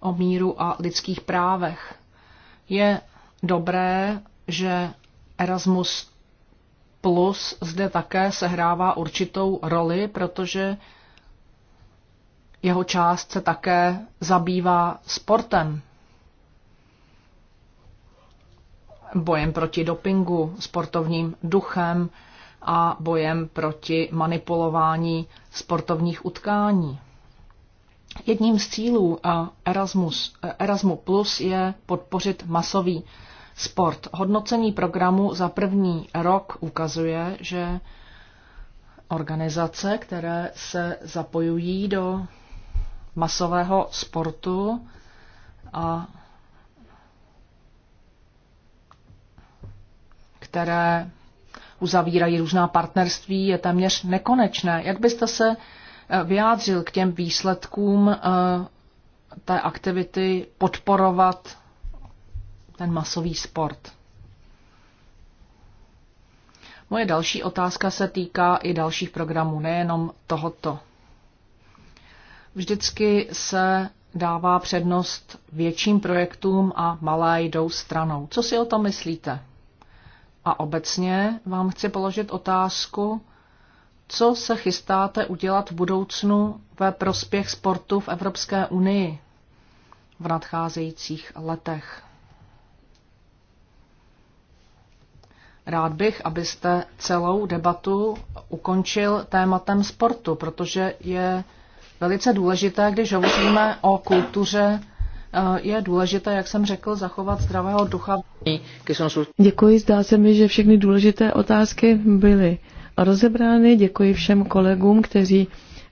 o míru a lidských právech. Je dobré, že Erasmus Plus zde také sehrává určitou roli, protože jeho část se také zabývá sportem. Bojem proti dopingu, sportovním duchem a bojem proti manipulování sportovních utkání. Jedním z cílů eh, Erasmus, eh, Erasmu Plus je podpořit masový sport. Hodnocení programu za první rok ukazuje, že organizace, které se zapojují do masového sportu a které uzavírají různá partnerství, je téměř nekonečné. Jak byste se vyjádřil k těm výsledkům eh, té aktivity podporovat ten masový sport. Moje další otázka se týká i dalších programů, nejenom tohoto. Vždycky se dává přednost větším projektům a malé jdou stranou. Co si o tom myslíte? A obecně vám chci položit otázku, co se chystáte udělat v budoucnu ve prospěch sportu v Evropské unii v nadcházejících letech? Rád bych, abyste celou debatu ukončil tématem sportu, protože je velice důležité, když hovoříme o kultuře, eh, je důležité, jak jsem řekl, zachovat zdravého ducha. Děkuji, zdá se mi, že všechny důležité otázky byly rozebrány. Děkuji všem kolegům, kteří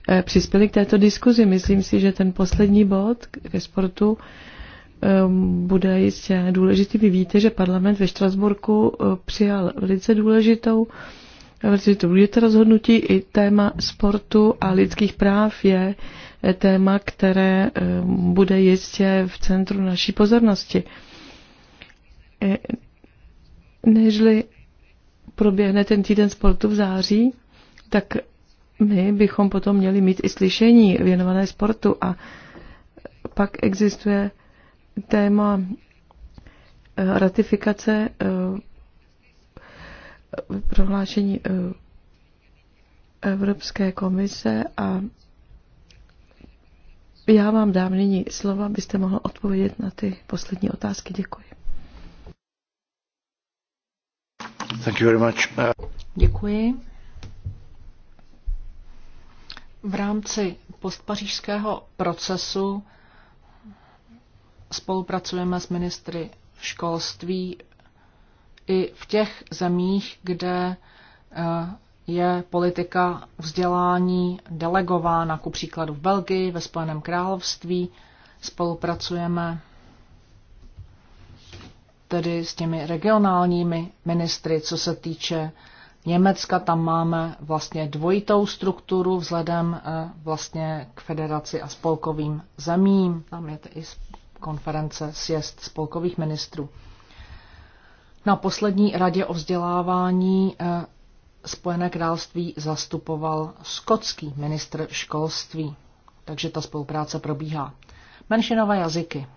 eh, přispěli k této diskuzi. Myslím si, že ten poslední bod ke sportu ehm, bude jistě důležitý. Vy víte, že parlament ve Štrasburku eh, přijal velice důležitou protože to budete rozhodnutí i téma sportu a lidských práv je eh, téma, které ehm, bude jistě v centru naší pozornosti. Nežli proběhne ten týden sportu v září, tak my bychom potom měli mít i slyšení věnované sportu a pak existuje téma eh, ratifikace eh, prohlášení eh, Evropské komise a já vám dám nyní slova, abyste mohl odpovědět na ty poslední otázky. Děkuji. Thank you very much. Děkuji. V rámci postpařížského procesu spolupracujeme s ministry školství i v těch zemích, kde eh, je politika vzdělání delegována, ku příkladu v Belgii, ve Spojeném království. Spolupracujeme tedy s těmi regionálními ministry, co se týče Německa, tam máme vlastně dvojitou strukturu vzhledem eh, vlastně k federaci a spolkovým zemím. Tam je i konference sjezd spolkových ministrů. Na poslední radě o vzdělávání eh, Spojené království zastupoval skotský ministr školství, takže ta spolupráce probíhá. Menšinové jazyky.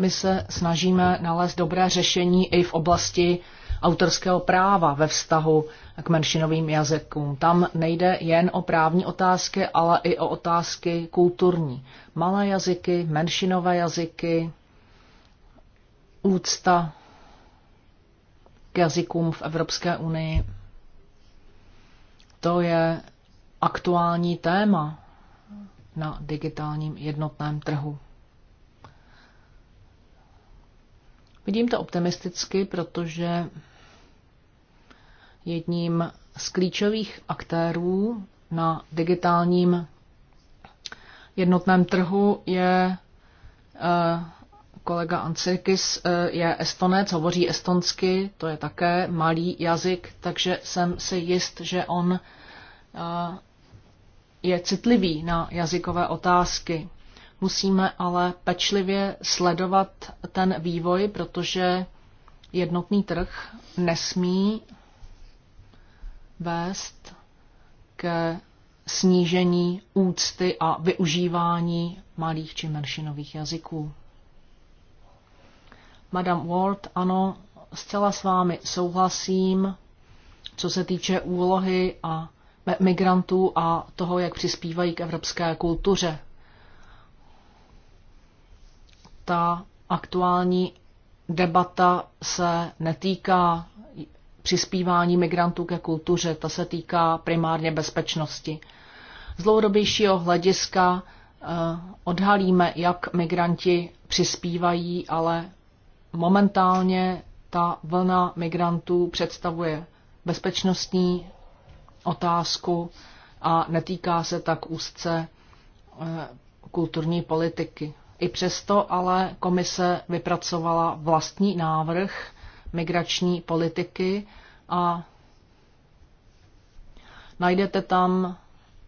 My se snažíme nalézt dobré řešení i v oblasti autorského práva ve vztahu k menšinovým jazykům. Tam nejde jen o právní otázky, ale i o otázky kulturní. Malé jazyky, menšinové jazyky, úcta k jazykům v Evropské unii. To je aktuální téma na digitálním jednotném trhu. Vidím to optimisticky, protože jedním z klíčových aktérů na digitálním jednotném trhu je eh, kolega Ancirkis, eh, je estonec, hovoří estonsky, to je také malý jazyk, takže jsem si jist, že on eh, je citlivý na jazykové otázky. Musíme ale pečlivě sledovat ten vývoj, protože jednotný trh nesmí vést ke snížení úcty a využívání malých či menšinových jazyků. Madame Ward, ano, zcela s vámi souhlasím, co se týče úlohy a migrantů a toho, jak přispívají k evropské kultuře ta aktuální debata se netýká přispívání migrantů ke kultuře, ta se týká primárně bezpečnosti. Z dlouhodobějšího hlediska eh, odhalíme, jak migranti přispívají, ale momentálně ta vlna migrantů představuje bezpečnostní otázku a netýká se tak úzce eh, kulturní politiky. I přesto ale komise vypracovala vlastní návrh migrační politiky a najdete tam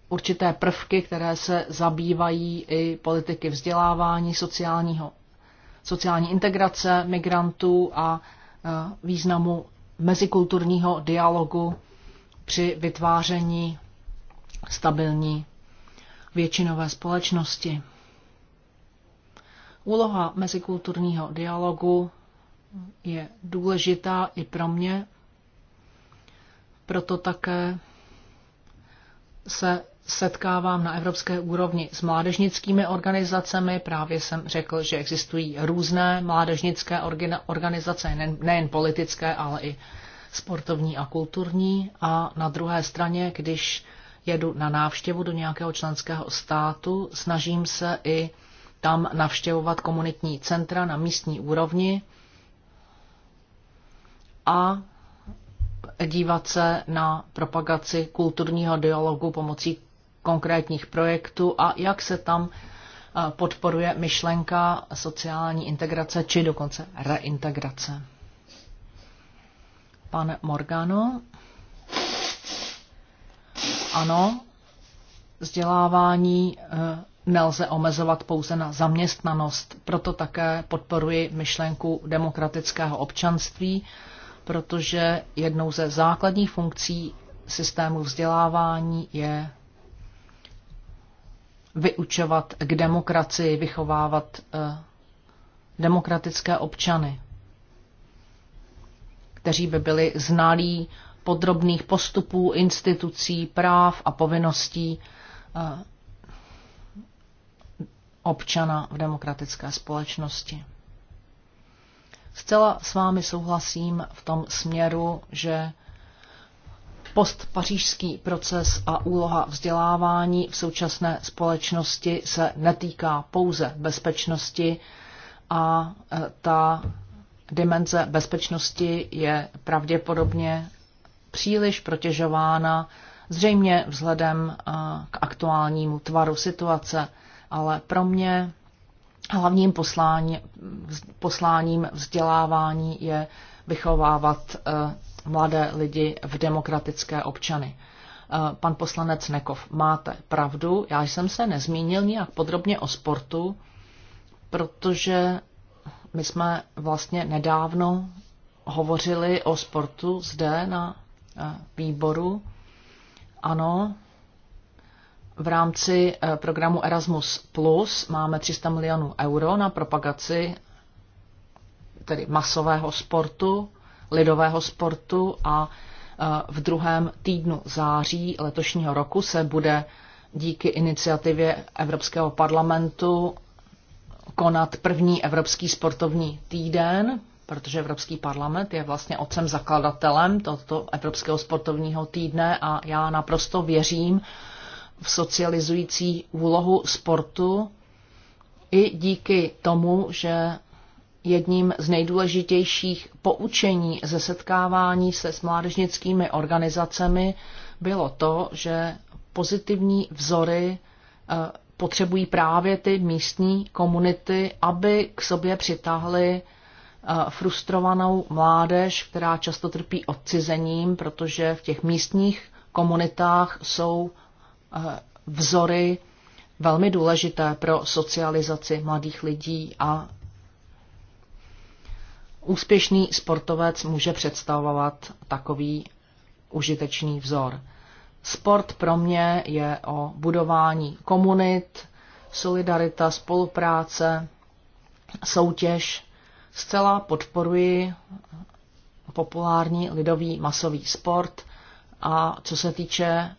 určité prvky, které se zabývají i politiky vzdělávání, sociálního, sociální integrace migrantů a e, významu mezikulturního dialogu při vytváření stabilní většinové společnosti. Úloha mezikulturního dialogu je důležitá i pro mě, proto také se setkávám na evropské úrovni s mládežnickými organizacemi. Právě jsem řekl, že existují různé mládežnické organizace, nejen politické, ale i sportovní a kulturní. A na druhé straně, když jedu na návštěvu do nějakého členského státu, snažím se i tam navštěvovat komunitní centra na místní úrovni a dívat se na propagaci kulturního dialogu pomocí konkrétních projektů a jak se tam eh, podporuje myšlenka sociální integrace či dokonce reintegrace. Pan Morgano. Ano, vzdělávání eh, nelze omezovat pouze na zaměstnanost. Proto také podporuji myšlenku demokratického občanství, protože jednou ze základních funkcí systému vzdělávání je vyučovat k demokracii, vychovávat eh, demokratické občany, kteří by byli znalí podrobných postupů, institucí, práv a povinností eh, občana v demokratické společnosti. Zcela s vámi souhlasím v tom směru, že postpařížský proces a úloha vzdělávání v současné společnosti se netýká pouze bezpečnosti a e, ta dimenze bezpečnosti je pravděpodobně příliš protěžována zřejmě vzhledem e, k aktuálnímu tvaru situace ale pro mě hlavním poslání, posláním vzdělávání je vychovávat eh, mladé lidi v demokratické občany. Eh, pan poslanec Nekov, máte pravdu, já jsem se nezmínil nijak podrobně o sportu, protože my jsme vlastně nedávno hovořili o sportu zde na eh, výboru. Ano, v rámci eh, programu Erasmus Plus máme 300 milionů euro na propagaci tedy masového sportu, lidového sportu a eh, v druhém týdnu září letošního roku se bude díky iniciativě Evropského parlamentu konat první Evropský sportovní týden, protože Evropský parlament je vlastně otcem zakladatelem tohoto Evropského sportovního týdne a já naprosto věřím, v socializující úlohu sportu i díky tomu, že jedním z nejdůležitějších poučení ze setkávání se s mládežnickými organizacemi bylo to, že pozitivní vzory eh, potřebují právě ty místní komunity, aby k sobě přitáhly eh, frustrovanou mládež, která často trpí odcizením, protože v těch místních komunitách jsou Eh, vzory velmi důležité pro socializaci mladých lidí a úspěšný sportovec může představovat takový užitečný vzor. Sport pro mě je o budování komunit, solidarita, spolupráce, soutěž. Zcela podporuji populární lidový masový sport a co se týče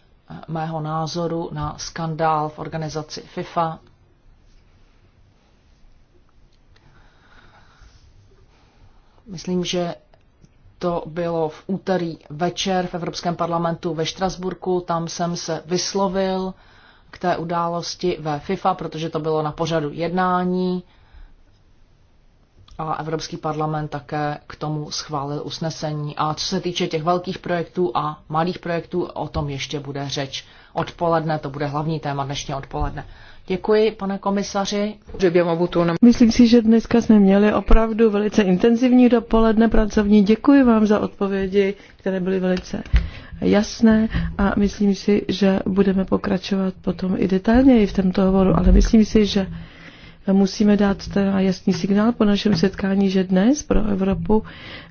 mého názoru na skandál v organizaci FIFA. Myslím, že to bylo v úterý večer v Evropském parlamentu ve Štrasburku. Tam jsem se vyslovil k té události ve FIFA, protože to bylo na pořadu jednání a Evropský parlament také k tomu schválil usnesení. A co se týče těch velkých projektů a malých projektů, o tom ještě bude řeč odpoledne, to bude hlavní téma dnešního odpoledne. Děkuji, pane komisaři. Myslím si, že dneska jsme měli opravdu velice intenzivní dopoledne pracovní. Děkuji vám za odpovědi, které byly velice jasné a myslím si, že budeme pokračovat potom i detailněji v tomto hovoru, ale myslím si, že musíme dát teda jasný signál po našem setkání, že dnes pro Evropu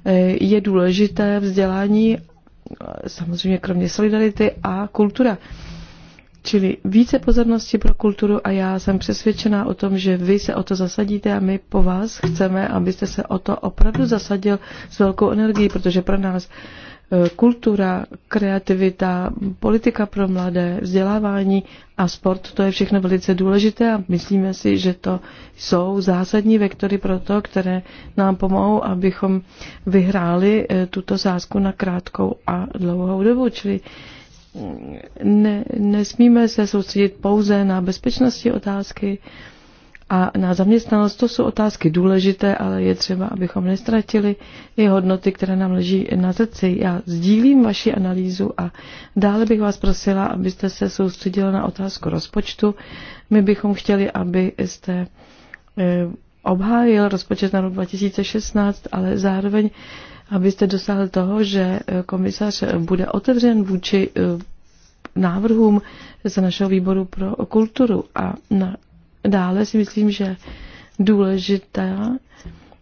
eh, je důležité vzdělání, samozřejmě kromě solidarity a kultura. Čili více pozornosti pro kulturu a já jsem přesvědčená o tom, že vy se o to zasadíte a my po vás chceme, abyste se o to opravdu zasadil s velkou energií, protože pro nás kultura, kreativita, politika pro mladé, vzdělávání a sport, to je všechno velice důležité a myslíme si, že to jsou zásadní vektory pro to, které nám pomohou, abychom vyhráli eh, tuto sázku na krátkou a dlouhou dobu. Čili mm, ne, nesmíme se soustředit pouze na bezpečnostní otázky, a na zaměstnanost. To jsou otázky důležité, ale je třeba, abychom nestratili i hodnoty, které nám leží na srdci. Já sdílím vaši analýzu a dále bych vás prosila, abyste se soustředili na otázku rozpočtu. My bychom chtěli, abyste e, obhájil rozpočet na rok 2016, ale zároveň abyste dosáhli toho, že e, komisař bude otevřen vůči e, návrhům z našeho výboru pro kulturu a na Dále si myslím, že důležité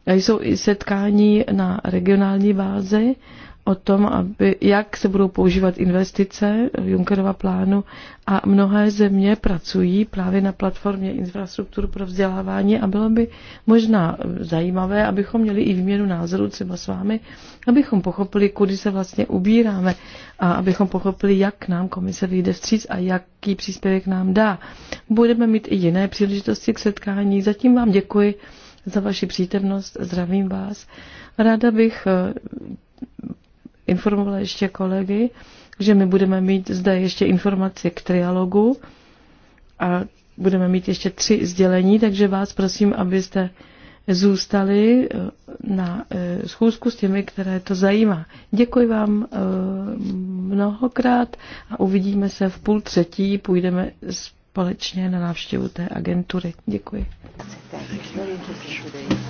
jsou i setkání na regionální bázi, o tom, aby, jak se budou používat investice Junckerova plánu a mnohé země pracují právě na platformě infrastruktur pro vzdělávání a bylo by možná zajímavé, abychom měli i výměnu názorů třeba s vámi, abychom pochopili, kudy se vlastně ubíráme a abychom pochopili, jak nám komise vyjde vstříc a jaký příspěvek nám dá. Budeme mít i jiné příležitosti k setkání. Zatím vám děkuji za vaši přítomnost, zdravím vás. Ráda bych eh, informovala ještě kolegy, že my budeme mít zde ještě informace k trialogu a budeme mít ještě tři sdělení, takže vás prosím, abyste zůstali eh, na eh, schůzku s těmi, které to zajímá. Děkuji vám eh, mnohokrát a uvidíme se v půl třetí, půjdeme společně na návštěvu té agentury. Děkuji. Děkuji.